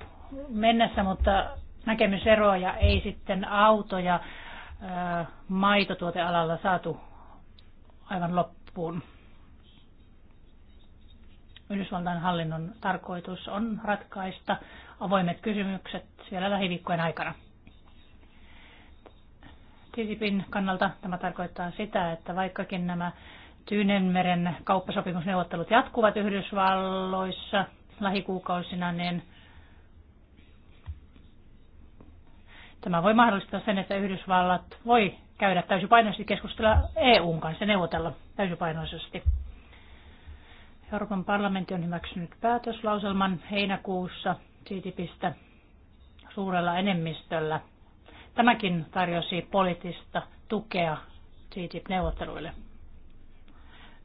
mennessä, mutta näkemyseroja ei sitten auto- autoja maitotuotealalla saatu aivan loppuun. Yhdysvaltain hallinnon tarkoitus on ratkaista avoimet kysymykset vielä lähiviikkojen aikana. TTIPin kannalta tämä tarkoittaa sitä, että vaikkakin nämä Tyynenmeren kauppasopimusneuvottelut jatkuvat Yhdysvalloissa lähikuukausina, niin Tämä voi mahdollistaa sen, että Yhdysvallat voi käydä täysipainoisesti keskustella EUn kanssa ja neuvotella täysipainoisesti. Euroopan parlamentti on hyväksynyt päätöslauselman heinäkuussa TTIPistä suurella enemmistöllä. Tämäkin tarjosi poliittista tukea TTIP-neuvotteluille.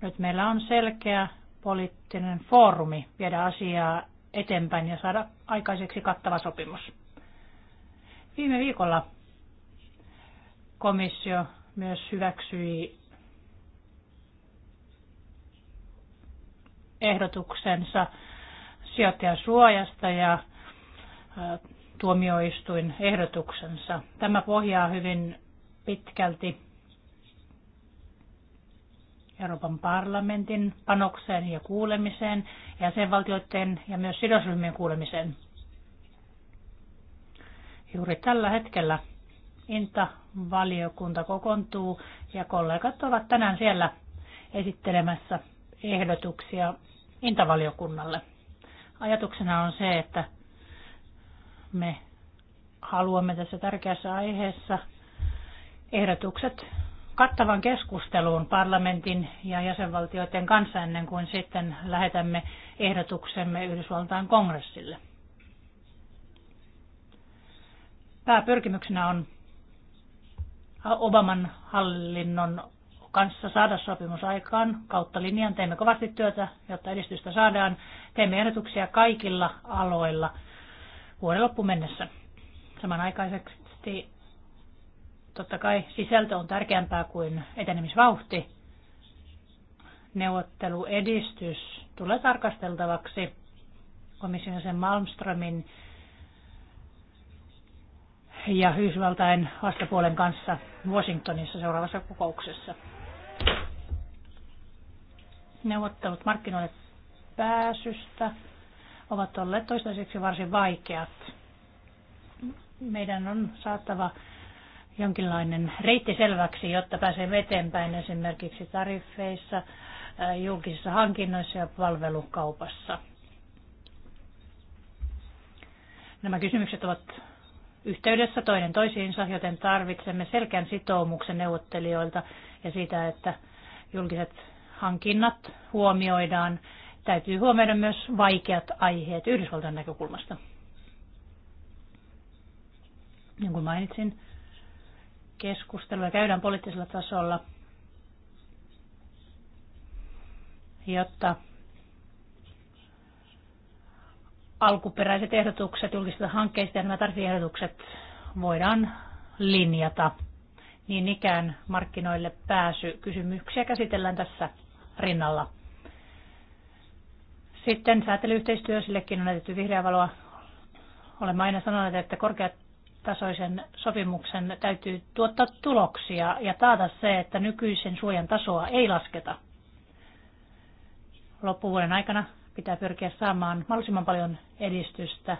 Nyt meillä on selkeä poliittinen foorumi viedä asiaa eteenpäin ja saada aikaiseksi kattava sopimus. Viime viikolla komissio myös hyväksyi ehdotuksensa sijoittajan suojasta ja tuomioistuin ehdotuksensa. Tämä pohjaa hyvin pitkälti Euroopan parlamentin panokseen ja kuulemiseen, jäsenvaltioiden ja myös sidosryhmien kuulemiseen. Juuri tällä hetkellä Inta-valiokunta kokoontuu ja kollegat ovat tänään siellä esittelemässä ehdotuksia Inta-valiokunnalle. Ajatuksena on se, että me haluamme tässä tärkeässä aiheessa ehdotukset kattavan keskusteluun parlamentin ja jäsenvaltioiden kanssa ennen kuin sitten lähetämme ehdotuksemme Yhdysvaltain kongressille. pääpyrkimyksenä on Obaman hallinnon kanssa saada sopimus aikaan kautta linjan. Teemme kovasti työtä, jotta edistystä saadaan. Teemme ehdotuksia kaikilla aloilla vuoden loppuun mennessä. Samanaikaisesti totta kai sisältö on tärkeämpää kuin etenemisvauhti. Neuvotteluedistys tulee tarkasteltavaksi komission sen Malmströmin ja Yhdysvaltain vastapuolen kanssa Washingtonissa seuraavassa kokouksessa. Neuvottelut markkinoille pääsystä ovat olleet toistaiseksi varsin vaikeat. Meidän on saattava jonkinlainen reitti selväksi, jotta pääsemme eteenpäin esimerkiksi tariffeissa, äh, julkisissa hankinnoissa ja palvelukaupassa. Nämä kysymykset ovat yhteydessä toinen toisiinsa, joten tarvitsemme selkeän sitoumuksen neuvottelijoilta ja siitä, että julkiset hankinnat huomioidaan. Täytyy huomioida myös vaikeat aiheet Yhdysvaltain näkökulmasta. Niin kuin mainitsin, keskustelua käydään poliittisella tasolla, jotta alkuperäiset ehdotukset julkisista hankkeista ja nämä tariffiehdotukset voidaan linjata. Niin ikään markkinoille pääsy kysymyksiä käsitellään tässä rinnalla. Sitten säätelyyhteistyö, sillekin on näytetty vihreä valoa. Olemme aina sanoneet, että korkeatasoisen sopimuksen täytyy tuottaa tuloksia ja taata se, että nykyisen suojan tasoa ei lasketa. Loppuvuoden aikana pitää pyrkiä saamaan mahdollisimman paljon edistystä.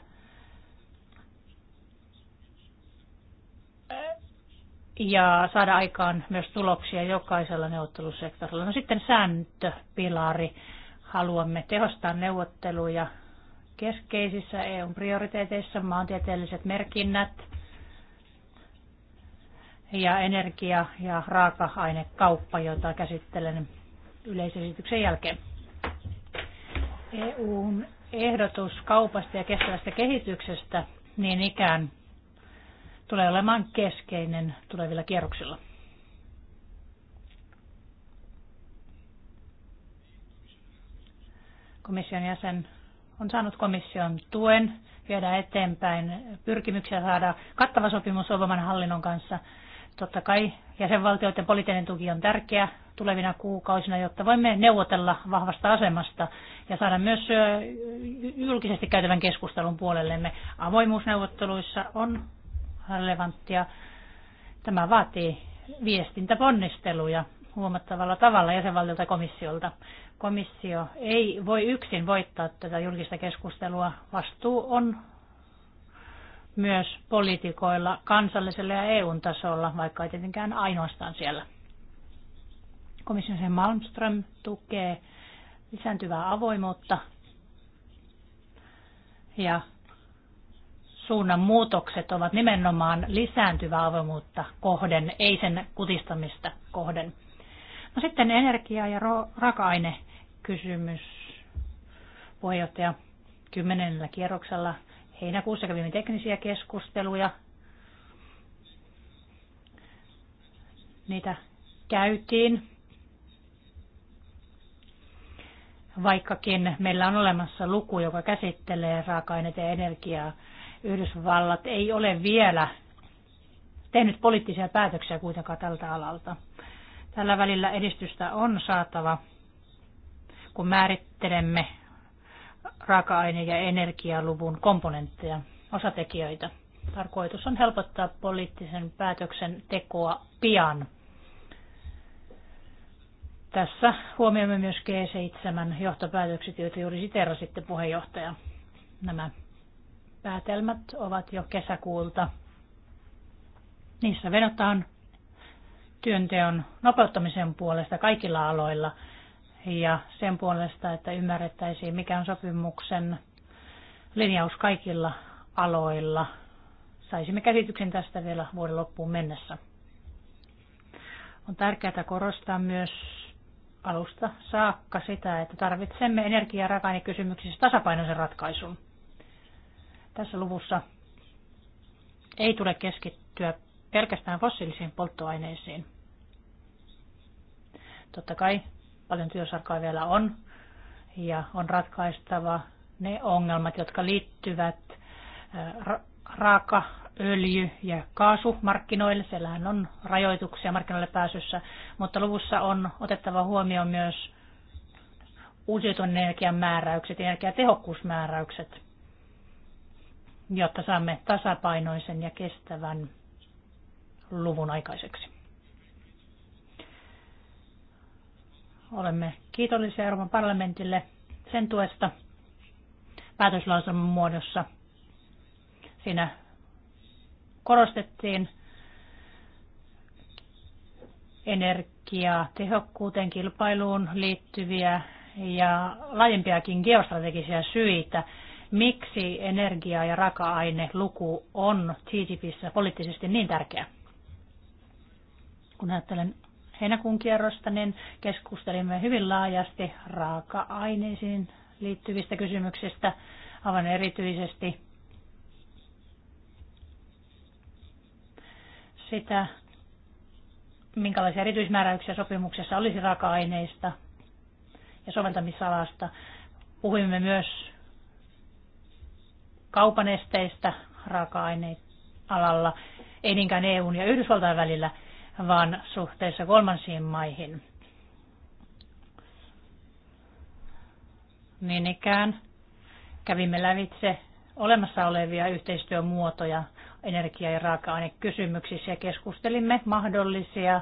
Ja saada aikaan myös tuloksia jokaisella neuvottelusektorilla. No sitten sääntöpilari. Haluamme tehostaa neuvotteluja keskeisissä EUn prioriteeteissa, maantieteelliset merkinnät ja energia- ja raaka-ainekauppa, jota käsittelen yleisesityksen jälkeen. EUn ehdotus kaupasta ja kestävästä kehityksestä niin ikään tulee olemaan keskeinen tulevilla kierroksilla. Komission jäsen on saanut komission tuen viedä eteenpäin pyrkimyksiä saada kattava sopimus Obaman hallinnon kanssa – Totta kai jäsenvaltioiden poliittinen tuki on tärkeä tulevina kuukausina, jotta voimme neuvotella vahvasta asemasta ja saada myös julkisesti käytävän keskustelun puolellemme. Avoimuusneuvotteluissa on relevanttia. Tämä vaatii viestintäponnisteluja huomattavalla tavalla jäsenvaltiolta komissiolta. Komissio ei voi yksin voittaa tätä julkista keskustelua. Vastuu on myös poliitikoilla kansallisella ja EUn tasolla, vaikka ei tietenkään ainoastaan siellä. Komission Malmström tukee lisääntyvää avoimuutta ja suunnan muutokset ovat nimenomaan lisääntyvää avoimuutta kohden, ei sen kutistamista kohden. No sitten energia- ja raaka-aine kysymys. Puheenjohtaja kymmenellä kierroksella Heinäkuussa kävimme teknisiä keskusteluja. Niitä käytiin. Vaikkakin meillä on olemassa luku, joka käsittelee raaka-aineita ja energiaa, Yhdysvallat ei ole vielä tehnyt poliittisia päätöksiä kuitenkaan tältä alalta. Tällä välillä edistystä on saatava, kun määrittelemme raaka-aine- ja energialuvun komponentteja, osatekijöitä. Tarkoitus on helpottaa poliittisen päätöksen tekoa pian. Tässä huomioimme myös G7 johtopäätökset, joita juuri siterasitte puheenjohtaja. Nämä päätelmät ovat jo kesäkuulta. Niissä vedotaan työnteon nopeuttamisen puolesta kaikilla aloilla – ja sen puolesta, että ymmärrettäisiin, mikä on sopimuksen linjaus kaikilla aloilla. Saisimme käsityksen tästä vielä vuoden loppuun mennessä. On tärkeää korostaa myös alusta saakka sitä, että tarvitsemme energia- ja raaka-ainekysymyksissä tasapainoisen ratkaisun. Tässä luvussa ei tule keskittyä pelkästään fossiilisiin polttoaineisiin. Totta kai Paljon työsarkaa vielä on ja on ratkaistava ne ongelmat, jotka liittyvät raaka öljy- ja kaasumarkkinoille. Siellähän on rajoituksia markkinoille pääsyssä, mutta luvussa on otettava huomioon myös uusiutuvan energian määräykset, energiatehokkuusmääräykset, jotta saamme tasapainoisen ja kestävän luvun aikaiseksi. Olemme kiitollisia Euroopan parlamentille sen tuesta päätöslauselman muodossa. Siinä korostettiin energiaa, tehokkuuteen, kilpailuun liittyviä ja laajempiakin geostrategisia syitä, miksi energia- ja raaka-aine luku on TTIPissä poliittisesti niin tärkeä. Kun ajattelen heinäkuun kierrosta, niin keskustelimme hyvin laajasti raaka-aineisiin liittyvistä kysymyksistä, aivan erityisesti sitä, minkälaisia erityismääräyksiä sopimuksessa olisi raaka-aineista ja soveltamisalasta. Puhuimme myös kaupanesteistä raaka-ainealalla, ei niinkään EUn ja Yhdysvaltain välillä – vaan suhteessa kolmansiin maihin. Niin ikään kävimme lävitse olemassa olevia yhteistyömuotoja energia- ja raaka-ainekysymyksissä ja keskustelimme mahdollisia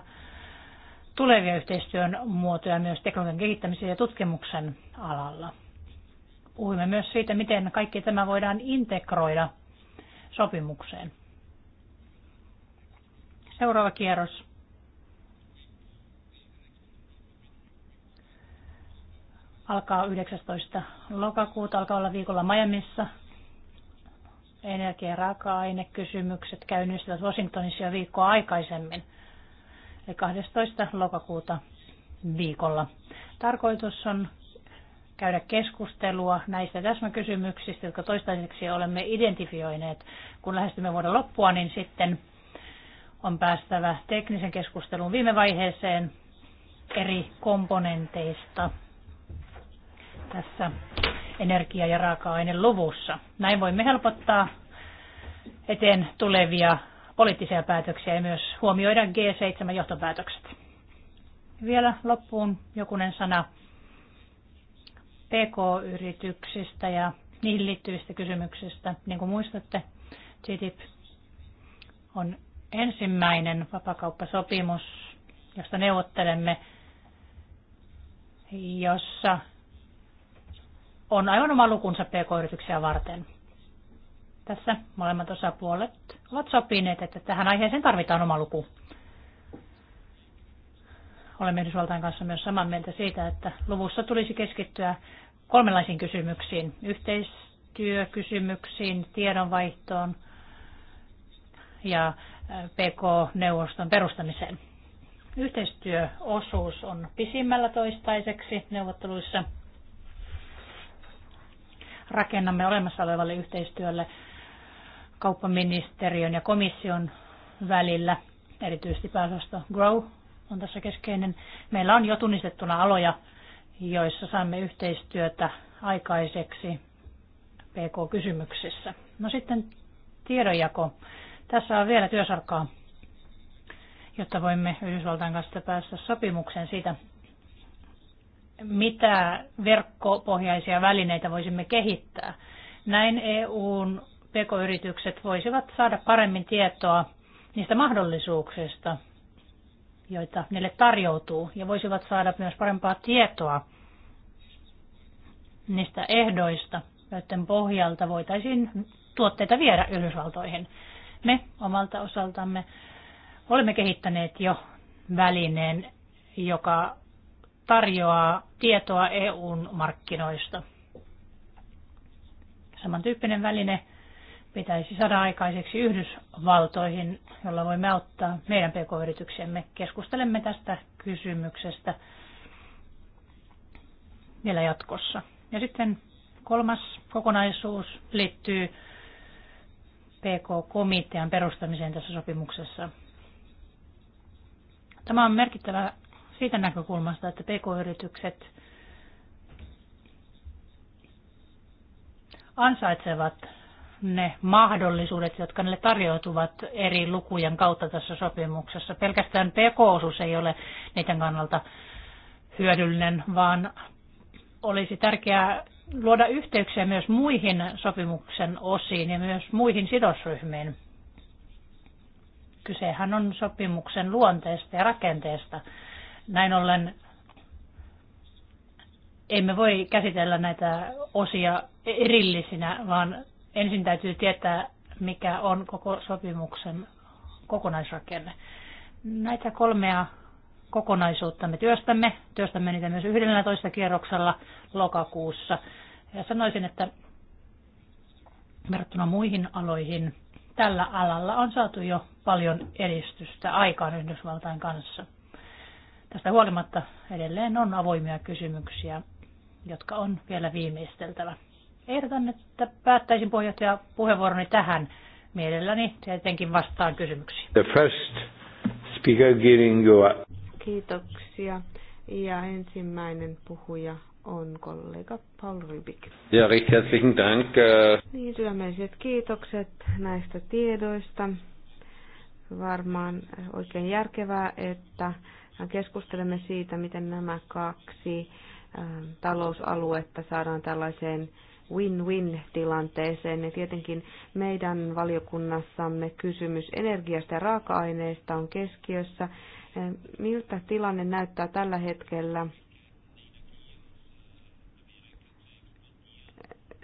tulevia yhteistyön muotoja myös teknologian kehittämisen ja tutkimuksen alalla. Puhuimme myös siitä, miten kaikki tämä voidaan integroida sopimukseen. Seuraava kierros. Alkaa 19. lokakuuta, alkaa olla viikolla Miamiissa. Energia- ja raaka-ainekysymykset käynnistyvät Washingtonissa jo viikkoa aikaisemmin, eli 12. lokakuuta viikolla. Tarkoitus on käydä keskustelua näistä täsmäkysymyksistä, jotka toistaiseksi olemme identifioineet. Kun lähestymme vuoden loppua, niin sitten on päästävä teknisen keskustelun viime vaiheeseen eri komponenteista tässä energia- ja raaka-aineluvussa. Näin voimme helpottaa eteen tulevia poliittisia päätöksiä ja myös huomioida G7-johtopäätökset. Vielä loppuun jokunen sana PK-yrityksistä ja niihin liittyvistä kysymyksistä. Niin kuin muistatte, TTIP on ensimmäinen vapakauppasopimus, josta neuvottelemme, jossa on aivan oma lukunsa pk-yrityksiä varten. Tässä molemmat osapuolet ovat sopineet, että tähän aiheeseen tarvitaan oma luku. Olemme Yhdysvaltain kanssa myös samaa mieltä siitä, että luvussa tulisi keskittyä kolmenlaisiin kysymyksiin. Yhteistyökysymyksiin, tiedonvaihtoon ja PK-neuvoston perustamiseen. Yhteistyöosuus on pisimmällä toistaiseksi neuvotteluissa. Rakennamme olemassa olevalle yhteistyölle kauppaministeriön ja komission välillä, erityisesti pääosasto Grow on tässä keskeinen. Meillä on jo tunnistettuna aloja, joissa saamme yhteistyötä aikaiseksi PK-kysymyksissä. No sitten tiedonjako tässä on vielä työsarkaa, jotta voimme Yhdysvaltain kanssa päästä sopimukseen siitä, mitä verkkopohjaisia välineitä voisimme kehittää. Näin EUn pk-yritykset voisivat saada paremmin tietoa niistä mahdollisuuksista, joita niille tarjoutuu, ja voisivat saada myös parempaa tietoa niistä ehdoista, joiden pohjalta voitaisiin tuotteita viedä Yhdysvaltoihin. Me omalta osaltamme olemme kehittäneet jo välineen, joka tarjoaa tietoa EUn markkinoista. Samantyyppinen väline pitäisi saada aikaiseksi Yhdysvaltoihin, jolla voimme auttaa meidän pk-yrityksemme. Keskustelemme tästä kysymyksestä vielä jatkossa. Ja sitten kolmas kokonaisuus liittyy PK-komitean perustamiseen tässä sopimuksessa. Tämä on merkittävä siitä näkökulmasta, että PK-yritykset ansaitsevat ne mahdollisuudet, jotka niille tarjoutuvat eri lukujen kautta tässä sopimuksessa. Pelkästään PK-osuus ei ole niiden kannalta hyödyllinen, vaan olisi tärkeää luoda yhteyksiä myös muihin sopimuksen osiin ja myös muihin sidosryhmiin. Kysehän on sopimuksen luonteesta ja rakenteesta. Näin ollen emme voi käsitellä näitä osia erillisinä, vaan ensin täytyy tietää, mikä on koko sopimuksen kokonaisrakenne. Näitä kolmea kokonaisuutta me työstämme. Työstämme niitä myös 11 kierroksella lokakuussa. Ja sanoisin, että verrattuna muihin aloihin tällä alalla on saatu jo paljon edistystä aikaan Yhdysvaltain kanssa. Tästä huolimatta edelleen on avoimia kysymyksiä, jotka on vielä viimeisteltävä. Ehdotan, että päättäisin puheenjohtaja puheenvuoroni tähän. Mielelläni tietenkin vastaan kysymyksiin. The first speaker giving you a... Kiitoksia. Ja ensimmäinen puhuja on kollega Paul Rybik. Ja recht herzlichen Dank. Äh, niin, sydämelliset kiitokset näistä tiedoista. Varmaan oikein järkevää, että keskustelemme siitä, miten nämä kaksi ähm, talousaluetta saadaan tällaiseen win-win-tilanteeseen. Ja tietenkin meidän valiokunnassamme kysymys energiasta ja raaka-aineista on keskiössä. Äh, miltä tilanne näyttää tällä hetkellä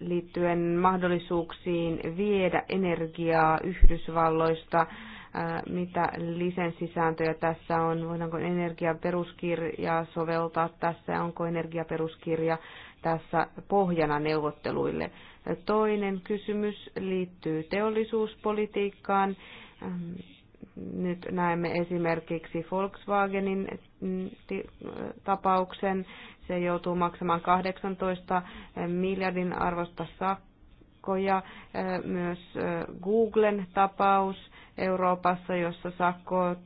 liittyen mahdollisuuksiin viedä energiaa Yhdysvalloista, äh, mitä lisenssisääntöjä tässä on, voidaanko energiaperuskirjaa soveltaa tässä, onko energiaperuskirja tässä pohjana neuvotteluille. Toinen kysymys liittyy teollisuuspolitiikkaan. Ähm, nyt näemme esimerkiksi Volkswagenin mm, äh, tapauksen. Se joutuu maksamaan 18 miljardin arvosta sakkoja. Äh, myös äh, Googlen tapaus Euroopassa, jossa sakot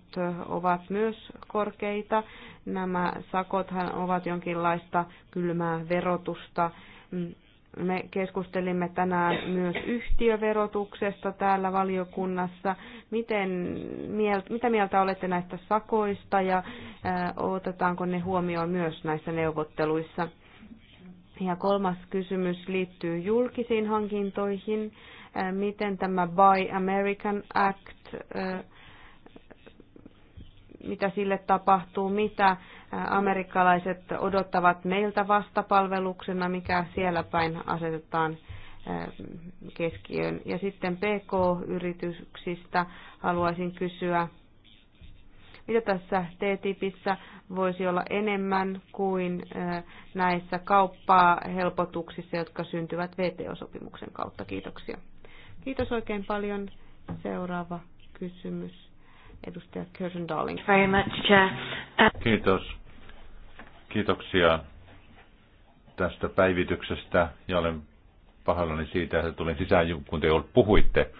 ovat myös korkeita. Nämä sakothan ovat jonkinlaista kylmää verotusta mm, me keskustelimme tänään myös yhtiöverotuksesta täällä valiokunnassa. Miten, mitä mieltä olette näistä sakoista ja äh, otetaanko ne huomioon myös näissä neuvotteluissa? Ja kolmas kysymys liittyy julkisiin hankintoihin. Äh, miten tämä Buy American Act äh, mitä sille tapahtuu, mitä amerikkalaiset odottavat meiltä vastapalveluksena, mikä siellä päin asetetaan keskiöön. Ja sitten PK-yrityksistä haluaisin kysyä, mitä tässä TTIPissä voisi olla enemmän kuin näissä kauppaa helpotuksissa, jotka syntyvät VTO-sopimuksen kautta. Kiitoksia. Kiitos oikein paljon. Seuraava kysymys edustaja Kirsten Darling. Very much, Chair. Uh, Kiitos. Kiitoksia tästä päivityksestä ja olen pahoillani siitä, että tulin sisään, kun te puhuitte.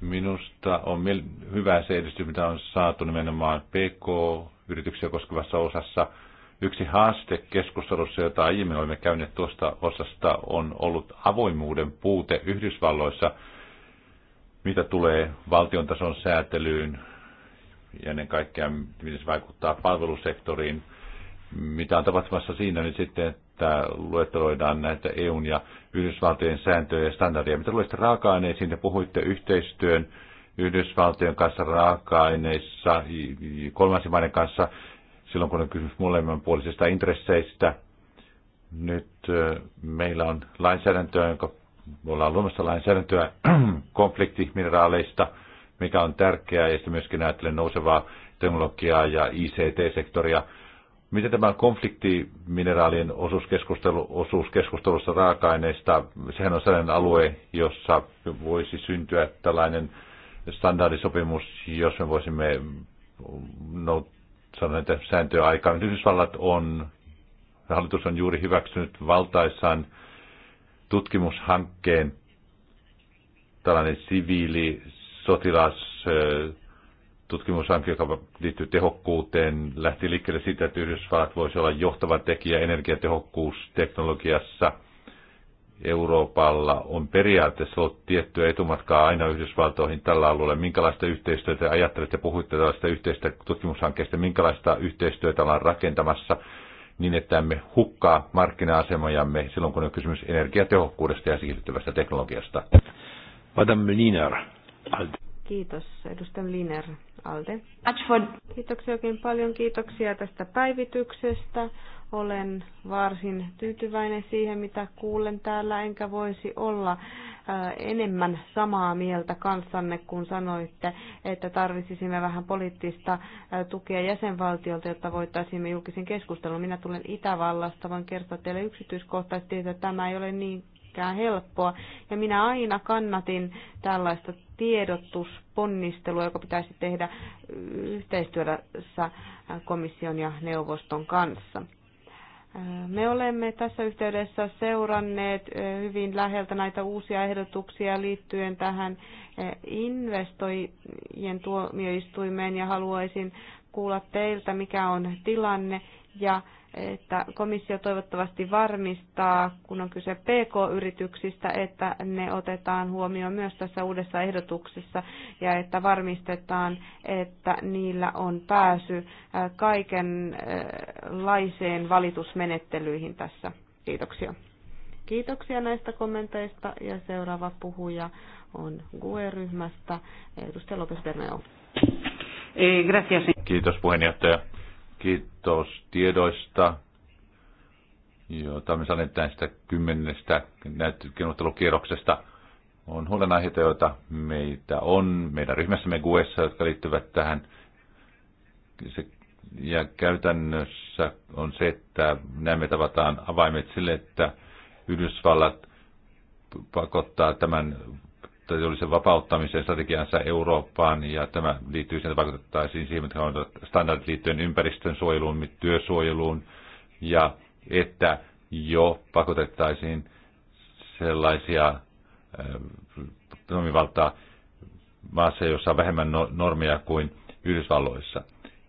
Minusta on hyvä se edistys, mitä on saatu nimenomaan PK-yrityksiä koskevassa osassa. Yksi haaste keskustelussa, jota aiemmin olemme käyneet tuosta osasta, on ollut avoimuuden puute Yhdysvalloissa, mitä tulee valtion tason säätelyyn, ja ennen kaikkea miten se vaikuttaa palvelusektoriin. Mitä on tapahtumassa siinä nyt niin sitten, että luetteloidaan näitä EUn ja Yhdysvaltojen sääntöjä ja standardeja. Mitä tulee raaka-aineisiin, te puhuitte yhteistyön Yhdysvaltojen kanssa raaka-aineissa, kolmansien maiden kanssa, silloin kun on kysymys molemminpuolisista intresseistä. Nyt meillä on lainsäädäntöä, jonka me ollaan luomassa lainsäädäntöä konfliktimineraaleista – mikä on tärkeää, ja sitten myöskin ajattelen nousevaa teknologiaa ja ICT-sektoria. Miten tämä konflikti mineraalien osuuskeskustelu, osuuskeskustelussa raaka-aineista, sehän on sellainen alue, jossa voisi syntyä tällainen standardisopimus, jos me voisimme no, sanoa näitä sääntöjä aikaan. Yhdysvallat on, hallitus on juuri hyväksynyt valtaissaan tutkimushankkeen tällainen siviili sotilastutkimushanke, eh, joka liittyy tehokkuuteen, lähti liikkeelle siitä, että Yhdysvallat voisi olla johtava tekijä energiatehokkuusteknologiassa. Euroopalla on periaatteessa ollut tiettyä etumatkaa aina Yhdysvaltoihin tällä alueella. Minkälaista yhteistyötä ajattelette, puhuitte tällaista yhteistä tutkimushankkeesta, minkälaista yhteistyötä ollaan rakentamassa niin, että emme hukkaa markkina-asemajamme silloin, kun on kysymys energiatehokkuudesta ja siirtyvästä teknologiasta. Madame Niner. Alde. Kiitos, edustaja Liner Alde. Kiitoksia oikein paljon. Kiitoksia tästä päivityksestä. Olen varsin tyytyväinen siihen, mitä kuulen täällä, enkä voisi olla äh, enemmän samaa mieltä kanssanne, kun sanoitte, että tarvitsisimme vähän poliittista äh, tukea jäsenvaltiolta, jotta voittaisimme julkisen keskustelun. Minä tulen Itävallasta, vaan kertoa teille yksityiskohtaisesti, että tämä ei ole niin mitenkään helppoa. Ja minä aina kannatin tällaista tiedotusponnistelua, joka pitäisi tehdä yhteistyössä komission ja neuvoston kanssa. Me olemme tässä yhteydessä seuranneet hyvin läheltä näitä uusia ehdotuksia liittyen tähän investoijien tuomioistuimeen ja haluaisin kuulla teiltä, mikä on tilanne ja että komissio toivottavasti varmistaa, kun on kyse PK-yrityksistä, että ne otetaan huomioon myös tässä uudessa ehdotuksessa ja että varmistetaan, että niillä on pääsy äh, kaikenlaiseen valitusmenettelyihin tässä. Kiitoksia. Kiitoksia näistä kommenteista ja seuraava puhuja on GUE-ryhmästä edustaja Lopes Bermeo. Eh, Kiitos puheenjohtaja Kiitos tiedoista, joita me sanoit näistä kymmenestä näyttökinottelukierroksesta. On huolenaiheita, joita meitä on, meidän ryhmässämme GUEssa, jotka liittyvät tähän. Se, ja käytännössä on se, että näemme tavataan avaimet sille, että Yhdysvallat pakottaa tämän taloudellisen vapauttamisen strategiansa Eurooppaan, ja tämä liittyy että vaikutettaisiin siihen, mitkä on standardit liittyen ympäristön suojeluun, työsuojeluun, ja että jo pakotettaisiin sellaisia äh, toimivaltaa maassa, jossa on vähemmän no-, normeja kuin Yhdysvalloissa.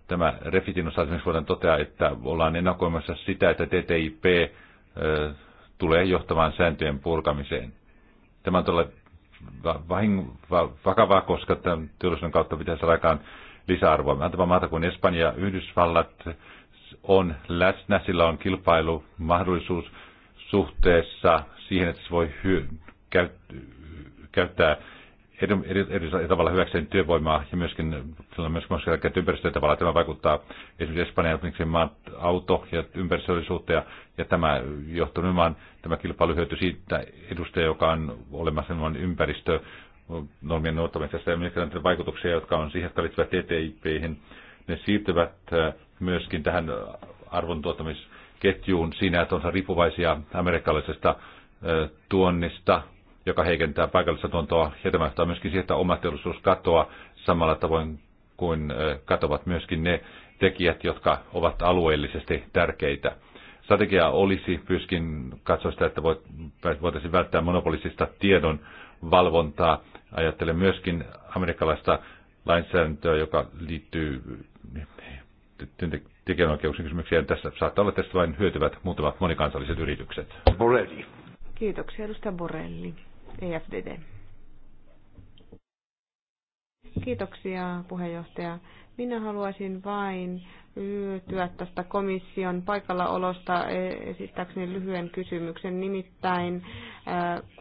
Tämä Refitin osa esimerkiksi voidaan totea, että ollaan ennakoimassa sitä, että TTIP äh, tulee johtamaan sääntöjen purkamiseen. Tämä on todella vahin, va, vakavaa, koska tämän työllisyyden kautta pitäisi saada aikaan lisäarvoa. Antava maata kuin Espanja ja Yhdysvallat on läsnä, sillä on kilpailumahdollisuus suhteessa siihen, että se voi hyö, käyt, käyttää eri, eri, eri tavalla hyväkseen työvoimaa ja myöskin sillä on myös käytetty ympäristöä tavalla. Tämä vaikuttaa esimerkiksi Espanjan esimerkiksi maat, auto- ja ympäristöllisuutta ja, ja tämä johtuu nimenomaan tämä kilpailu hyöty siitä edustaja, joka on olemassa ilman ympäristö normien noudattamisesta ja myöskin näitä vaikutuksia, jotka on siihen, jotka liittyvät ttip Ne siirtyvät äh, myöskin tähän arvontuottamisketjuun siinä, että on riippuvaisia amerikkalaisesta äh, tuonnista, joka heikentää paikallista tuntoa. Ja tämä johtaa myöskin siihen, että oma teollisuus katoaa samalla tavoin kuin katovat myöskin ne tekijät, jotka ovat alueellisesti tärkeitä. Strategia olisi myöskin katsoa sitä, että voitaisiin välttää monopolisista tiedon valvontaa. Ajattelen myöskin amerikkalaista lainsäädäntöä, joka liittyy tekijänoikeuksien kysymyksiin. Tässä saattaa olla tästä vain hyötyvät muutamat monikansalliset yritykset. Borelli. Kiitoksia, edustaja Borelli. EFDD. Kiitoksia puheenjohtaja. Minä haluaisin vain hyötyä tästä komission paikallaolosta e, esittääkseni lyhyen kysymyksen. Nimittäin e,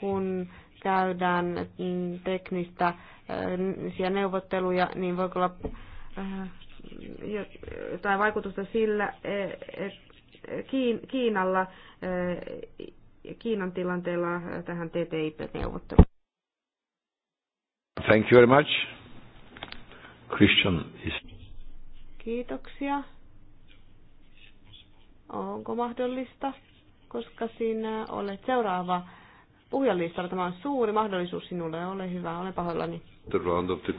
kun käydään teknistä e, neuvotteluja, niin voi olla jotain vaikutusta sillä Kiinalla Kiinan tilanteella äh, tähän TTIP-neuvotteluun. Thank you very much. Christian is... Kiitoksia. Onko mahdollista? Koska sinä olet seuraava puhujalistalla. Tämä on suuri mahdollisuus sinulle. Ole hyvä, ole pahoillani. The round of the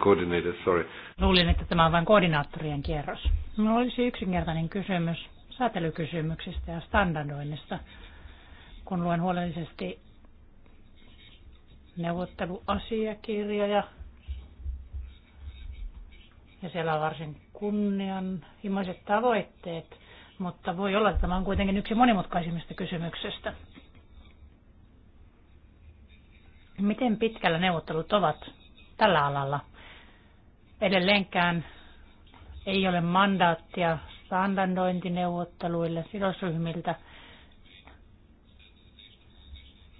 sorry. Luulin, että tämä on vain koordinaattorien kierros. Minulla olisi yksinkertainen kysymys säätelykysymyksistä ja standardoinnista kun luen huolellisesti neuvotteluasiakirjoja. Ja siellä on varsin kunnianhimoiset tavoitteet, mutta voi olla, että tämä on kuitenkin yksi monimutkaisimmista kysymyksistä. Miten pitkällä neuvottelut ovat tällä alalla? Edelleenkään ei ole mandaattia standardointineuvotteluille sidosryhmiltä –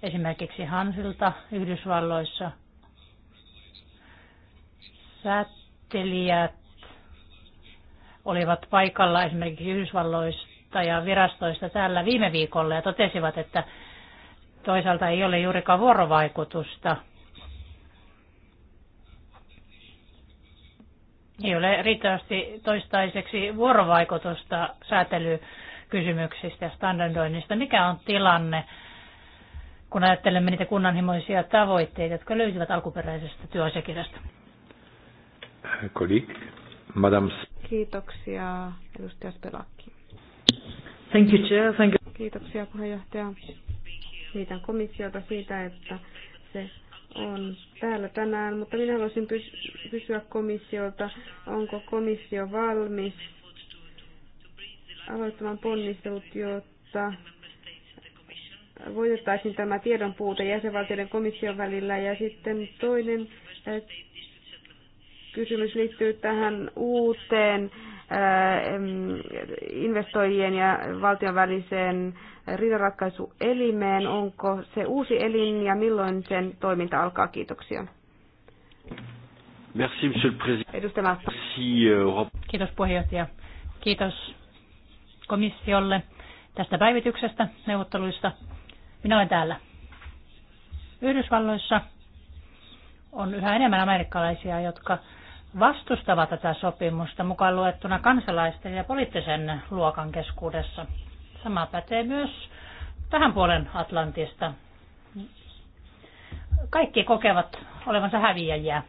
esimerkiksi Hansilta Yhdysvalloissa. Säättelijät olivat paikalla esimerkiksi Yhdysvalloista ja virastoista täällä viime viikolla ja totesivat, että toisaalta ei ole juurikaan vuorovaikutusta. Ei ole riittävästi toistaiseksi vuorovaikutusta säätelykysymyksistä ja standardoinnista. Mikä on tilanne? kun ajattelemme niitä kunnanhimoisia tavoitteita, jotka löytyvät alkuperäisestä työasiakirjasta. Kolik, madams. Kiitoksia, edustaja Spelakki. Thank you, Chair. Thank you. Kiitoksia, puheenjohtaja. Kiitän komissiota siitä, että se on täällä tänään, mutta minä haluaisin kysyä komissiolta, onko komissio valmis aloittamaan ponnistelut, jotta voitettaisiin tämä tiedon puute jäsenvaltioiden komission välillä. Ja sitten toinen eh, kysymys liittyy tähän uuteen eh, investoijien ja valtion väliseen riidanratkaisuelimeen. Onko se uusi elin ja milloin sen toiminta alkaa? Kiitoksia. Merci, monsieur le président. Euh, Kiitos puheenjohtaja. Kiitos komissiolle tästä päivityksestä, neuvotteluista. Minä olen täällä. Yhdysvalloissa on yhä enemmän amerikkalaisia, jotka vastustavat tätä sopimusta mukaan luettuna kansalaisten ja poliittisen luokan keskuudessa. Sama pätee myös tähän puolen Atlantista. Kaikki kokevat olevansa häviäjiä.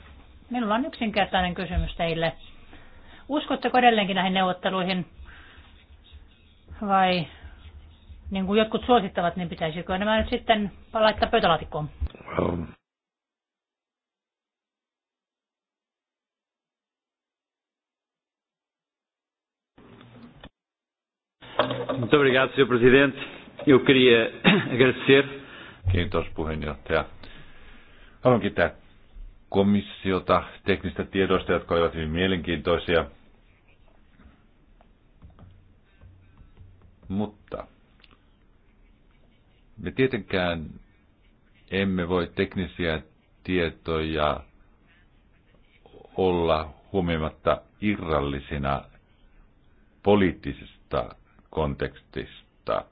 Minulla on yksinkertainen kysymys teille. Uskotteko edelleenkin näihin neuvotteluihin vai niin kuin jotkut suosittavat, niin pitäisikö nämä nyt sitten laittaa pöytälaatikkoon? Muito obrigado, Sr. Presidente. Eu queria agradecer. Kiitos puheenjohtaja. Haluan kiittää komissiota teknistä tiedoista, jotka olivat hyvin mielenkiintoisia. Mutta me tietenkään emme voi teknisiä tietoja olla huomioimatta irrallisina poliittisesta kontekstista,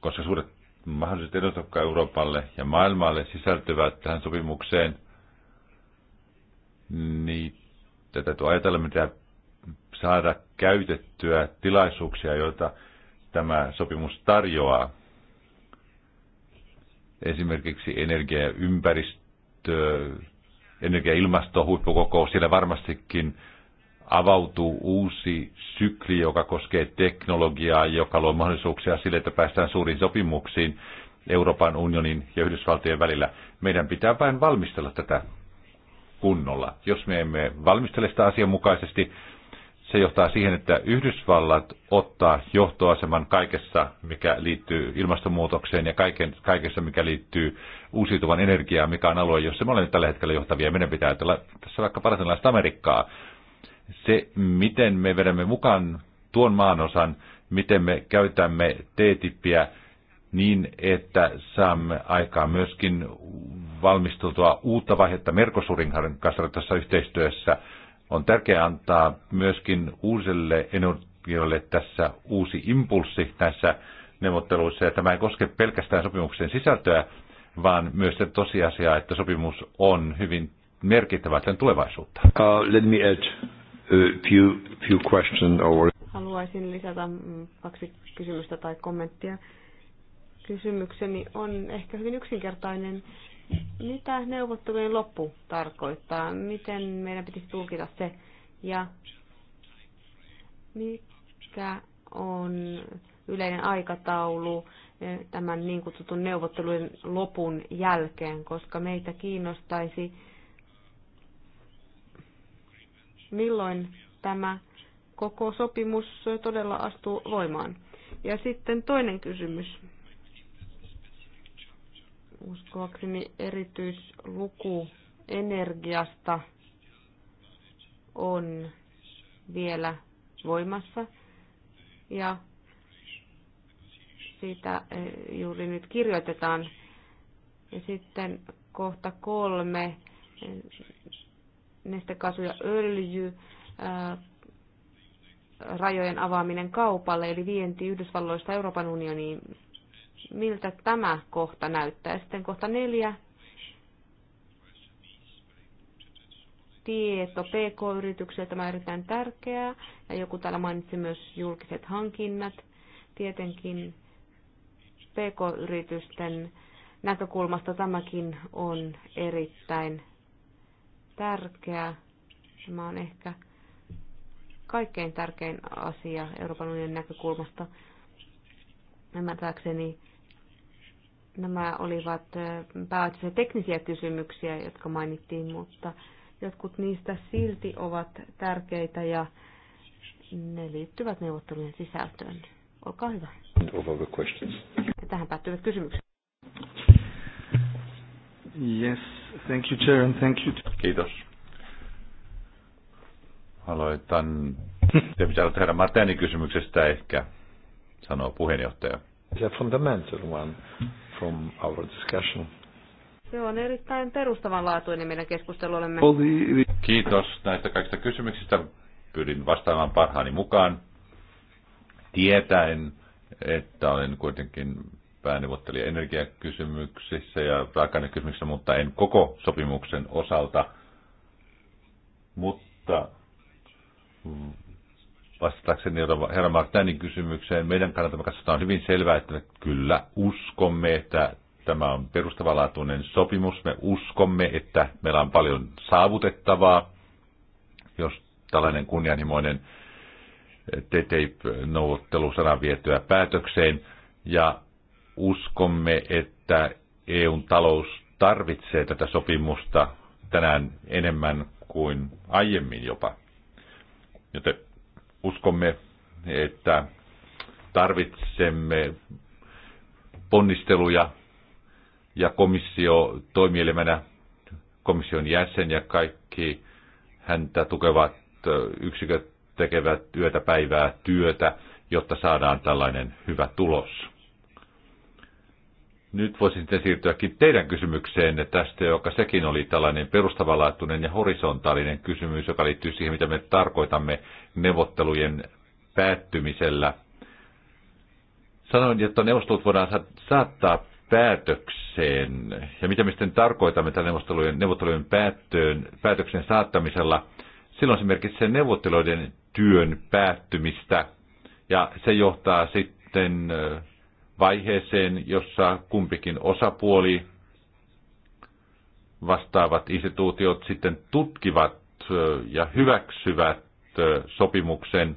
koska suuret mahdolliset edut, Euroopalle ja maailmalle sisältyvät tähän sopimukseen, niin tätä tuo ajatella, mitä saada käytettyä tilaisuuksia, joita tämä sopimus tarjoaa esimerkiksi energia- ja ympäristö, energia- ja ilmastohuippukokous, siellä varmastikin avautuu uusi sykli, joka koskee teknologiaa, joka luo mahdollisuuksia sille, että päästään suuriin sopimuksiin Euroopan unionin ja Yhdysvaltojen välillä. Meidän pitää vain valmistella tätä kunnolla. Jos me emme valmistele sitä asianmukaisesti, se johtaa siihen, että Yhdysvallat ottaa johtoaseman kaikessa, mikä liittyy ilmastonmuutokseen ja kaiken, kaikessa, mikä liittyy uusiutuvan energiaan, mikä on alue, jossa me olemme tällä hetkellä johtavia. Meidän pitää ajatella tässä vaikka parasenlaista Amerikkaa. Se, miten me vedämme mukaan tuon maanosan, miten me käytämme T-tippiä niin, että saamme aikaan myöskin valmisteltua uutta vaihetta Merkosurin kanssa tässä yhteistyössä – on tärkeää antaa myöskin uusille energioille tässä uusi impulssi näissä neuvotteluissa, ja tämä ei koske pelkästään sopimuksen sisältöä, vaan myös se tosiasia, että sopimus on hyvin merkittävä sen tulevaisuutta. Uh, let me add a few, few questions over. Haluaisin lisätä mm, kaksi kysymystä tai kommenttia. Kysymykseni on ehkä hyvin yksinkertainen. Mitä neuvottelujen loppu tarkoittaa? Miten meidän pitäisi tulkita se? Ja mikä on yleinen aikataulu eh, tämän niin kutsutun neuvottelujen lopun jälkeen, koska meitä kiinnostaisi, milloin tämä koko sopimus todella astuu voimaan. Ja sitten toinen kysymys uskoakseni erityisluku energiasta on vielä voimassa ja siitä eh, juuri nyt kirjoitetaan. Ja sitten kohta kolme, eh, nestekasu ja öljy, eh, rajojen avaaminen kaupalle, eli vienti Yhdysvalloista Euroopan unioniin miltä tämä kohta näyttää. Sitten kohta neljä. Tieto PK-yrityksille, tämä on erittäin tärkeää. Ja joku täällä mainitsi myös julkiset hankinnat. Tietenkin PK-yritysten näkökulmasta tämäkin on erittäin tärkeä. Tämä on ehkä kaikkein tärkein asia Euroopan unionin näkökulmasta ymmärtääkseni Nämä olivat pääasiassa teknisiä kysymyksiä, jotka mainittiin, mutta jotkut niistä silti ovat tärkeitä ja ne liittyvät neuvottelujen sisältöön. Olkaa hyvä. Ja tähän päättyvät kysymykset. Yes, thank you, Chair, and thank you. Kiitos. Aloitan. Se pitää olla herra Martinin kysymyksestä ehkä, sanoo puheenjohtaja. The fundamental one from our discussion. Se on erittäin perustavanlaatuinen meidän keskustelu. Olemme... Kiitos näistä kaikista kysymyksistä. Pyrin vastaamaan parhaani mukaan, tietäen, että olen kuitenkin pääneuvottelija energiakysymyksissä ja raaka mutta en koko sopimuksen osalta. Mutta vastatakseni herra Martinin kysymykseen, meidän me katsotaan on hyvin selvää, että me kyllä uskomme, että tämä on perustavanlaatuinen sopimus. Me uskomme, että meillä on paljon saavutettavaa, jos tällainen kunnianhimoinen TTIP-neuvottelu saadaan vietyä päätökseen. Ja uskomme, että EUn talous tarvitsee tätä sopimusta tänään enemmän kuin aiemmin jopa. Joten Uskomme, että tarvitsemme ponnisteluja ja komissio toimielimenä, komission jäsen ja kaikki häntä tukevat yksiköt tekevät yötä päivää työtä, jotta saadaan tällainen hyvä tulos. Nyt voisin sitten siirtyäkin teidän kysymykseenne tästä, joka sekin oli tällainen perustavanlaatuinen ja horisontaalinen kysymys, joka liittyy siihen, mitä me tarkoitamme neuvottelujen päättymisellä. Sanoin, että neuvostelut voidaan saattaa päätökseen. Ja mitä me sitten tarkoitamme tällä neuvottelujen, neuvottelujen päättöön, päätöksen saattamisella? Silloin se merkitsee neuvotteluiden työn päättymistä ja se johtaa sitten vaiheeseen, jossa kumpikin osapuoli vastaavat instituutiot sitten tutkivat ja hyväksyvät sopimuksen.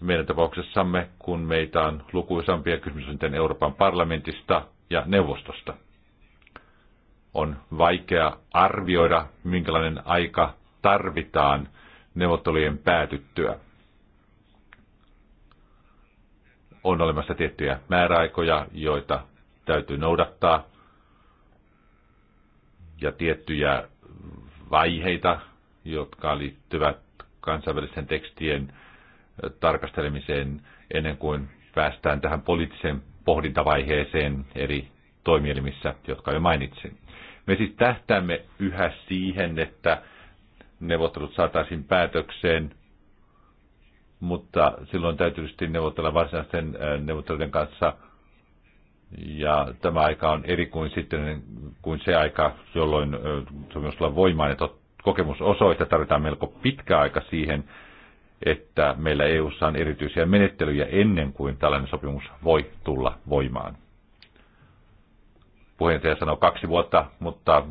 Meidän tapauksessamme, kun meitä on lukuisampia kysymys Euroopan parlamentista ja neuvostosta. On vaikea arvioida, minkälainen aika tarvitaan neuvottelujen päätyttyä. on olemassa tiettyjä määräaikoja, joita täytyy noudattaa, ja tiettyjä vaiheita, jotka liittyvät kansainvälisten tekstien tarkastelemiseen ennen kuin päästään tähän poliittiseen pohdintavaiheeseen eri toimielimissä, jotka jo mainitsin. Me siis tähtäämme yhä siihen, että neuvottelut saataisiin päätökseen mutta silloin täytyy tietysti neuvotella varsinaisten neuvotteluiden kanssa. Ja tämä aika on eri kuin, sitten, kuin se aika, jolloin sopimus tulee voimaan. Ja kokemus osoittaa, tarvitaan melko pitkä aika siihen, että meillä EU:ssa on erityisiä menettelyjä ennen kuin tällainen sopimus voi tulla voimaan. Puheenjohtaja sanoo kaksi vuotta, mutta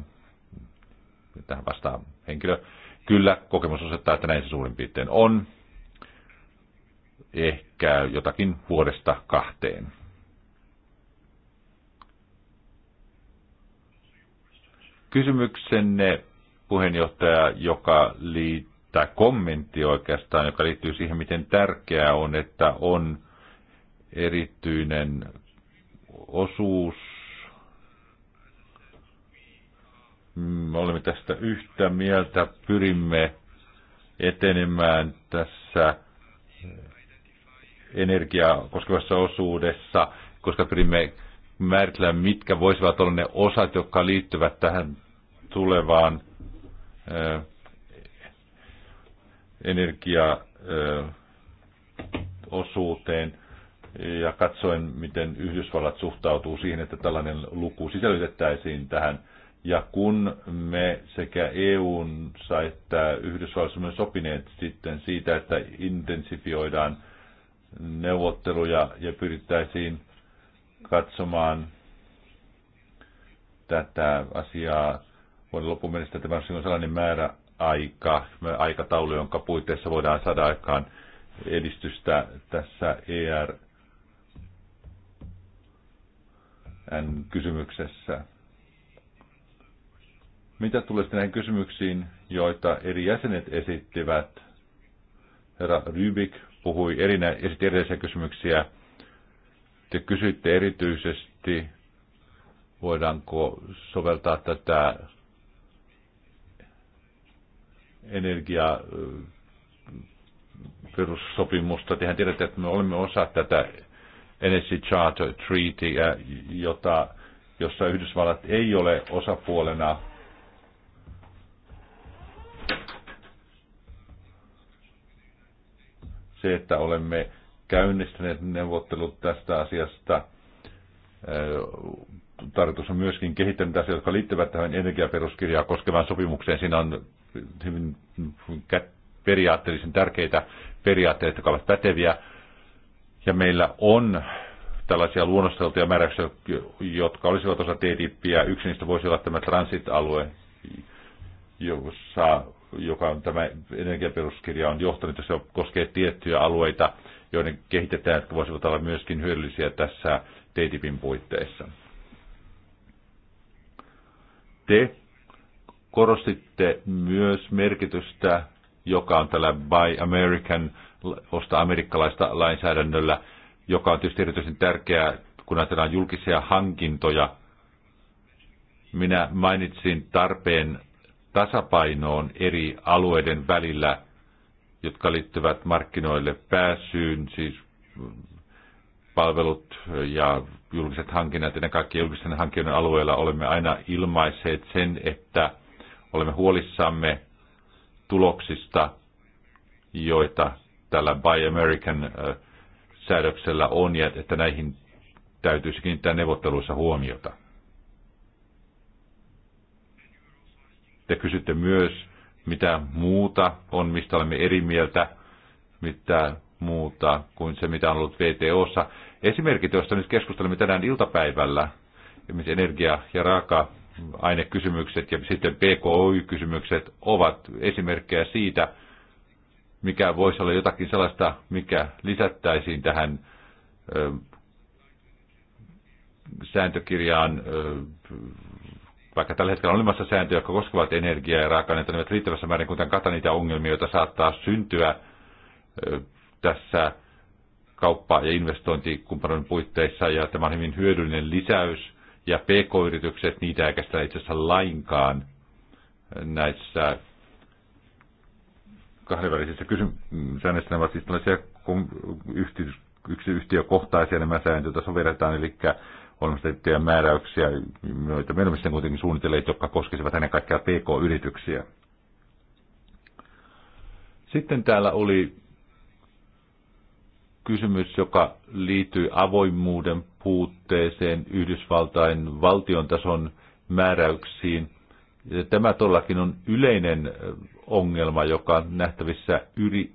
tähän vastaa henkilö. Kyllä, kokemus osoittaa, että näin se suurin piirtein on ehkä jotakin vuodesta kahteen. Kysymyksenne puheenjohtaja, joka liittyy, tai kommentti oikeastaan, joka liittyy siihen, miten tärkeää on, että on erityinen osuus. Me olemme tästä yhtä mieltä, pyrimme etenemään tässä energiaa koskevassa osuudessa, koska pyrimme määritellään, mitkä voisivat olla ne osat, jotka liittyvät tähän tulevaan energiaosuuteen ja katsoin, miten Yhdysvallat suhtautuu siihen, että tällainen luku sisällytettäisiin tähän. Ja kun me sekä EUn että Yhdysvallat olemme sopineet sitten siitä, että intensifioidaan – neuvotteluja ja pyrittäisiin katsomaan tätä asiaa vuoden loppuun mennessä. Tämä on sellainen määrä aika, aikataulu, jonka puitteissa voidaan saada aikaan edistystä tässä ER kysymyksessä. Mitä tulee sitten näihin kysymyksiin, joita eri jäsenet esittivät? Herra Rybik puhui erinä, esitti erilaisia kysymyksiä. Te kysyitte erityisesti, voidaanko soveltaa tätä energia perussopimusta. Tehän tiedätte, että me olemme osa tätä Energy Charter Treaty, jota, jossa Yhdysvallat ei ole osapuolena se, että olemme käynnistäneet neuvottelut tästä asiasta. Tarkoitus on myöskin kehittää niitä asioita, jotka liittyvät tähän energiaperuskirjaa koskevaan sopimukseen. Siinä on hyvin periaatteellisen tärkeitä periaatteita, jotka ovat päteviä. Ja meillä on tällaisia luonnosteltuja määräyksiä, jotka olisivat osa TTIPiä. Yksi niistä voisi olla tämä transit-alue, jossa joka on tämä energiaperuskirja, on johtanut, jos se koskee tiettyjä alueita, joiden kehitetään, jotka voisivat olla myöskin hyödyllisiä tässä TTIPin puitteissa. Te korostitte myös merkitystä, joka on tällä Buy American, osta amerikkalaista lainsäädännöllä, joka on tietysti erityisen tärkeää, kun ajatellaan julkisia hankintoja. Minä mainitsin tarpeen tasapainoon eri alueiden välillä, jotka liittyvät markkinoille pääsyyn, siis palvelut ja julkiset hankinnat, ennen kaikkea julkisten hankinnan alueella olemme aina ilmaiseet sen, että olemme huolissamme tuloksista, joita tällä Buy American äh, säädöksellä on, ja että näihin täytyisi kiinnittää neuvotteluissa huomiota. Te kysytte myös, mitä muuta on, mistä olemme eri mieltä, mitä muuta kuin se, mitä on ollut VTOssa. Esimerkit, joista nyt keskustelemme tänään iltapäivällä, esimerkiksi energia- ja raaka-ainekysymykset ja sitten pko kysymykset ovat esimerkkejä siitä, mikä voisi olla jotakin sellaista, mikä lisättäisiin tähän sääntökirjaan vaikka tällä hetkellä on olemassa sääntöjä, jotka koskevat energiaa ja raaka-aineita, ne eivät riittävässä määrin kuitenkaan kata niitä ongelmia, joita saattaa syntyä tässä kauppa- ja investointikumppanuuden puitteissa, ja tämä on hyvin hyödyllinen lisäys, ja PK-yritykset, niitä ei käsitellä itse asiassa lainkaan näissä kahdenvälisissä kysymyksissä, ne ovat siis tällaisia yhtiökohtaisia nämä sääntöjä, joita sovelletaan, eli valmistettuja määräyksiä, joita me olemme kuitenkin suunnitelleet, jotka koskisivat hänen kaikkia PK-yrityksiä. Sitten täällä oli kysymys, joka liittyy avoimuuden puutteeseen Yhdysvaltain valtion tason määräyksiin. Tämä todellakin on yleinen ongelma, joka on nähtävissä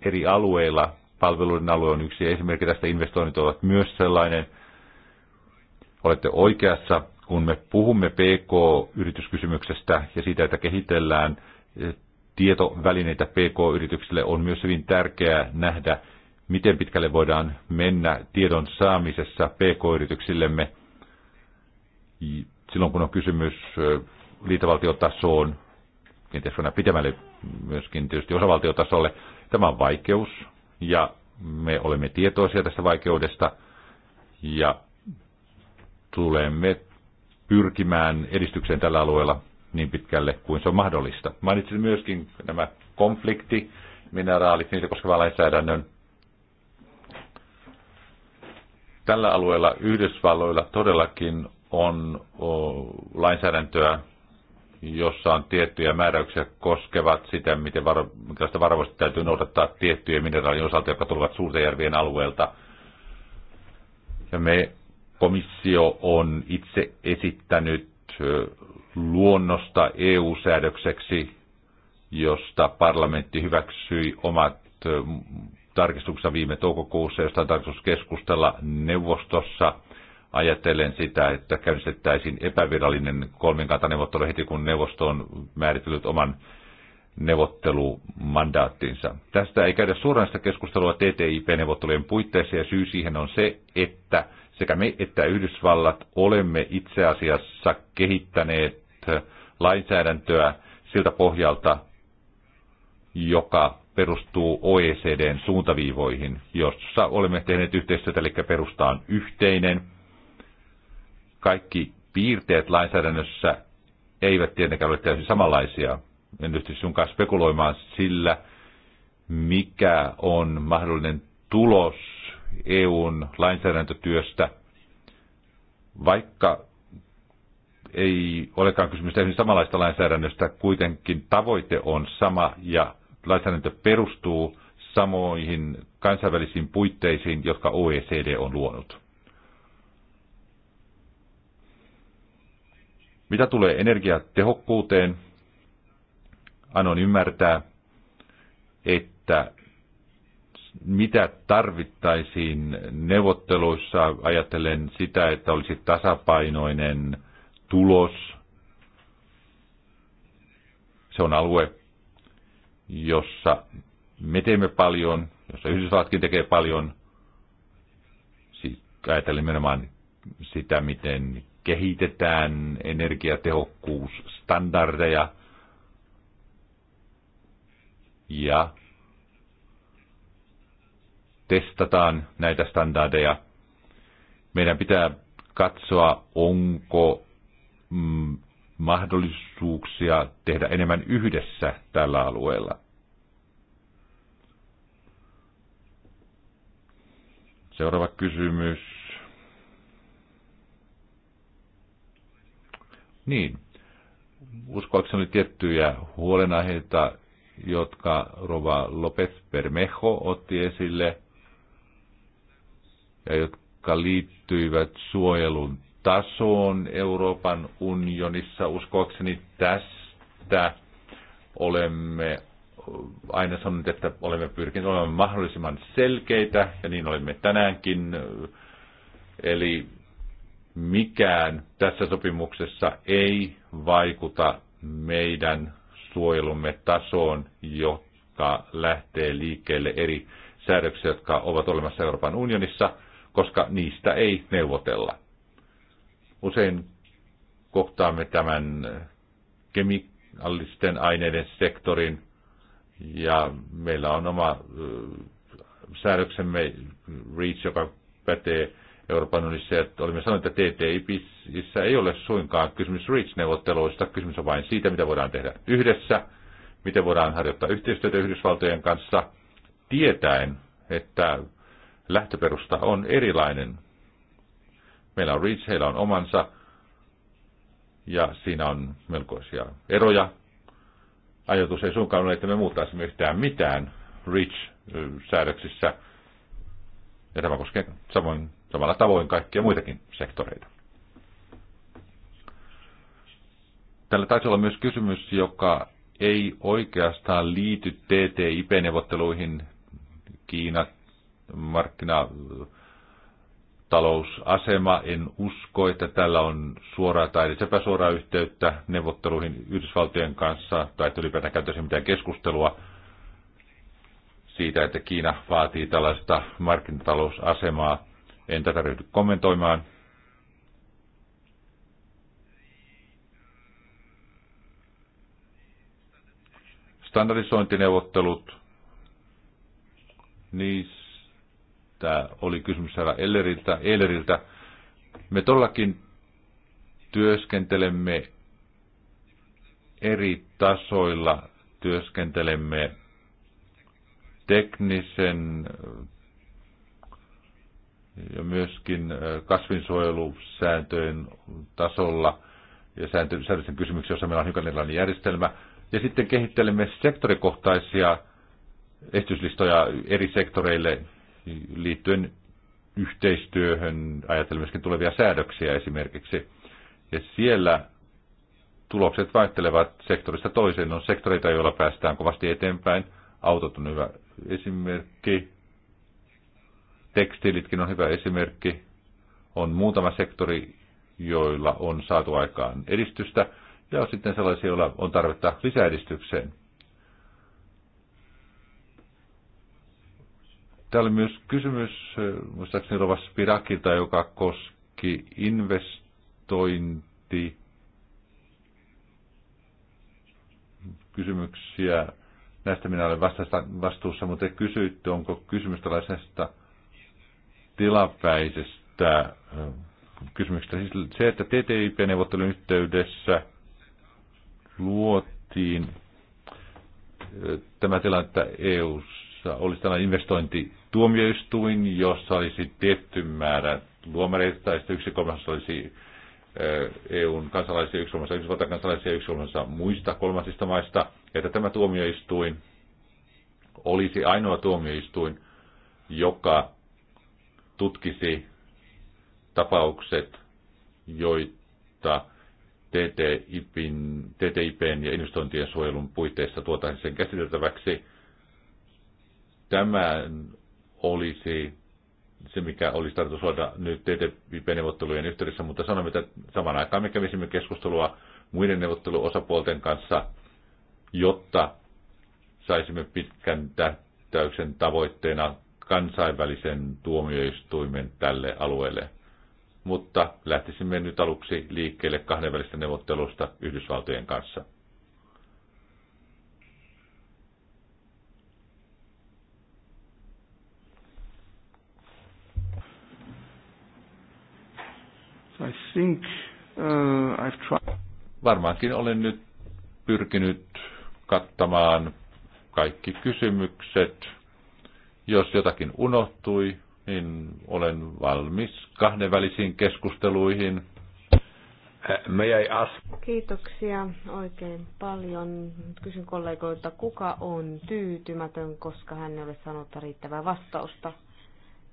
eri alueilla. Palveluiden alue on yksi esimerkki tästä. Investoinnit ovat myös sellainen – Olette oikeassa, kun me puhumme PK-yrityskysymyksestä ja siitä, että kehitellään eh, tietovälineitä PK-yrityksille, on myös hyvin tärkeää nähdä, miten pitkälle voidaan mennä tiedon saamisessa PK-yrityksillemme silloin, kun on kysymys eh, liitovaltiotasoon, kenties mennä pitemmälle myöskin tietysti osavaltiotasolle. Tämä on vaikeus ja me olemme tietoisia tästä vaikeudesta ja tulemme pyrkimään edistykseen tällä alueella niin pitkälle kuin se on mahdollista. Mainitsin myöskin nämä konflikti, mineraalit, niitä koskevan lainsäädännön. Tällä alueella Yhdysvalloilla todellakin on lainsäädäntöä, jossa on tiettyjä määräyksiä koskevat sitä, miten varo, minkälaista varovasti täytyy noudattaa tiettyjä mineraalien osalta, jotka tulevat suurten järvien alueelta. Ja me komissio on itse esittänyt luonnosta EU-säädökseksi, josta parlamentti hyväksyi omat tarkistuksensa viime toukokuussa, josta on tarkoitus keskustella neuvostossa ajatellen sitä, että käynnistettäisiin epävirallinen kolminkantaneuvottelu heti, kun neuvosto on määritellyt oman neuvottelumandaattinsa. Tästä ei käydä suoranaista keskustelua TTIP-neuvottelujen puitteissa ja syy siihen on se, että sekä me että Yhdysvallat olemme itse asiassa kehittäneet lainsäädäntöä siltä pohjalta, joka perustuu OECDn suuntaviivoihin, jossa olemme tehneet yhteistyötä, eli perusta on yhteinen. Kaikki piirteet lainsäädännössä eivät tietenkään ole täysin samanlaisia. En sinun kanssa spekuloimaan sillä, mikä on mahdollinen tulos EUn lainsäädäntötyöstä, vaikka ei olekaan kysymys täysin samanlaista lainsäädännöstä, kuitenkin tavoite on sama ja lainsäädäntö perustuu samoihin kansainvälisiin puitteisiin, jotka OECD on luonut. Mitä tulee energiatehokkuuteen, annoin ymmärtää, että mitä tarvittaisiin neuvotteluissa ajatellen sitä, että olisi tasapainoinen tulos. Se on alue, jossa me teemme paljon, jossa Yhdysvallatkin tekee paljon. ajatellen nimenomaan sitä, miten kehitetään energiatehokkuusstandardeja ja testataan näitä standardeja. Meidän pitää katsoa, onko mm, mahdollisuuksia tehdä enemmän yhdessä tällä alueella. Seuraava kysymys. Niin. Uskoakseni oli tiettyjä huolenaiheita, jotka Rova Lopez Bermejo otti esille – jotka liittyivät suojelun tasoon Euroopan unionissa. Uskoakseni tästä olemme aina sanonut, että olemme pyrkineet olemaan mahdollisimman selkeitä, ja niin olemme tänäänkin. Eli mikään tässä sopimuksessa ei vaikuta meidän suojelumme tasoon, joka lähtee liikkeelle eri säädöksiä, jotka ovat olemassa Euroopan unionissa – koska niistä ei neuvotella. Usein kohtaamme tämän kemiallisten aineiden sektorin ja meillä on oma säädöksemme REACH, joka pätee Euroopan unionissa, että olimme sanoneet, että TTIPissä ei ole suinkaan kysymys REACH-neuvotteluista, kysymys on vain siitä, mitä voidaan tehdä yhdessä, miten voidaan harjoittaa yhteistyötä Yhdysvaltojen kanssa, tietäen, että lähtöperusta on erilainen. Meillä on REACH, heillä on omansa, ja siinä on melkoisia eroja. Ajatus ei suinkaan ole, että me muuttaisimme yhtään mitään REACH-säädöksissä, ja tämä koskee samoin, samalla tavoin kaikkia muitakin sektoreita. Tällä taisi olla myös kysymys, joka ei oikeastaan liity TTIP-neuvotteluihin Kiina, markkinatalousasema. En usko, että tällä on suoraa tai edes epäsuoraa yhteyttä neuvotteluihin Yhdysvaltojen kanssa, tai että ylipäätään käytäisiin mitään keskustelua siitä, että Kiina vaatii tällaista markkinatalousasemaa. En tätä ryhdy kommentoimaan. Standardisointineuvottelut, niissä että oli kysymys täällä Elleriltä. Elleriltä. Me todellakin työskentelemme eri tasoilla, työskentelemme teknisen ja myöskin kasvinsuojelusääntöjen tasolla ja sääntöisen kysymyksiä, jossa meillä on hiukan erilainen järjestelmä. Ja sitten kehittelemme sektorikohtaisia esityslistoja eri sektoreille liittyen yhteistyöhön, ajatellen myöskin tulevia säädöksiä esimerkiksi. Ja siellä tulokset vaihtelevat sektorista toiseen. On sektoreita, joilla päästään kovasti eteenpäin. Autot on hyvä esimerkki. Tekstiilitkin on hyvä esimerkki. On muutama sektori, joilla on saatu aikaan edistystä. Ja sitten sellaisia, joilla on tarvetta lisäedistykseen. Täällä oli myös kysymys, muistaakseni Rova Spirakilta, joka koski investointi kysymyksiä. Näistä minä olen vastuussa, mutta te kysyitte, onko kysymys tällaisesta tilapäisestä kysymyksestä. Siis se, että TTIP-neuvottelun yhteydessä luotiin tämä tilanne, että EU:ssa jossa olisi tällainen investointituomioistuin, jossa olisi tietty määrä luomareita, ja sitten yksi kolmas olisi EUn kansalaisia, yksi kolmasosa Yhdysvaltain kansalaisia, yksi kolmas muista kolmansista maista, että tämä tuomioistuin olisi ainoa tuomioistuin, joka tutkisi tapaukset, joita TTIPin, TTIPn ja investointien suojelun puitteissa tuotaisiin sen käsiteltäväksi tämä olisi se, mikä olisi tarkoitus luoda nyt TTIP-neuvottelujen yhteydessä, mutta sanomme, että saman aikaan me kävisimme keskustelua muiden neuvotteluosapuolten kanssa, jotta saisimme pitkän tähtäyksen tavoitteena kansainvälisen tuomioistuimen tälle alueelle. Mutta lähtisimme nyt aluksi liikkeelle kahdenvälistä neuvottelusta Yhdysvaltojen kanssa. I think, uh, I've tried. Varmaankin olen nyt pyrkinyt kattamaan kaikki kysymykset. Jos jotakin unohtui, niin olen valmis kahdenvälisiin keskusteluihin. Uh, Me ei ask. Kiitoksia oikein paljon. Kysyn kollegoilta, kuka on tyytymätön, koska hän ei ole sanonut riittävää vastausta.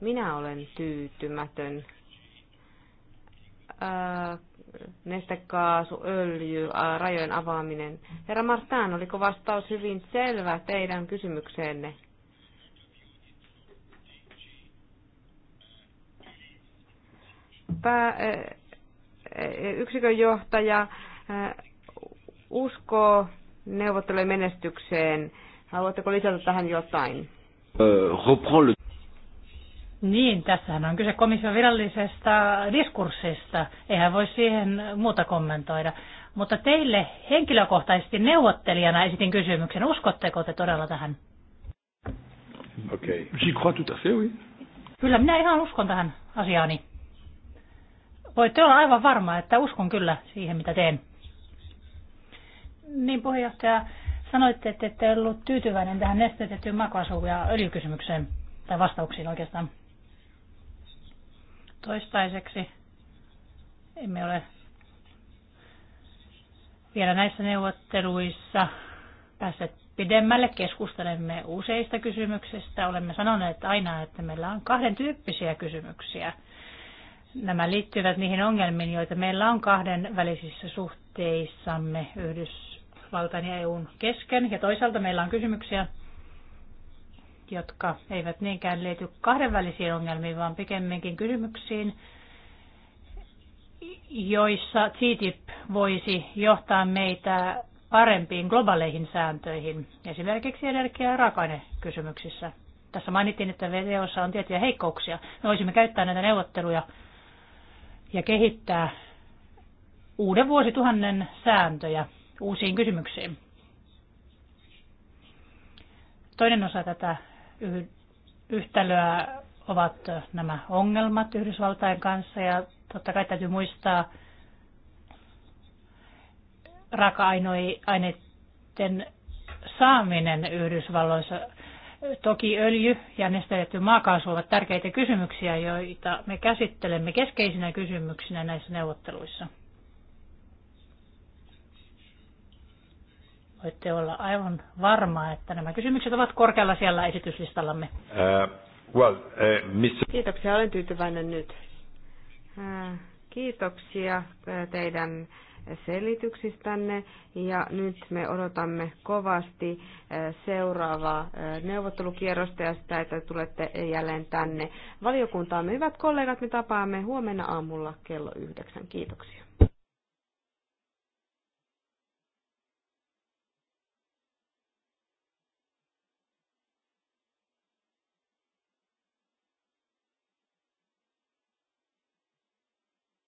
Minä olen tyytymätön Äh, nestekaasu, öljy, äh, rajojen avaaminen. Herra Martaan, oliko vastaus hyvin selvä teidän kysymykseenne? Pää, äh, yksikön johtaja uskoo neuvottelujen menestykseen. Haluatteko lisätä tähän jotain? Niin, tässähän on kyse komission virallisesta diskurssista. Eihän voi siihen muuta kommentoida. Mutta teille henkilökohtaisesti neuvottelijana esitin kysymyksen. Uskotteko te todella tähän? Okei. Okay. Kyllä, minä ihan uskon tähän asiaani. Voitte olla aivan varma, että uskon kyllä siihen, mitä teen. Niin, puheenjohtaja, sanoitte, että ette ollut tyytyväinen tähän nestetettyyn makuasuun ja öljykysymykseen, tai vastauksiin oikeastaan. Toistaiseksi emme ole vielä näissä neuvotteluissa päässeet pidemmälle. Keskustelemme useista kysymyksistä. Olemme sanoneet aina, että meillä on kahden tyyppisiä kysymyksiä. Nämä liittyvät niihin ongelmiin, joita meillä on kahden välisissä suhteissamme Yhdysvaltain ja EUn kesken. Ja toisaalta meillä on kysymyksiä, jotka eivät niinkään liity kahdenvälisiin ongelmiin, vaan pikemminkin kysymyksiin, joissa TTIP voisi johtaa meitä parempiin globaaleihin sääntöihin, esimerkiksi energia- ja raaka-ainekysymyksissä. Tässä mainittiin, että VTOssa on tiettyjä heikkouksia. Me voisimme käyttää näitä neuvotteluja ja kehittää uuden vuosituhannen sääntöjä uusiin kysymyksiin. Toinen osa tätä yhtälöä ovat nämä ongelmat Yhdysvaltain kanssa ja totta kai täytyy muistaa raaka-aineiden saaminen Yhdysvalloissa. Toki öljy ja nesteytetty maakaasu ovat tärkeitä kysymyksiä, joita me käsittelemme keskeisinä kysymyksinä näissä neuvotteluissa. voitte olla aivan varma, että nämä kysymykset ovat korkealla siellä esityslistallamme. Uh, well, uh, äh, miss... Kiitoksia, olen tyytyväinen nyt. Uh, kiitoksia teidän selityksistänne ja nyt me odotamme kovasti seuraavaa neuvottelukierrosta ja sitä, että tulette jälleen tänne valiokuntaamme. Hyvät kollegat, me tapaamme huomenna aamulla kello yhdeksän. Kiitoksia.